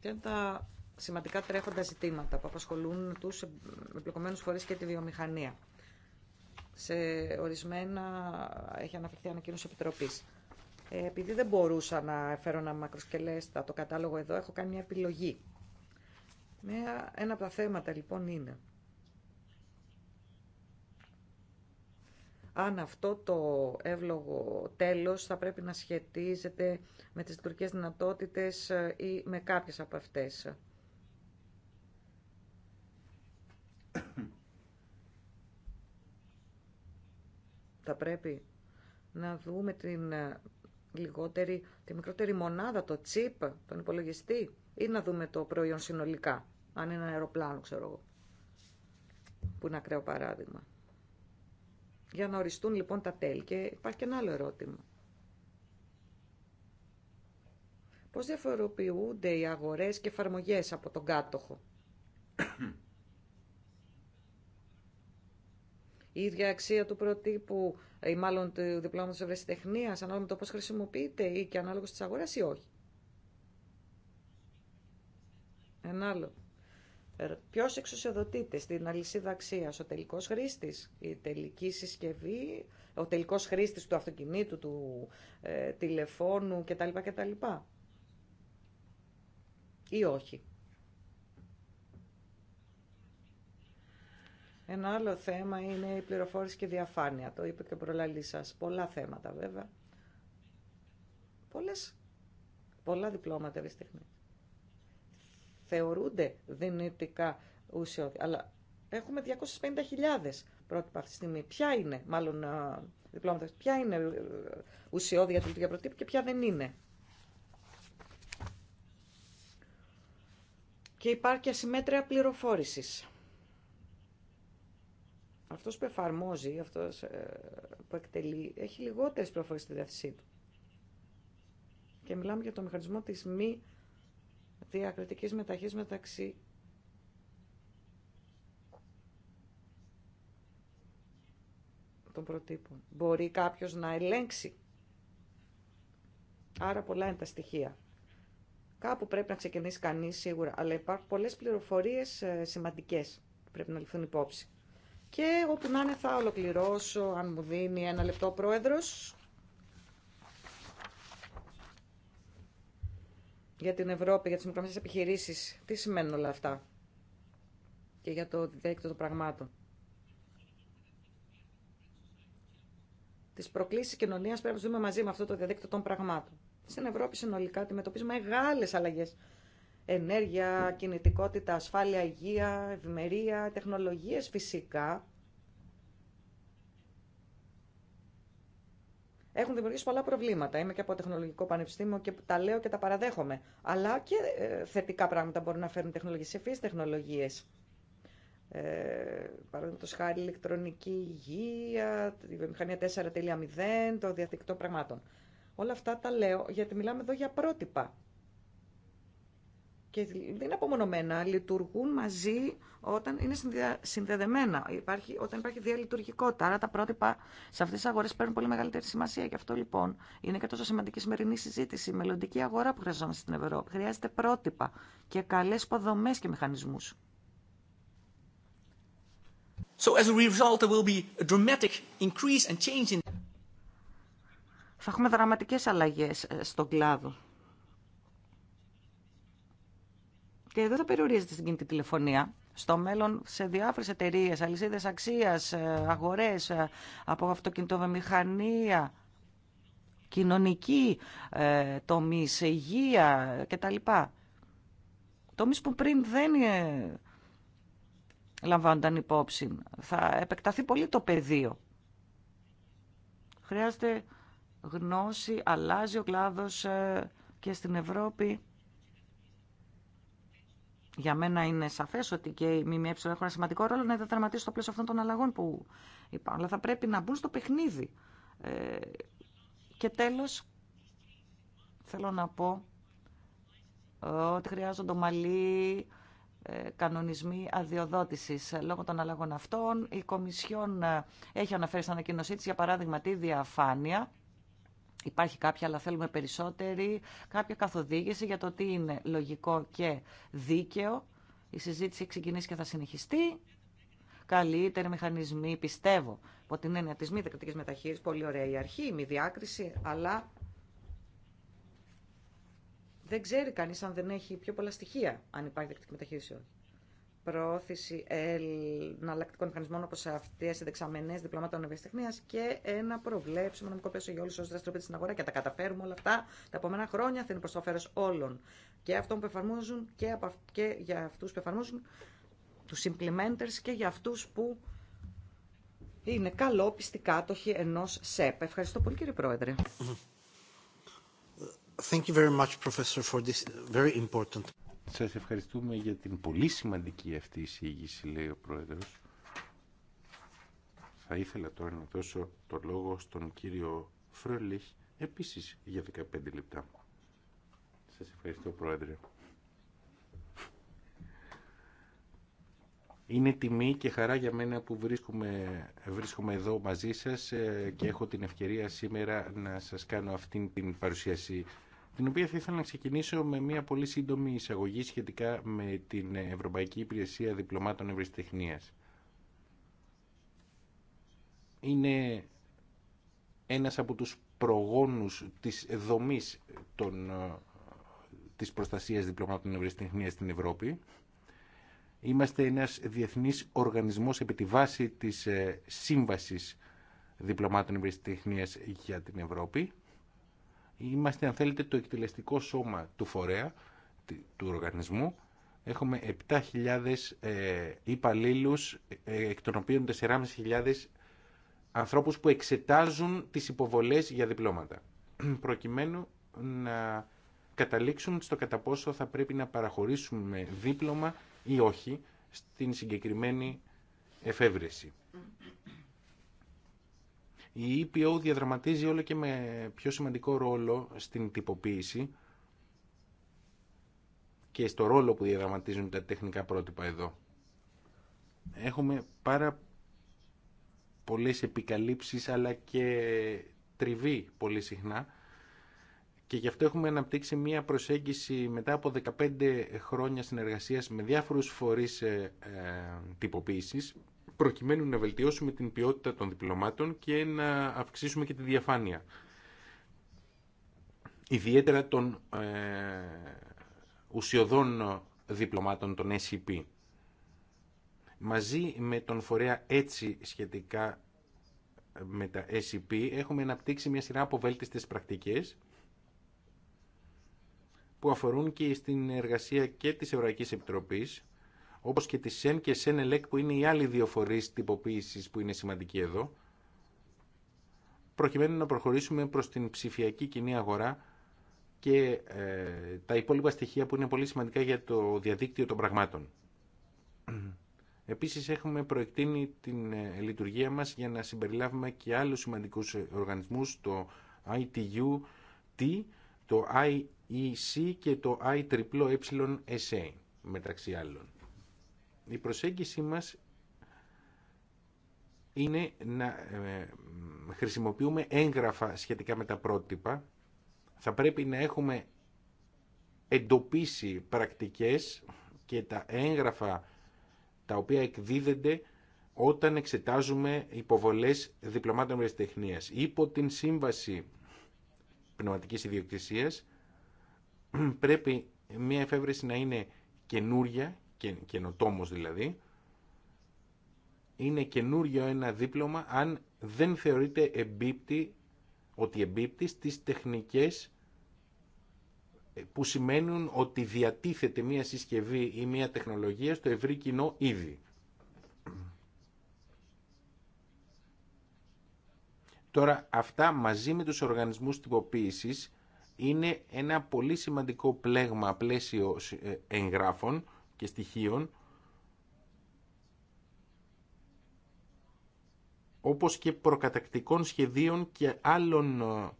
Και είναι τα σημαντικά τρέχοντα ζητήματα που απασχολούν τους εμπλεκομένους φορείς και τη βιομηχανία. Σε ορισμένα έχει αναφερθεί ανακοίνωση επιτροπής. Ε, επειδή δεν μπορούσα να φέρω ένα μακροσκελέστα το κατάλογο εδώ, έχω κάνει μια επιλογή. Μια, ένα από τα θέματα λοιπόν είναι αν αυτό το εύλογο τέλος θα πρέπει να σχετίζεται με τις τουρκικές δυνατότητες ε, ή με κάποιες από αυτές. θα πρέπει να δούμε την ε, λιγότερη, τη μικρότερη μονάδα, το τσίπ, τον υπολογιστή ή να δούμε το προϊόν συνολικά, αν είναι ένα αεροπλάνο, ξέρω εγώ, που είναι ακραίο παράδειγμα. Για να οριστούν λοιπόν τα τέλη και υπάρχει και ένα άλλο ερώτημα. Πώς διαφοροποιούνται οι αγορές και εφαρμογέ από τον κάτοχο. *coughs* η ίδια αξία του προτύπου ή μάλλον του διπλώματος ευρεσιτεχνίας ανάλογα με το πώς χρησιμοποιείται ή και ανάλογα της αγοράς ή όχι. Ένα άλλο. Ε, Ποιο εξουσιοδοτείται στην αλυσίδα αξία, ο τελικό χρήστη, η τελική συσκευή, ο τελικό χρήστη του αυτοκινήτου, του ε, τηλεφώνου κτλ. κτλ. Ή όχι. Ένα άλλο θέμα είναι η πληροφόρηση και διαφάνεια. Το είπε και προλαλή σα. Πολλά θέματα βέβαια. Πολλές, πολλά διπλώματα αυτή τη στιγμή. Θεωρούνται δυνητικά ουσιώδη, αλλά έχουμε 250.000 πρότυπα αυτή τη στιγμή. Ποια είναι, μάλλον διπλώματα, ποια είναι ε, ουσιώδη για την και ποια δεν είναι. Και υπάρχει ασημέτρια πληροφόρησης αυτός που εφαρμόζει, αυτός ε, που εκτελεί, έχει λιγότερες πληροφορίες στη διάθεσή του. Και μιλάμε για το μηχανισμό της μη διακριτική μεταχή μεταξύ των προτύπων. Μπορεί κάποιος να ελέγξει. Άρα πολλά είναι τα στοιχεία. Κάπου πρέπει να ξεκινήσει κανείς σίγουρα, αλλά υπάρχουν πολλές πληροφορίες ε, σημαντικές που πρέπει να ληφθούν υπόψη. Και όπου να είναι θα ολοκληρώσω, αν μου δίνει ένα λεπτό ο πρόεδρος, για την Ευρώπη, για τις μικρομεσαίες επιχειρήσεις. Τι σημαίνουν όλα αυτά και για το διαδίκτυο των πραγμάτων. Τι προκλήσει κοινωνία πρέπει να δούμε μαζί με αυτό το διαδίκτυο των πραγμάτων. Στην Ευρώπη συνολικά αντιμετωπίζουμε μεγάλε αλλαγέ ενέργεια, κινητικότητα, ασφάλεια, υγεία, ευημερία, τεχνολογίες φυσικά. Έχουν δημιουργήσει πολλά προβλήματα. Είμαι και από τεχνολογικό πανεπιστήμιο και τα λέω και τα παραδέχομαι. Αλλά και ε, θετικά πράγματα μπορούν να φέρουν τεχνολογίες, ευφύες τεχνολογίες. Ε, Παραδείγματο χάρη ηλεκτρονική υγεία, τη βιομηχανία 4.0, το διαδικτυό πραγμάτων. Όλα αυτά τα λέω γιατί μιλάμε εδώ για πρότυπα και δεν είναι απομονωμένα, λειτουργούν μαζί όταν είναι συνδεδεμένα, υπάρχει, όταν υπάρχει διαλειτουργικότητα. Άρα τα πρότυπα σε αυτές τις αγορές παίρνουν πολύ μεγαλύτερη σημασία. Γι' αυτό λοιπόν είναι και τόσο σημαντική σημερινή συζήτηση. Η μελλοντική αγορά που χρειαζόμαστε στην Ευρώπη χρειάζεται πρότυπα και καλές υποδομέ και μηχανισμούς. So as a result, there will be a dramatic increase and change in... Θα έχουμε δραματικές αλλαγές ε, στον κλάδο Και δεν θα περιορίζεται στην κινητή τηλεφωνία. Στο μέλλον σε διάφορε εταιρείε, αλυσίδε αξίας, ε, αγορές, ε, από αυτοκινητοβιομηχανία, κοινωνική ε, υγεία κτλ. Τομεί που πριν δεν ε, λαμβάνονταν υπόψη. Θα επεκταθεί πολύ το πεδίο. Χρειάζεται γνώση, αλλάζει ο κλάδος και στην Ευρώπη για μένα είναι σαφέ ότι και οι ΜΜΕ έχουν ένα σημαντικό ρόλο να διαδραματίσουν το πλαίσιο αυτών των αλλαγών που είπα. Αλλά θα πρέπει να μπουν στο παιχνίδι. Ε, και τέλο, θέλω να πω ε, ότι χρειάζονται ομαλοί ε, κανονισμοί αδειοδότηση λόγω των αλλαγών αυτών. Η Κομισιόν ε, έχει αναφέρει στην ανακοίνωσή τη, για παράδειγμα, τη διαφάνεια Υπάρχει κάποια, αλλά θέλουμε περισσότερη, κάποια καθοδήγηση για το τι είναι λογικό και δίκαιο. Η συζήτηση έχει ξεκινήσει και θα συνεχιστεί. Καλύτεροι μηχανισμοί, πιστεύω, από την έννοια τη μη δεκτική μεταχείριση, πολύ ωραία η αρχή, η μη διάκριση, αλλά δεν ξέρει κανεί αν δεν έχει πιο πολλά στοιχεία, αν υπάρχει δεκτική μεταχείριση προώθηση εναλλακτικών μηχανισμών όπω αυτέ οι δεξαμενέ διπλωμάτων ευρεσιτεχνία και ένα προβλέψιμο νομικό πλαίσιο για όλου όσου δραστηριοποιούνται στην αγορά και τα καταφέρουμε όλα αυτά τα επόμενα χρόνια θα είναι προ το όφελο όλων. Και αυτών που εφαρμόζουν και, από, και για αυτού που εφαρμόζουν του implementers και για αυτού που είναι καλόπιστοι κάτοχοι ενό ΣΕΠ. Ευχαριστώ πολύ κύριε Πρόεδρε. Thank you very much, Professor, for this very important. Σας ευχαριστούμε για την πολύ σημαντική αυτή εισήγηση, λέει ο Πρόεδρος. Θα ήθελα τώρα να δώσω το λόγο στον κύριο Φρόλιχ, επίσης για 15 λεπτά. Σας ευχαριστώ, Πρόεδρε. Είναι τιμή και χαρά για μένα που βρίσκομαι, εδώ μαζί σας ε, και έχω την ευκαιρία σήμερα να σας κάνω αυτή την παρουσίαση την οποία θα ήθελα να ξεκινήσω με μια πολύ σύντομη εισαγωγή σχετικά με την Ευρωπαϊκή Υπηρεσία Διπλωμάτων Ευρωστηχνίας. Είναι ένας από τους προγόνους της δομής των, ε, της προστασίας διπλωμάτων ευρωστηχνίας στην Ευρώπη. Είμαστε ένας διεθνής οργανισμός επί τη βάση της ε, Σύμβασης Διπλωμάτων ευρωστηχνίας για την Ευρώπη Είμαστε, αν θέλετε, το εκτελεστικό σώμα του φορέα, του οργανισμού. Έχουμε 7.000 ε, υπαλλήλου, ε, εκ των οποίων 4.500 ανθρώπους που εξετάζουν τις υποβολές για διπλώματα, *clears throat* προκειμένου να καταλήξουν στο κατά πόσο θα πρέπει να παραχωρήσουμε δίπλωμα ή όχι στην συγκεκριμένη εφεύρεση. Η EPO διαδραματίζει όλο και με πιο σημαντικό ρόλο στην τυποποίηση και στο ρόλο που διαδραματίζουν τα τεχνικά πρότυπα εδώ. Έχουμε πάρα πολλές επικαλύψεις αλλά και τριβή πολύ συχνά και γι' αυτό έχουμε αναπτύξει μία προσέγγιση μετά από 15 χρόνια συνεργασίας με διάφορους φορείς ε, ε τυποποίησης προκειμένου να βελτιώσουμε την ποιότητα των διπλωμάτων και να αυξήσουμε και τη διαφάνεια. Ιδιαίτερα των ε, ουσιοδών διπλωμάτων των SCP. Μαζί με τον φορέα έτσι σχετικά ε, με τα SCP έχουμε αναπτύξει μια σειρά από βέλτιστες πρακτικές που αφορούν και στην εργασία και της Ευρωπαϊκής Επιτροπής όπως και τη ΣΕΝ και ΕΛΕΚ που είναι οι άλλοι δύο φορεί τυποποίησης που είναι σημαντικοί εδώ, προκειμένου να προχωρήσουμε προς την ψηφιακή κοινή αγορά και ε, τα υπόλοιπα στοιχεία που είναι πολύ σημαντικά για το διαδίκτυο των πραγμάτων. Επίσης έχουμε προεκτείνει την ε, λειτουργία μας για να συμπεριλάβουμε και άλλους σημαντικούς ε, οργανισμούς, το ITU-T, το IEC και το IEEE-SA μεταξύ άλλων. Η προσέγγιση μας είναι να ε, χρησιμοποιούμε έγγραφα σχετικά με τα πρότυπα. Θα πρέπει να έχουμε εντοπίσει πρακτικές και τα έγγραφα τα οποία εκδίδονται όταν εξετάζουμε υποβολές διπλωμάτων ή Υπό την σύμβαση πνευματικής ιδιοκτησίας *clears throat* πρέπει μια εφεύρεση να είναι καινούρια και, δηλαδή, είναι καινούριο ένα δίπλωμα αν δεν θεωρείται εμπίπτη, ότι εμπίπτει στις τεχνικές ε, που σημαίνουν ότι διατίθεται μία συσκευή ή μία τεχνολογία στο ευρύ κοινό ήδη. Τώρα αυτά μαζί με τους οργανισμούς τυποποίησης είναι ένα πολύ σημαντικό πλέγμα πλαίσιο ε, εγγράφων και στοιχείων, όπως και προκατακτικών σχεδίων και άλλων ε,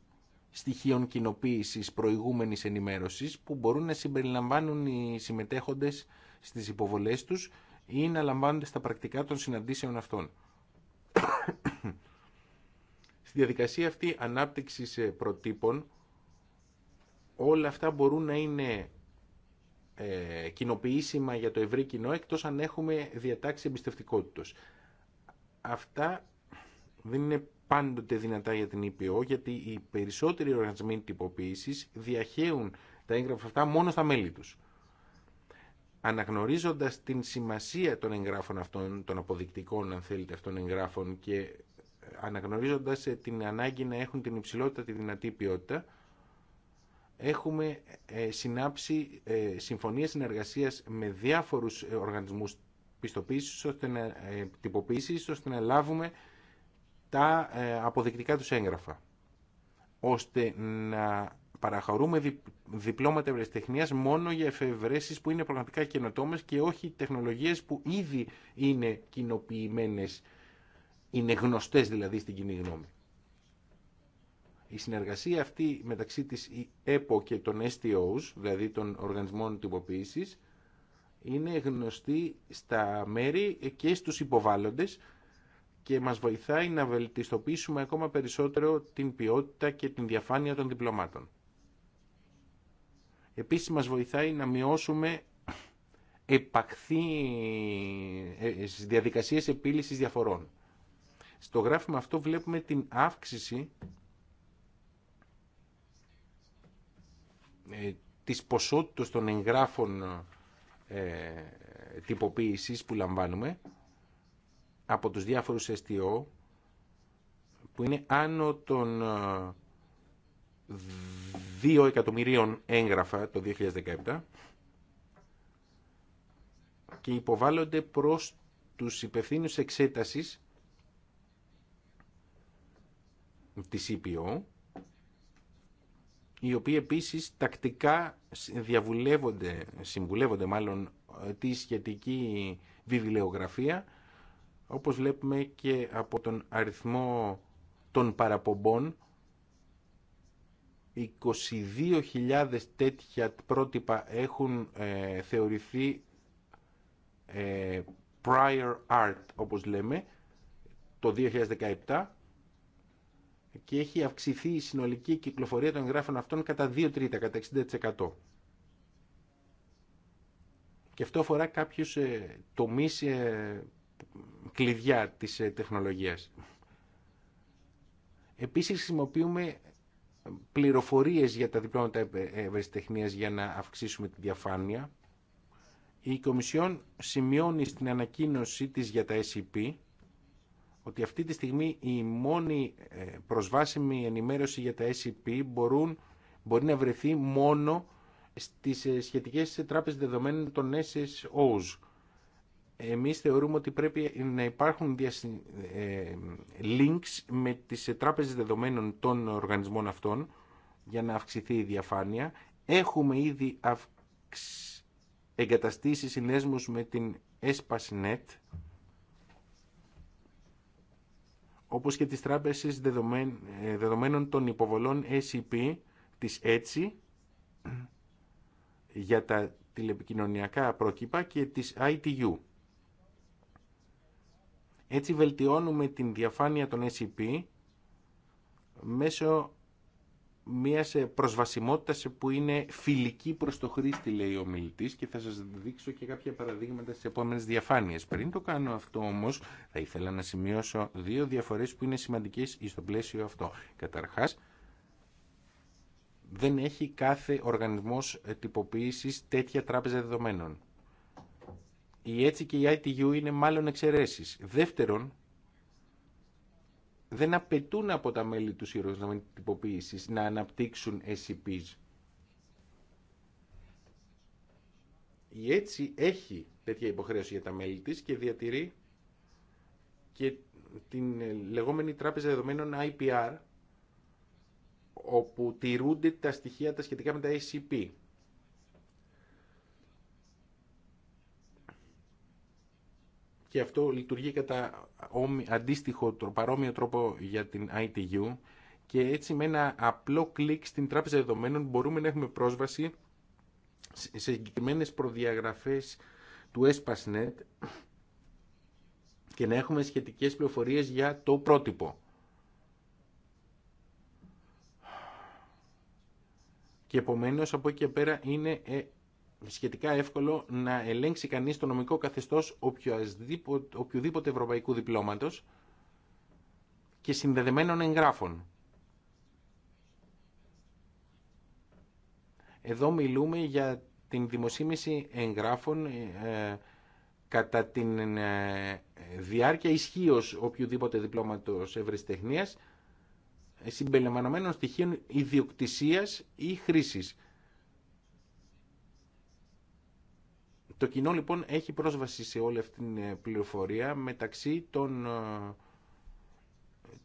στοιχείων κοινοποίηση προηγούμενης ενημέρωσης που μπορούν να συμπεριλαμβάνουν οι συμμετέχοντες στις υποβολές τους ή να λαμβάνονται στα πρακτικά των συναντήσεων αυτών. *coughs* Στη διαδικασία αυτή ανάπτυξης ε, προτύπων όλα αυτά μπορούν να είναι ε, κοινοποιήσιμα για το ευρύ κοινό εκτός αν έχουμε διατάξει εμπιστευτικότητος. Αυτά δεν είναι πάντοτε δυνατά για την ΕΠΟ γιατί οι περισσότεροι οργανισμοί τυποποίησης διαχέουν τα έγγραφα αυτά μόνο στα μέλη τους. Αναγνωρίζοντας την σημασία των εγγράφων αυτών, των αποδεικτικών αν θέλετε αυτών εγγράφων και αναγνωρίζοντας ε, την ανάγκη να έχουν την υψηλότητα τη δυνατή ποιότητα, έχουμε ε, συνάψει ε, συμφωνίες συνεργασίας με διάφορους ε, οργανισμούς πιστοποίησης ώστε να, τυποποίησης ώστε να λάβουμε τα αποδεικτικά τους έγγραφα ώστε να παραχωρούμε διπλώματα ευρεσιτεχνίας μόνο για εφευρέσεις που είναι πραγματικά καινοτόμες και όχι τεχνολογίες που ήδη είναι κοινοποιημένε, είναι γνωστές δηλαδή στην κοινή γνώμη. Η συνεργασία αυτή μεταξύ της ΕΠΟ και των STOs, δηλαδή των οργανισμών τυποποίησης, είναι γνωστή στα μέρη και στους υποβάλλοντες και μας βοηθάει να βελτιστοποιήσουμε ακόμα περισσότερο την ποιότητα και την διαφάνεια των διπλωμάτων. Επίσης μας βοηθάει να μειώσουμε επακθή ε, διαδικασίες επίλυσης διαφορών. Στο γράφημα αυτό βλέπουμε την αύξηση Ε, της ποσότητας των εγγράφων ε, τυποποίησης που λαμβάνουμε από τους διάφορους STO που είναι άνω των 2 ε, εκατομμυρίων έγγραφα το 2017 και υποβάλλονται προς τους υπευθύνους εξέτασης της EPO οι οποίοι επίσης τακτικά διαβουλεύονται, συμβουλεύονται μάλλον ε, τη σχετική βιβλιογραφία, όπως βλέπουμε και από τον αριθμό των παραπομπών, 22.000 τέτοια πρότυπα έχουν ε, θεωρηθεί ε, prior art, όπως λέμε, το 2017 και έχει αυξηθεί η συνολική κυκλοφορία των εγγράφων αυτών κατά 2 τρίτα, κατά 60%. Και αυτό αφορά κάποιους ε, τομείς ε, κλειδιά της ε, τεχνολογίας. Επίσης χρησιμοποιούμε πληροφορίες για τα διπλώματα ευαισθητεχνίας για να αυξήσουμε τη διαφάνεια. Η Κομισιόν σημειώνει στην ανακοίνωσή της για τα SCP e ότι αυτή τη στιγμή η μόνη ε, προσβάσιμη ενημέρωση για τα SCP e μπορούν, μπορεί να βρεθεί μόνο στις ε, σχετικές τράπεζες δεδομένων των SSOs. Εμείς θεωρούμε ότι πρέπει να υπάρχουν ε, links με τις τράπεζες δεδομένων των οργανισμών αυτών για να αυξηθεί η διαφάνεια. Έχουμε ήδη αυξ... εγκαταστήσει συνέσμους με την ESPASNET όπως και τις τράπεζες ε, δεδομένων των υποβολών SCP e της ETSI για τα τηλεπικοινωνιακά πρόκυπα και της ITU. Έτσι βελτιώνουμε την διαφάνεια των SCP e μέσω μιας προσβασιμότητα που είναι φιλική προς το χρήστη, λέει ο μιλητή. και θα σας δείξω και κάποια παραδείγματα στι επόμενε διαφάνειες. Πριν το κάνω αυτό όμως, θα ήθελα να σημειώσω δύο διαφορές που είναι σημαντικές στο πλαίσιο αυτό. Καταρχάς, δεν έχει κάθε οργανισμός τυποποίησης τέτοια τράπεζα δεδομένων. Η έτσι και η ITU είναι μάλλον εξαιρέσει. Δεύτερον, δεν απαιτούν από τα μέλη του την τυποποίηση να αναπτύξουν SCPs. Η έτσι έχει τέτοια υποχρέωση για τα μέλη της και διατηρεί και την ε, λεγόμενη τράπεζα δεδομένων IPR, όπου τηρούνται τα στοιχεία τα σχετικά με τα SCP. και αυτό λειτουργεί κατά αντίστοιχο παρόμοιο τρόπο για την ITU και έτσι με ένα απλό κλικ στην τράπεζα δεδομένων μπορούμε να έχουμε πρόσβαση σε συγκεκριμένες προδιαγραφές του ESPASNET και να έχουμε σχετικές πληροφορίες για το πρότυπο. Και επομένως από εκεί και πέρα είναι ε, σχετικά εύκολο να ελέγξει κανείς το νομικό καθεστώς οποιοδήποτε ευρωπαϊκού διπλώματος και συνδεδεμένων εγγράφων. Εδώ μιλούμε για την δημοσίμηση εγγράφων ε, κατά τη ε, διάρκεια ισχύω οποιοδήποτε διπλώματος ευρεσιτεχνίας συμπεριλαμβανομένων στοιχείων ιδιοκτησίας ή χρήσης Το κοινό λοιπόν έχει πρόσβαση σε όλη αυτή την ε, πληροφορία μεταξύ των ε,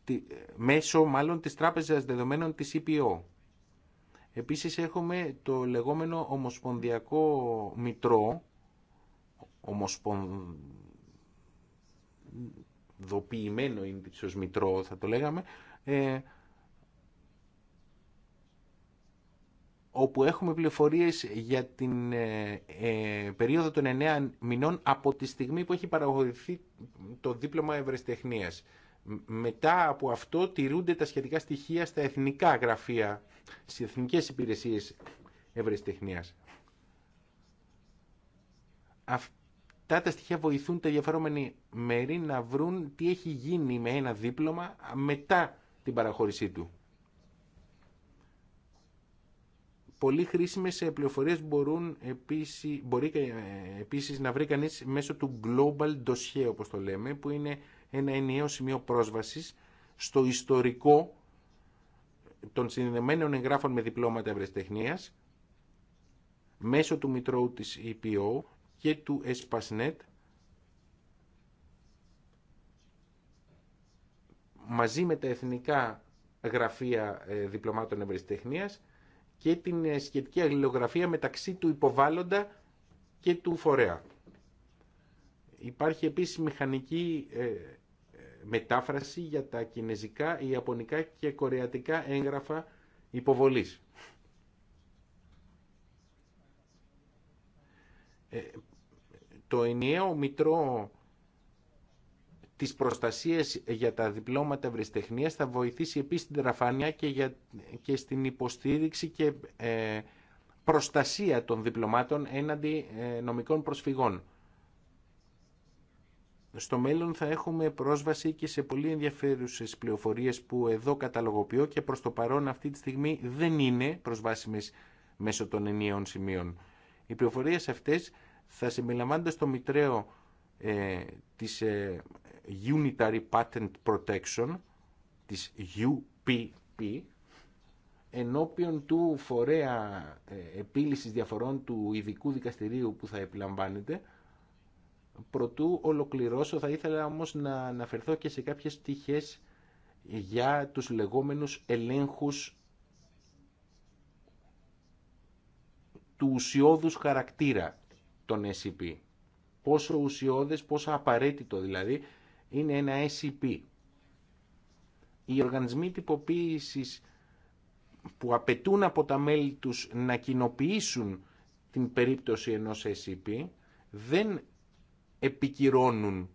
τη, μέσω μάλλον της τράπεζας δεδομένων της EPO. Επίσης έχουμε το λεγόμενο ομοσπονδιακό μητρό, ομοσπονδοποιημένο είναι μητρό θα το λέγαμε, ε, όπου έχουμε πληροφορίες για την ε, ε περίοδο των 9 μηνών από τη στιγμή που έχει παραγωγηθεί το δίπλωμα ευρεσιτεχνίας. Μετά από αυτό τηρούνται τα σχετικά στοιχεία στα εθνικά γραφεία, στις εθνικές υπηρεσίες ευρεσιτεχνίας. Αυτά τα στοιχεία βοηθούν τα διαφερόμενη μέρη να βρουν τι έχει γίνει με ένα δίπλωμα μετά την παραχώρησή του. πολύ χρήσιμες ε, πληροφορίες μπορούν επίσης, μπορεί ε, επίσης να βρει κανείς μέσω του Global Dossier όπως το λέμε που είναι ένα ενιαίο σημείο πρόσβασης στο ιστορικό των συνδεμένων εγγράφων με διπλώματα ευρεσιτεχνίας μέσω του Μητρώου της EPO και του ESPASNET μαζί με τα εθνικά γραφεία ε, διπλωμάτων ευρεσιτεχνίας και την ε, σχετική αλληλογραφία μεταξύ του υποβάλλοντα και του φορέα. Υπάρχει επίσης μηχανική ε, ε, μετάφραση για τα κινέζικα, ιαπωνικά και κορεατικά έγγραφα υποβολής. το ενιαίο μητρό Τις προστασίες για τα διπλώματα ευρεσιτεχνία θα βοηθήσει επίσης την τραφάνεια και, για, και στην υποστήριξη και ε, προστασία των διπλωμάτων έναντι ε, νομικών προσφυγών. Στο μέλλον θα έχουμε πρόσβαση και σε πολύ ενδιαφέρουσες πληροφορίες που εδώ καταλογοποιώ και προς το παρόν αυτή τη στιγμή δεν είναι προσβάσιμες μέσω των ενίων σημείων. Οι πληροφορίες αυτές θα συμπεριλαμβάνονται στο μητρέο ε, της ε, Unitary Patent Protection της UPP ενώπιον του φορέα ε, επίλυσης διαφορών του ειδικού δικαστηρίου που θα επιλαμβάνεται προτού ολοκληρώσω θα ήθελα όμως να αναφερθώ και σε κάποιες στοιχές για τους λεγόμενους ελέγχους του ουσιώδους χαρακτήρα των SCP. Πόσο ουσιώδες, πόσο απαραίτητο δηλαδή είναι ένα SCP. E Οι οργανισμοί τυποποίησης που απαιτούν από τα μέλη τους να κοινοποιήσουν την περίπτωση ενός SCP e δεν επικυρώνουν,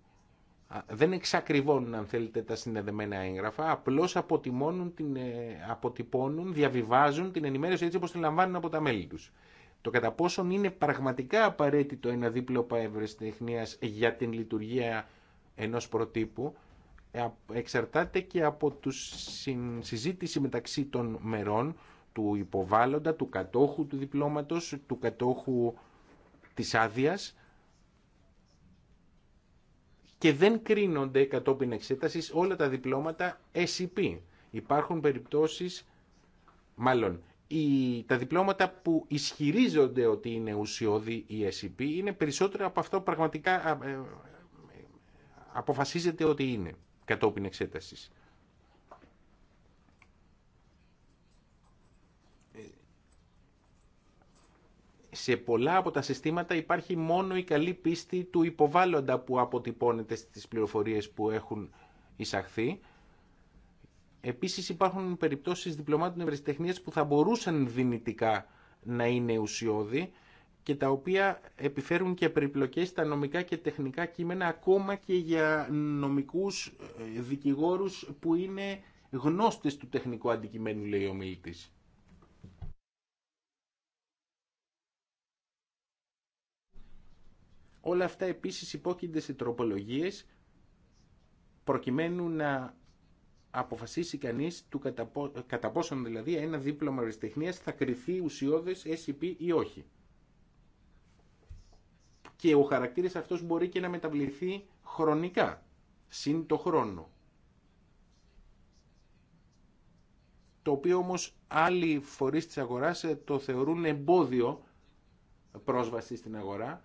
δεν εξακριβώνουν αν θέλετε τα συνδεδεμένα έγγραφα, απλώς αποτιμώνουν την, ε, αποτυπώνουν, διαβιβάζουν την ενημέρωση έτσι όπως την λαμβάνουν από τα μέλη τους. Το κατά πόσον είναι πραγματικά απαραίτητο ένα δίπλωμα ευρεσιτεχνίας για την λειτουργία ενός προτύπου ε, εξαρτάται και από τη συζήτηση μεταξύ των μερών του υποβάλλοντα, του κατόχου του διπλώματος, του κατόχου της άδειας και δεν κρίνονται κατόπιν εξέτασης όλα τα διπλώματα SCP. E Υπάρχουν περιπτώσεις, μάλλον, οι, τα διπλώματα που ισχυρίζονται ότι είναι ουσιώδη η SCP e είναι περισσότερο από αυτό πραγματικά ε, αποφασίζεται ότι είναι κατόπιν εξέταση. Ε, σε πολλά από τα συστήματα υπάρχει μόνο η καλή πίστη του υποβάλλοντα που αποτυπώνεται στις πληροφορίες που έχουν εισαχθεί. Επίσης υπάρχουν περιπτώσεις διπλωμάτων ευρεσιτεχνίας που θα μπορούσαν δυνητικά να είναι ουσιώδη, και τα οποία επιφέρουν και περιπλοκές στα νομικά και τεχνικά κείμενα ακόμα και για νομικούς ε, δικηγόρους που είναι γνώστες του τεχνικού αντικειμένου, λέει ο μιλητής. Όλα αυτά επίσης υπόκεινται σε τροπολογίες προκειμένου να αποφασίσει κανείς του κατά, πόσον δηλαδή ένα δίπλωμα αριστεχνίας θα κριθεί ουσιώδες SCP ή όχι και ο χαρακτήρας αυτός μπορεί και να μεταβληθεί χρονικά, συν το χρόνο. Το οποίο όμως άλλοι φορείς της αγοράς ε, το θεωρούν εμπόδιο πρόσβαση στην αγορά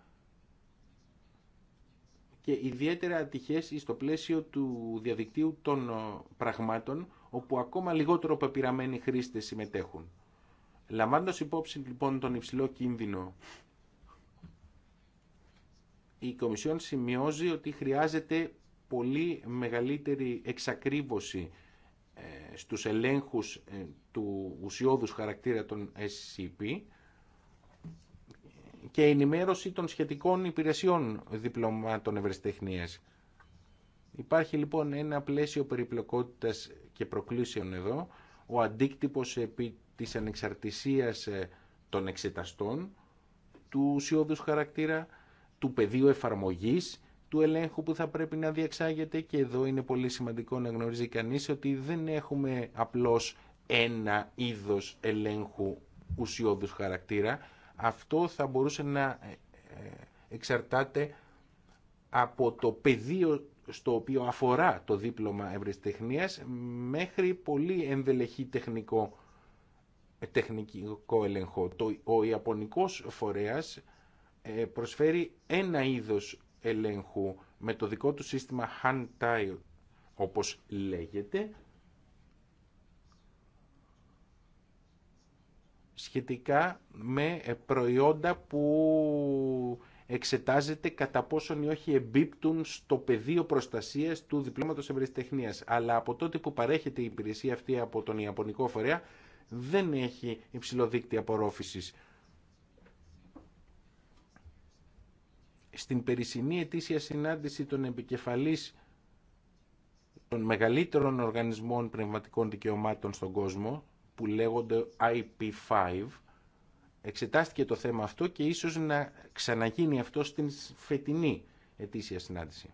και ιδιαίτερα ατυχές στο πλαίσιο του διαδικτύου των ε, πραγμάτων όπου ακόμα λιγότερο πεπειραμένοι χρήστες συμμετέχουν. Λαμβάνοντας υπόψη λοιπόν τον υψηλό κίνδυνο η Κομισιόν σημειώζει ότι χρειάζεται πολύ μεγαλύτερη εξακρίβωση ε, στους ελέγχους ε, του ουσιώδους χαρακτήρα των SCP και ενημέρωση των σχετικών υπηρεσιών διπλωμάτων ευρεσιτεχνίας. Υπάρχει λοιπόν ένα πλαίσιο περιπλοκότητας και προκλήσεων εδώ, ο αντίκτυπος επί της ανεξαρτησίας ε, των εξεταστών του ουσιώδους χαρακτήρα, του πεδίου εφαρμογής του ελέγχου που θα πρέπει να διεξάγεται και εδώ είναι πολύ σημαντικό να γνωρίζει κανείς ότι δεν έχουμε απλώς ένα είδος ελέγχου ουσιώδους χαρακτήρα. Αυτό θα μπορούσε να ε, ε, εξαρτάται από το πεδίο στο οποίο αφορά το δίπλωμα ευρεσιτεχνίας μέχρι πολύ ενδελεχή τεχνικό, τεχνικό έλεγχο. Το, ο Ιαπωνικός φορέας ε, προσφέρει ένα είδος ελέγχου με το δικό του σύστημα hand-tie, όπως λέγεται, σχετικά με ε, προϊόντα που εξετάζεται κατά πόσον ή όχι εμπίπτουν στο πεδίο προστασίας του διπλώματος ευρεσιτεχνίας. Αλλά από τότε που παρέχεται η υπηρεσία αυτή από τον Ιαπωνικό φορέα δεν έχει υψηλό δίκτυο απορρόφησης στην περσινή ετήσια συνάντηση των επικεφαλής των μεγαλύτερων οργανισμών πνευματικών δικαιωμάτων στον κόσμο, που λέγονται IP5, εξετάστηκε το θέμα αυτό και ίσως να ξαναγίνει αυτό στην φετινή ετήσια συνάντηση.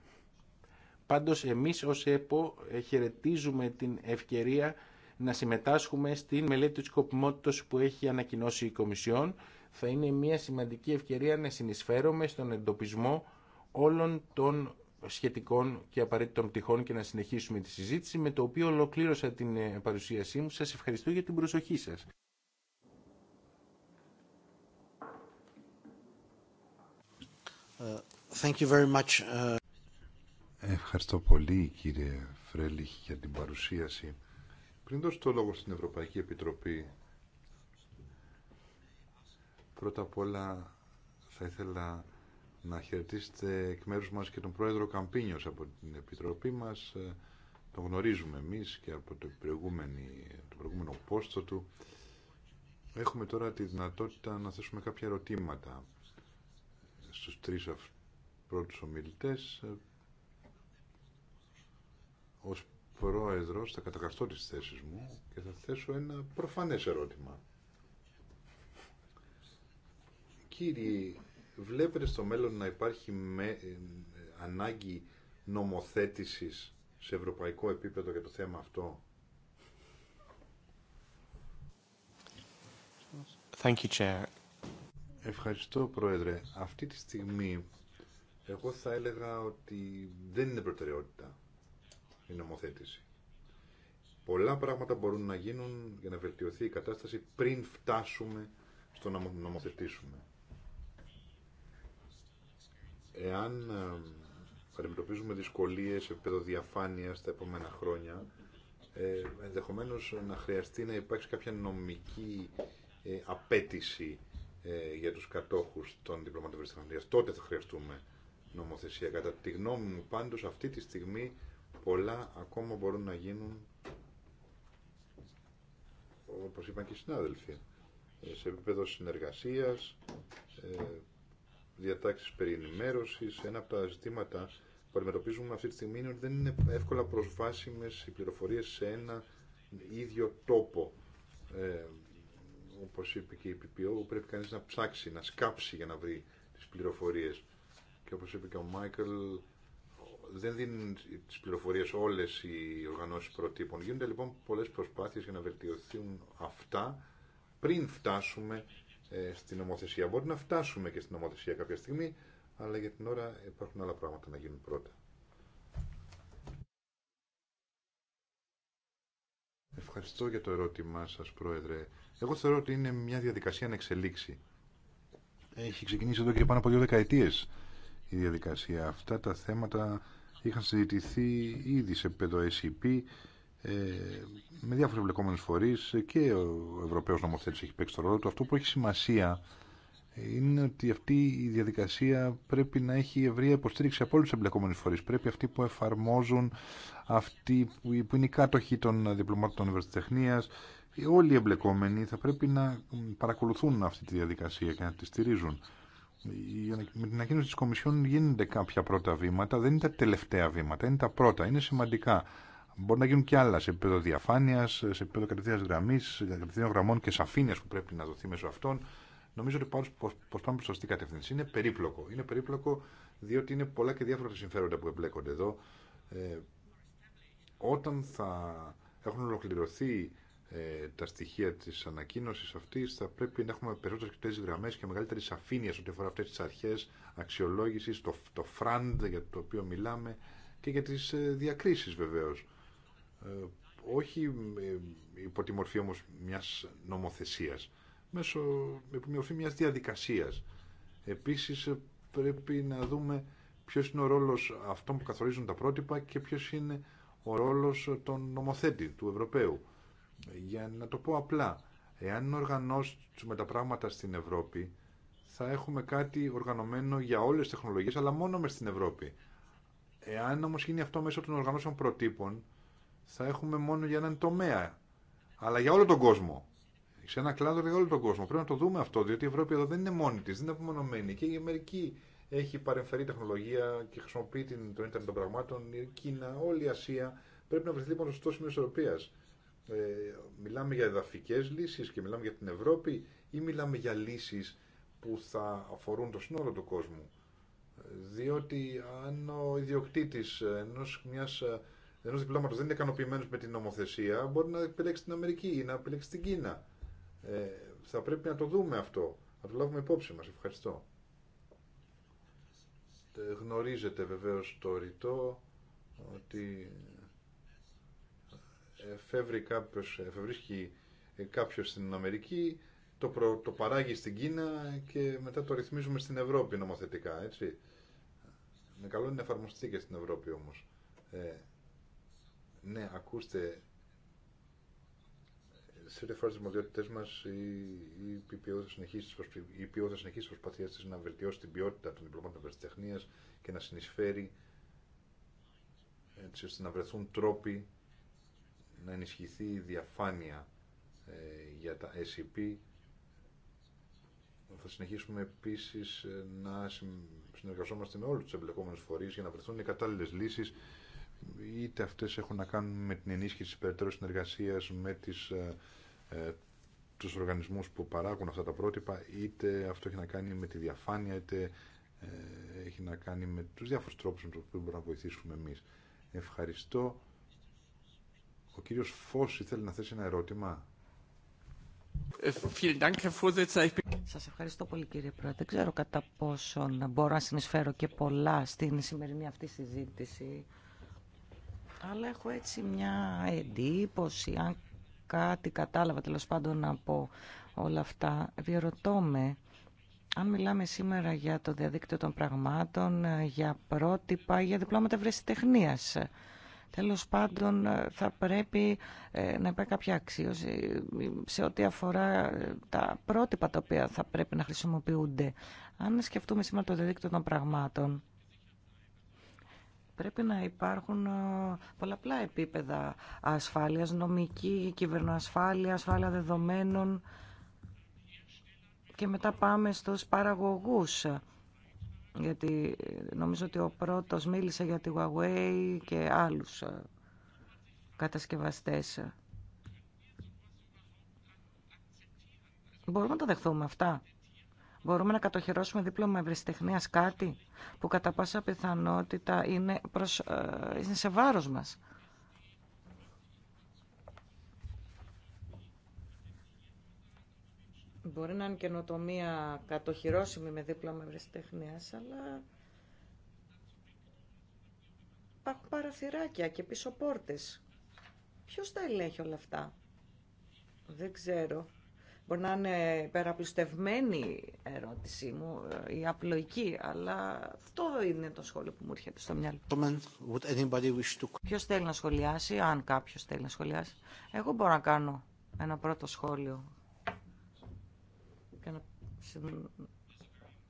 Πάντως εμείς ως ΕΠΟ χαιρετίζουμε την ευκαιρία να συμμετάσχουμε στην μελέτη της σκοπιμότητας που έχει ανακοινώσει η Κομισιόν θα είναι μια σημαντική ευκαιρία να συνεισφέρομαι στον εντοπισμό όλων των σχετικών και απαραίτητων πτυχών και να συνεχίσουμε τη συζήτηση με το οποίο ολοκλήρωσα την ε, παρουσίασή μου. Σας ευχαριστώ για την προσοχή σας. Ε, thank you very much. Ε. Ευχαριστώ πολύ κύριε Φρέλιχ για την παρουσίαση. Πριν δώσω το λόγο στην Ευρωπαϊκή Επιτροπή Πρώτα απ' όλα θα ήθελα να χαιρετήσετε εκ μέρους μας και τον Πρόεδρο Καμπίνιος από την Επιτροπή μας. Ε, τον γνωρίζουμε εμείς και από το, το προηγούμενο πόστο του. Έχουμε τώρα τη δυνατότητα να θέσουμε κάποια ερωτήματα στους τρεις αυτούς πρώτους ομιλητές. Ε, ως Πρόεδρος θα καταγραφτώ τις θέσεις μου και θα θέσω ένα προφανές ερώτημα κύριοι, βλέπετε στο μέλλον να υπάρχει με, ε, ανάγκη νομοθέτησης σε ευρωπαϊκό επίπεδο για το θέμα αυτό. Thank you, Chair. Ευχαριστώ, Πρόεδρε. Αυτή τη στιγμή εγώ θα έλεγα ότι δεν είναι προτεραιότητα η νομοθέτηση. Πολλά πράγματα μπορούν να γίνουν για να βελτιωθεί η κατάσταση πριν φτάσουμε στο να νομοθετήσουμε. Εάν ε, αντιμετωπίζουμε δυσκολίε σε επίπεδο διαφάνεια τα επόμενα χρόνια, ε, ενδεχομένως να χρειαστεί να υπάρξει κάποια νομική ε, απέτηση ε, για τους κατόχους των διπλωμάτων Τότε θα χρειαστούμε νομοθεσία. Κατά τη γνώμη μου πάντως αυτή τη στιγμή πολλά ακόμα μπορούν να γίνουν όπως είπαν και οι συνάδελφοι σε επίπεδο συνεργασίας Διατάξει περί ενημέρωση. Ένα από τα ζητήματα που αντιμετωπίζουμε αυτή τη στιγμή είναι ότι δεν είναι εύκολα προσβάσιμε οι πληροφορίε σε ένα ίδιο τόπο. Ε, όπως είπε και η ΠΠΟ, πρέπει κανείς να ψάξει, να σκάψει για να βρει τι πληροφορίε. Και όπως είπε και ο Μάικλ, δεν δίνουν τις πληροφορίες όλες οι οργανώσεις προτύπων. Γίνονται λοιπόν πολλές προσπάθειες για να βελτιωθούν αυτά πριν φτάσουμε ε, στην νομοθεσία. Μπορεί να φτάσουμε και στην νομοθεσία κάποια στιγμή, αλλά για την ώρα υπάρχουν άλλα πράγματα να γίνουν πρώτα. Ευχαριστώ για το ερώτημά σας, Πρόεδρε. Εγώ θεωρώ ότι είναι μια διαδικασία να εξελίξει. Έχει ξεκινήσει εδώ και πάνω από δύο δεκαετίες η διαδικασία. Αυτά τα θέματα είχαν συζητηθεί ήδη σε επίπεδο SCP e ε, με διάφορε εμπλεκόμενε φορεί και ο Ευρωπαίο νομοθέτη έχει παίξει το ρόλο του. Αυτό που έχει σημασία είναι ότι αυτή η διαδικασία πρέπει να έχει ευρεία υποστήριξη από όλου του εμπλεκόμενου φορεί. Πρέπει αυτοί που εφαρμόζουν, αυτοί που είναι οι κάτοχοι των διπλωμάτων Ευρωτεχνία, όλοι οι εμπλεκόμενοι θα πρέπει να παρακολουθούν αυτή τη διαδικασία και να τη στηρίζουν. Με την ανακοίνωση τη Κομισιόν γίνονται κάποια πρώτα βήματα, δεν είναι τα τελευταία βήματα, είναι τα πρώτα, είναι σημαντικά. Μπορεί να γίνουν και άλλα σε επίπεδο διαφάνεια, σε επίπεδο κατευθείαν γραμμή, κατευθείαν γραμμών και σαφήνεια που πρέπει να δοθεί μέσω αυτών. Νομίζω ότι πάντω πω πάμε προ σωστή κατεύθυνση. Είναι περίπλοκο. Είναι περίπλοκο διότι είναι πολλά και διάφορα τα συμφέροντα που εμπλέκονται εδώ. Ε, όταν θα έχουν ολοκληρωθεί ε, τα στοιχεία τη ανακοίνωση αυτή, θα πρέπει να έχουμε περισσότερε κριτέ γραμμέ και μεγαλύτερη σαφήνεια ό,τι αφορά αυτέ τι αρχέ αξιολόγηση, το, το φραντ για το οποίο μιλάμε και για τι ε, διακρίσει βεβαίω. Ε, όχι ε, υπό τη μορφή όμως μιας νομοθεσίας, μέσω υπό μορφή μιας διαδικασίας. Επίσης ε, πρέπει να δούμε ποιος είναι ο ρόλος αυτών που καθορίζουν τα πρότυπα και ποιος είναι ο ρόλος των νομοθέτη, του Ευρωπαίου. Για να το πω απλά, εάν οργανώσουμε τα πράγματα στην Ευρώπη, θα έχουμε κάτι οργανωμένο για όλες τις τεχνολογίες, αλλά μόνο με στην Ευρώπη. Εάν όμως γίνει αυτό μέσω των οργανώσεων προτύπων, θα έχουμε μόνο για έναν τομέα, αλλά για όλο τον κόσμο. Σε ένα κλάδο για όλο τον κόσμο. Πρέπει να το δούμε αυτό, διότι η Ευρώπη εδώ δεν είναι μόνη τη, δεν είναι απομονωμένη. Και η Αμερική έχει παρεμφερή τεχνολογία και χρησιμοποιεί την, το ίντερνετ των πραγμάτων, η Κίνα, όλη η Ασία. Πρέπει να βρεθεί λοιπόν στο σημείο ισορροπία. Ε, μιλάμε για εδαφικέ λύσει και μιλάμε για την Ευρώπη, ή μιλάμε για λύσει που θα αφορούν το σύνολο του κόσμου. Ε, διότι αν ο ιδιοκτήτη ενό μια. Ε, ενό διπλώματο δεν είναι ικανοποιημένο με την νομοθεσία, μπορεί να επιλέξει την Αμερική ή να επιλέξει την Κίνα. Ε, θα πρέπει να το δούμε αυτό. Να το λάβουμε υπόψη μα. Ευχαριστώ. Ε, γνωρίζετε βεβαίω το ρητό ότι ε, εφεύρει κάποιος, ε, εφευρίσκει ε, κάποιο στην Αμερική, το, το παράγει στην Κίνα και μετά το ρυθμίζουμε στην Ευρώπη νομοθετικά. Έτσι. Με καλό είναι να εφαρμοστεί και στην Ευρώπη όμως. Ε, ναι, ακούστε, σε ό,τι αφορά τι αρμοδιότητέ μα, η ΠΠΟ θα συνεχίσει τι προσπάθειέ τη να βελτιώσει την ποιότητα των διπλωμάτων ευρεσιτεχνία και να συνεισφέρει έτσι ώστε να βρεθούν τρόποι να ενισχυθεί η διαφάνεια ε, για τα SCP. E θα συνεχίσουμε επίσης ε, να συνεργαζόμαστε με όλους τους εμπλεκόμενους φορείς για να βρεθούν οι κατάλληλες λύσεις είτε αυτές έχουν να κάνουν με την ενίσχυση της περαιτέρω συνεργασίας με τις, ε, ε, τους οργανισμούς που παράγουν αυτά τα πρότυπα, είτε αυτό έχει να κάνει με τη διαφάνεια, είτε ε, έχει να κάνει με τους διάφορους τρόπους με τους οποίους μπορούμε να βοηθήσουμε εμείς. Ευχαριστώ. Ο κύριος Φώση θέλει να θέσει ένα ερώτημα. Ε, Σα ευχαριστώ πολύ κύριε Πρόεδρε. Δεν ξέρω κατά πόσον μπορώ να συνεισφέρω και πολλά στην σημερινή αυτή συζήτηση αλλά έχω έτσι μια εντύπωση, αν κάτι κατάλαβα τέλο πάντων από όλα αυτά, διαρωτώ με αν μιλάμε σήμερα για το διαδίκτυο των πραγμάτων, για πρότυπα, για διπλώματα ευρεσιτεχνίας. Τέλος πάντων θα πρέπει ε, να υπάρχει κάποια αξίωση ε, σε ό,τι αφορά ε, τα πρότυπα τα οποία θα πρέπει να χρησιμοποιούνται. Αν σκεφτούμε σήμερα το διαδίκτυο των πραγμάτων, Πρέπει να υπάρχουν ε, πολλαπλά επίπεδα ασφάλειας, νομική, κυβερνοασφάλεια, ασφάλεια δεδομένων και μετά πάμε στους παραγωγούς. Γιατί ε, νομίζω ότι ο πρώτος μίλησε για τη Huawei και άλλους ε, κατασκευαστές. Μπορούμε να τα δεχθούμε αυτά. Μπορούμε να κατοχυρώσουμε δίπλωμα ευρεσιτεχνία κάτι που κατά πάσα πιθανότητα είναι, προς, ε, είναι σε βάρο μα. Μπορεί να είναι καινοτομία κατοχυρώσιμη με δίπλωμα ευρεσιτεχνία, αλλά υπάρχουν παραθυράκια και πίσω πόρτες. Ποιος τα ελέγχει όλα αυτά. Δεν ξέρω. Μπορεί να είναι υπεραπλουστευμένη ερώτησή μου, ε, η απλοϊκή, αλλά αυτό είναι το σχόλιο που μου έρχεται στο μυαλό. Ποιο θέλει να σχολιάσει, αν κάποιο θέλει να σχολιάσει. Εγώ μπορώ να κάνω ένα πρώτο σχόλιο και να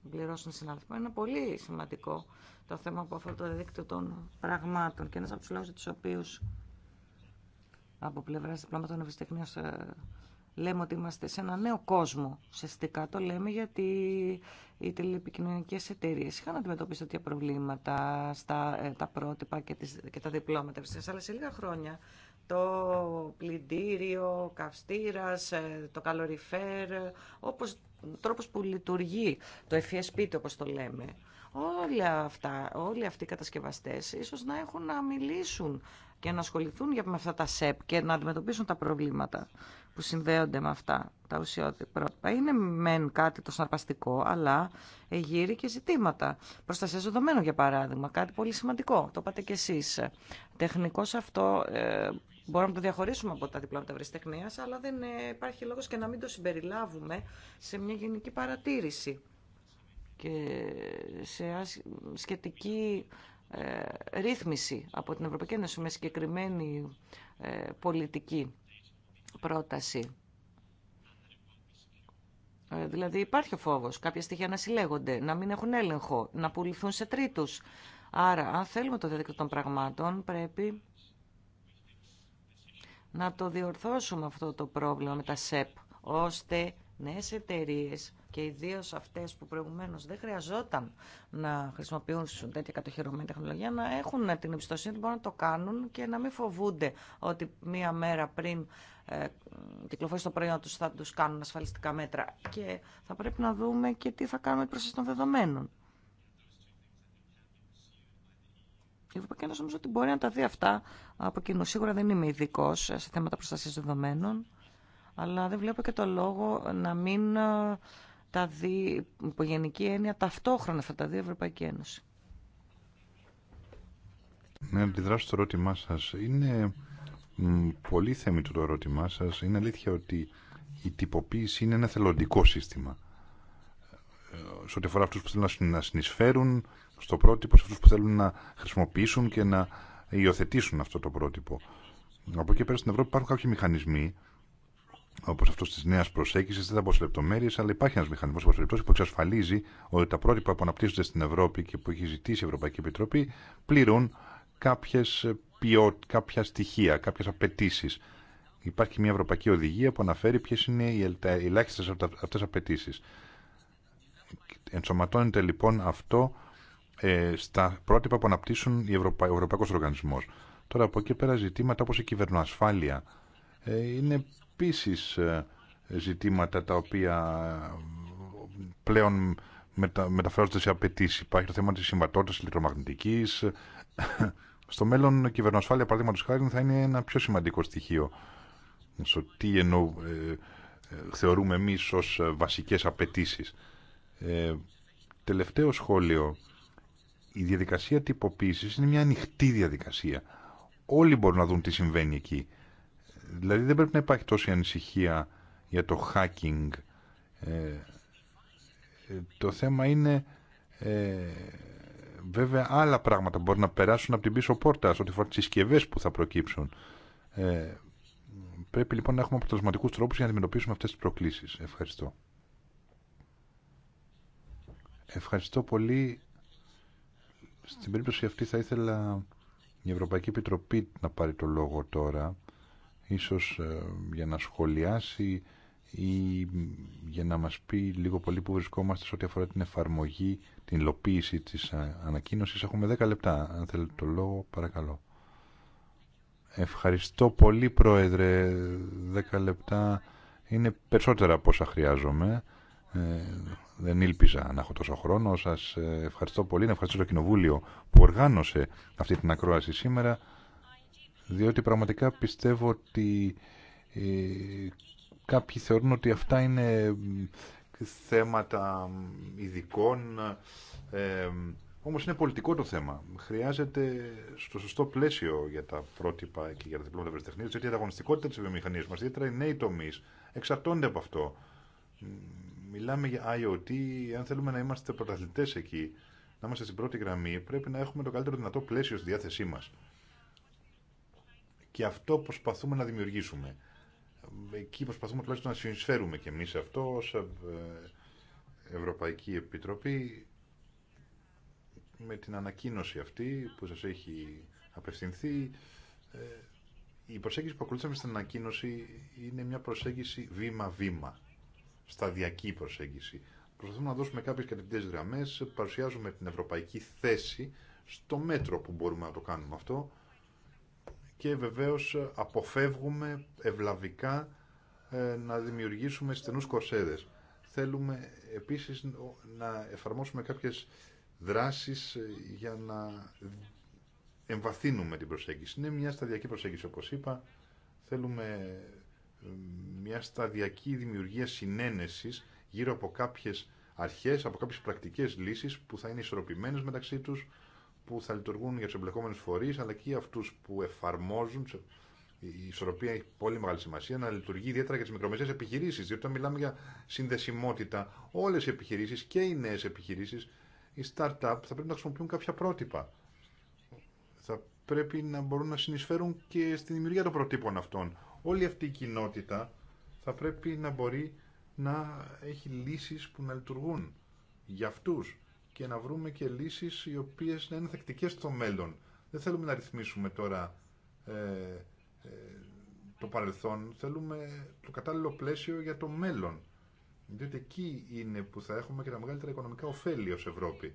συμπληρώσουν συνάδελφο. Είναι πολύ σημαντικό το θέμα που αφορά το δίκτυο των πραγμάτων και ένα από του λόγου για του οποίου από πλευρά διπλώματων ευρεσιτεχνία ε, λέμε ότι είμαστε σε ένα νέο κόσμο. Ουσιαστικά το λέμε γιατί οι τηλεπικοινωνικέ εταιρείε είχαν αντιμετωπίσει τέτοια προβλήματα στα ε, τα πρότυπα και, τις, και τα διπλώματα. Αλλά σε λίγα χρόνια το πλυντήριο, ο καυστήρας, ε, το καλοριφέρ, όπως τρόπος που λειτουργεί το FSP, e όπως το λέμε. Όλα αυτά, όλοι αυτοί οι κατασκευαστές ίσως να έχουν να μιλήσουν και να ασχοληθούν με αυτά τα ΣΕΠ e και να αντιμετωπίσουν τα προβλήματα που συνδέονται με αυτά τα ουσιώδη πρότυπα. Είναι μεν κάτι το συναρπαστικό, αλλά γύρει και ζητήματα. Προστασία δεδομένων, για παράδειγμα, κάτι πολύ σημαντικό. Το είπατε κι εσεί. Τεχνικώ αυτό ε, μπορούμε να το διαχωρίσουμε από τα διπλώματα ευρεσιτεχνία, αλλά δεν ε, υπάρχει λόγο και να μην το συμπεριλάβουμε σε μια γενική παρατήρηση και σε σχετική ε, ρύθμιση από την Ευρωπαϊκή Ένωση με συγκεκριμένη ε, πολιτική πρόταση. Ε, δηλαδή υπάρχει ο φόβος κάποια στοιχεία να συλλέγονται, να μην έχουν έλεγχο, να πουληθούν σε τρίτους. Άρα αν θέλουμε το διαδίκτυο των πραγμάτων πρέπει να το διορθώσουμε αυτό το πρόβλημα με τα ΣΕΠ, ώστε νέες εταιρείε και ιδίω αυτές που προηγουμένως δεν χρειαζόταν να χρησιμοποιούν τέτοια κατοχυρωμένη τεχνολογία, να έχουν την εμπιστοσύνη ότι μπορούν να το κάνουν και να μην φοβούνται ότι μία μέρα πριν ε, κυκλοφορεί στο προϊόν του, θα του κάνουν ασφαλιστικά μέτρα και θα πρέπει να δούμε και τι θα κάνουμε προ των δεδομένων. Η Ευρωπαϊκή Ένωση νομίζω ότι μπορεί να τα δει αυτά από κοινού. Σίγουρα δεν είμαι ειδικό σε θέματα προστασία δεδομένων, αλλά δεν βλέπω και το λόγο να μην ε, τα δει υπό γενική έννοια ταυτόχρονα θα τα δει η Ευρωπαϊκή Ένωση. Ναι, αντιδράσω στο ερώτημά σα. Είναι Πολύ θέμητο το ερώτημά σας. Είναι αλήθεια ότι η τυποποίηση είναι ένα θελοντικό σύστημα. Ε, σε ό,τι αφορά αυτούς που θέλουν να συνεισφέρουν στο πρότυπο, σε αυτούς που θέλουν να χρησιμοποιήσουν και να υιοθετήσουν αυτό το πρότυπο. Από εκεί πέρα στην Ευρώπη υπάρχουν κάποιοι μηχανισμοί, όπω αυτό τη νέα προσέγγιση, δεν θα πω σε λεπτομέρειε, αλλά υπάρχει ένα μηχανισμό που εξασφαλίζει ότι τα πρότυπα που αναπτύσσονται στην Ευρώπη και που έχει ζητήσει η Ευρωπαϊκή Επιτροπή πληρούν κάποιε ποιο, κάποια στοιχεία, κάποιε απαιτήσει. Υπάρχει μια ευρωπαϊκή οδηγία που αναφέρει ποιε είναι οι ελάχιστε αυτές απαιτήσει. Ενσωματώνεται λοιπόν αυτό ε, στα πρότυπα που αναπτύσσουν οι ο Ευρωπαϊκό Οργανισμό. Τώρα από εκεί πέρα ζητήματα όπως η κυβερνοασφάλεια ε, είναι επίση ε, ζητήματα τα οποία πλέον μετα... σε απαιτήσει. Υπάρχει το θέμα τη συμβατότητα ηλεκτρομαγνητική. Στο μέλλον, η κυβερνοασφάλεια, παραδείγματο χάρη, θα είναι ένα πιο σημαντικό στοιχείο. Στο τι ε, ε, θεωρούμε εμεί ω ε, βασικέ απαιτήσει. Ε, τελευταίο σχόλιο. Η διαδικασία τυποποίηση είναι μια ανοιχτή διαδικασία. Όλοι μπορούν να δουν τι συμβαίνει εκεί. Δηλαδή δεν πρέπει να υπάρχει τόση ανησυχία για το hacking. Ε, το θέμα είναι ε, βέβαια άλλα πράγματα μπορεί να περάσουν από την πίσω πόρτα ό,τι φορά τις συσκευέ που θα προκύψουν. Ε, πρέπει λοιπόν να έχουμε αποτελεσματικού τρόπους για να αντιμετωπίσουμε αυτές τις προκλήσεις. Ευχαριστώ. Ευχαριστώ πολύ. Στην περίπτωση αυτή θα ήθελα η Ευρωπαϊκή Επιτροπή να πάρει το λόγο τώρα, ίσως ε, για να σχολιάσει ή για να μας πει λίγο πολύ που βρισκόμαστε σε ό,τι αφορά την εφαρμογή, την υλοποίηση της ανακοίνωσης. Έχουμε 10 λεπτά. Αν θέλετε το λόγο, παρακαλώ. Ευχαριστώ πολύ, Πρόεδρε. 10 λεπτά είναι περισσότερα από όσα χρειάζομαι. Ε, δεν ήλπιζα να έχω τόσο χρόνο. Σας ε, ευχαριστώ πολύ. Να ευχαριστώ το Κοινοβούλιο που οργάνωσε αυτή την ακρόαση σήμερα, διότι πραγματικά πιστεύω ότι ε, Κάποιοι θεωρούν ότι αυτά είναι θέματα ειδικών, ε, όμως είναι πολιτικό το θέμα. Χρειάζεται στο σωστό πλαίσιο για τα πρότυπα και για τα διπλώματα ευρεσιτεχνίας, γιατί η ανταγωνιστικότητα της βιομηχανίας μας, ιδιαίτερα οι νέοι τομείς, εξαρτώνται από αυτό. Μιλάμε για IoT, αν θέλουμε να είμαστε πρωταθλητές εκεί, να είμαστε στην πρώτη γραμμή, πρέπει να έχουμε το καλύτερο δυνατό πλαίσιο στη διάθεσή μας. Και αυτό προσπαθούμε να δημιουργήσουμε εκεί προσπαθούμε τουλάχιστον να συνεισφέρουμε και εμείς αυτό ως ε, Ευρωπαϊκή Επιτροπή με την ανακοίνωση αυτή που σας έχει απευθυνθεί ε, η προσέγγιση που ακολουθήσαμε στην ανακοίνωση είναι μια προσέγγιση βήμα-βήμα σταδιακή προσέγγιση προσπαθούμε να δώσουμε κάποιες κατευθυντές γραμμές παρουσιάζουμε την ευρωπαϊκή θέση στο μέτρο που μπορούμε να το κάνουμε αυτό και βεβαίως ε, αποφεύγουμε ευλαβικά ε, να δημιουργήσουμε στενούς κορσέδες. Θέλουμε επίσης να εφαρμόσουμε κάποιες δράσεις ε, για να εμβαθύνουμε την προσέγγιση. Είναι μια σταδιακή προσέγγιση όπως είπα. Θέλουμε μια σταδιακή δημιουργία συνένεσης γύρω από κάποιες αρχές, από κάποιες πρακτικές λύσεις που θα είναι ισορροπημένες μεταξύ τους που θα λειτουργούν για του εμπλεκόμενου φορεί, αλλά και για αυτού που εφαρμόζουν. Η ισορροπία έχει πολύ μεγάλη σημασία να λειτουργεί ιδιαίτερα για τι μικρομεσαίε επιχειρήσει. Διότι όταν μιλάμε για συνδεσιμότητα, όλε οι επιχειρήσει και οι νέε επιχειρήσει, οι startup θα πρέπει να χρησιμοποιούν κάποια πρότυπα. Θα πρέπει να μπορούν να συνεισφέρουν και στη δημιουργία των προτύπων αυτών. Όλη αυτή η κοινότητα θα πρέπει να μπορεί να έχει λύσεις που να λειτουργούν για αυτούς και να βρούμε και λύσεις οι οποίες να είναι θεκτικές στο μέλλον. Δεν θέλουμε να ρυθμίσουμε τώρα ε, ε, το παρελθόν, θέλουμε το κατάλληλο πλαίσιο για το μέλλον. Διότι εκεί είναι που θα έχουμε και τα μεγαλύτερα οικονομικά ωφέλη ως Ευρώπη.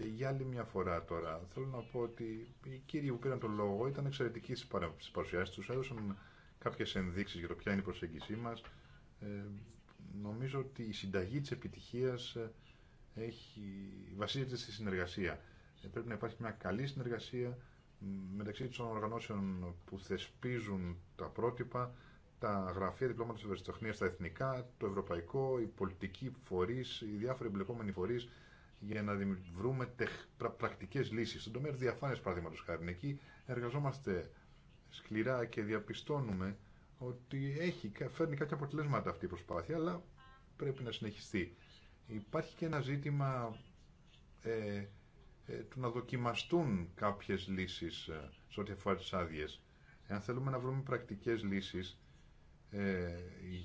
Ε, για άλλη μια φορά τώρα, θέλω να πω ότι οι κύριοι που πήραν τον λόγο ήταν εξαιρετικοί στι παρουσιάσει του, έδωσαν κάποιε ενδείξει για το ποια είναι η προσέγγιση μα. Ε, νομίζω ότι η συνταγή τη επιτυχία ε, έχει, βασίζεται στη συνεργασία. Ε, πρέπει να υπάρχει μια καλή συνεργασία μεταξύ των οργανώσεων που θεσπίζουν τα πρότυπα, τα γραφεία διπλώματος ευαισθητοχνίας, στα τα εθνικά, το ευρωπαϊκό, οι πολιτικοί φορεί, οι διάφοροι εμπλεκόμενοι φορείς για να βρούμε πρακτικές λύσεις Στον τομέα διαφάνειας διαφάνεια, παραδείγματο χάρη, εκεί εργαζόμαστε σκληρά και διαπιστώνουμε ότι έχει, φέρνει κάποια αποτελέσματα αυτή η προσπάθεια, αλλά πρέπει να συνεχιστεί. Υπάρχει και ένα ζήτημα ε, ε, του να δοκιμαστούν κάποιες λύσεις ε, σε ό,τι αφορά τις άδειες. Εάν θέλουμε να βρούμε πρακτικές λύσεις ε,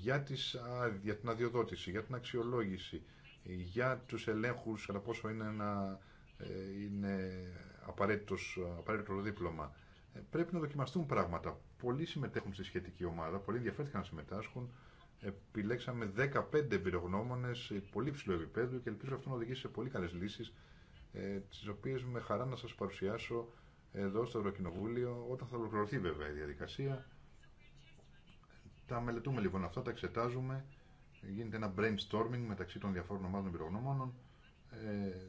για, τις, για την αδειοδότηση, για την αξιολόγηση, για τους ελέγχους, κατά πόσο είναι, ένα, ε, είναι απαραίτητος, απαραίτητο δίπλωμα. Πρέπει να δοκιμαστούν πράγματα. Πολλοί συμμετέχουν στη σχετική ομάδα, πολλοί ενδιαφέρθηκαν να συμμετάσχουν επιλέξαμε 15 εμπειρογνώμονε σε πολύ ψηλό επίπεδο και ελπίζω αυτό να οδηγήσει σε πολύ καλέ λύσει, ε, τι οποίε με χαρά να σα παρουσιάσω εδώ στο Ευρωκοινοβούλιο, όταν θα ολοκληρωθεί βέβαια η διαδικασία. Τα μελετούμε λοιπόν αυτά, τα εξετάζουμε. Γίνεται ένα brainstorming μεταξύ των διαφόρων ομάδων εμπειρογνώμονων. Ε,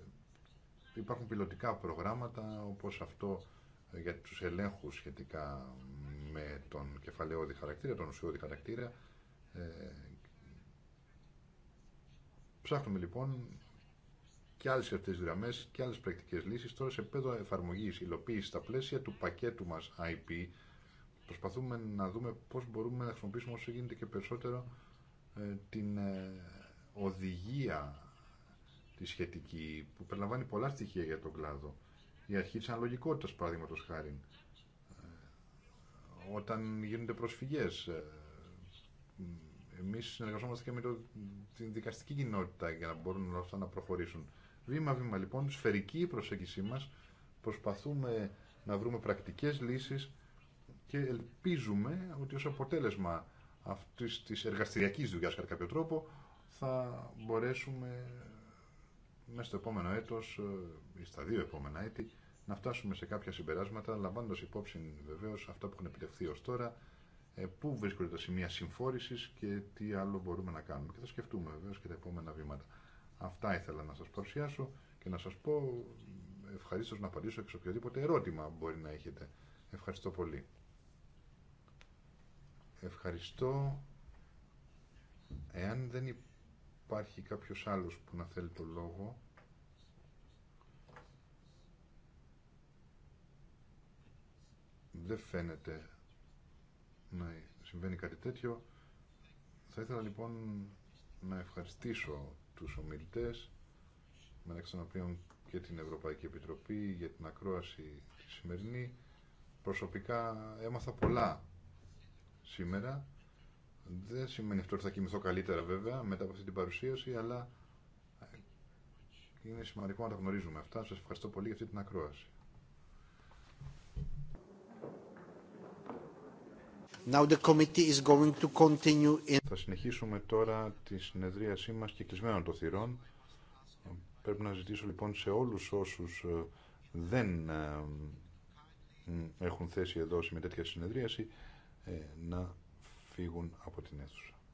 υπάρχουν πιλωτικά προγράμματα όπω αυτό ε, για τους ελέγχους σχετικά με τον κεφαλαίωδη χαρακτήρα, τον ουσιώδη χαρακτήρα ε, ψάχνουμε λοιπόν και άλλε αυτέ γραμμέ και άλλε πρακτικέ λύσει. Τώρα σε πέδο εφαρμογή, υλοποίηση, στα πλαίσια του πακέτου μα IP, προσπαθούμε να δούμε πώ μπορούμε να χρησιμοποιήσουμε όσο γίνεται και περισσότερο ε, την ε, οδηγία τη σχετική, που περιλαμβάνει πολλά στοιχεία για τον κλάδο. Η αρχή τη αναλογικότητα, παραδείγματο χάρη. όταν γίνονται προσφυγέ, Εμεί συνεργαζόμαστε και με το, την δικαστική κοινότητα για να μπορούν όλα αυτά να προχωρήσουν. Βήμα-βήμα λοιπόν, σφαιρική η προσέγγιση μα. Προσπαθούμε να βρούμε πρακτικέ λύσει και ελπίζουμε ότι ω αποτέλεσμα αυτή τη εργαστηριακή δουλειά κατά κάποιο τρόπο θα μπορέσουμε μέσα στο επόμενο έτος ε, ή στα δύο επόμενα έτη να φτάσουμε σε κάποια συμπεράσματα λαμβάνοντα υπόψη βεβαίω αυτά που έχουν επιτευχθεί ω τώρα ε, πού βρίσκονται τα σημεία συμφόρηση και τι άλλο μπορούμε να κάνουμε. Και θα σκεφτούμε βεβαίω και τα επόμενα βήματα. Αυτά ήθελα να σας παρουσιάσω και να σας πω ευχαρίστω να απαντήσω σε οποιοδήποτε ερώτημα μπορεί να έχετε. Ευχαριστώ πολύ. Ευχαριστώ. Εάν δεν υπάρχει κάποιος άλλος που να θέλει το λόγο, δεν φαίνεται να συμβαίνει κάτι τέτοιο. Θα ήθελα λοιπόν να ευχαριστήσω τους ομιλητές, μεταξύ των οποίων και την Ευρωπαϊκή Επιτροπή για την ακρόαση τη σημερινή. Προσωπικά έμαθα πολλά σήμερα. Δεν σημαίνει αυτό ότι θα κοιμηθώ καλύτερα βέβαια μετά από αυτή την παρουσίαση, αλλά είναι σημαντικό να τα γνωρίζουμε αυτά. Σας ευχαριστώ πολύ για αυτή την ακρόαση. Now the committee is going to continue in... Θα συνεχίσουμε τώρα τη συνεδρίασή μας κυκλισμένων των θυρών. Πρέπει να ζητήσω λοιπόν σε όλους όσους ε, δεν ε, έχουν θέση εδώ σε τέτοια συνεδρίαση ε, να φύγουν από την αίθουσα.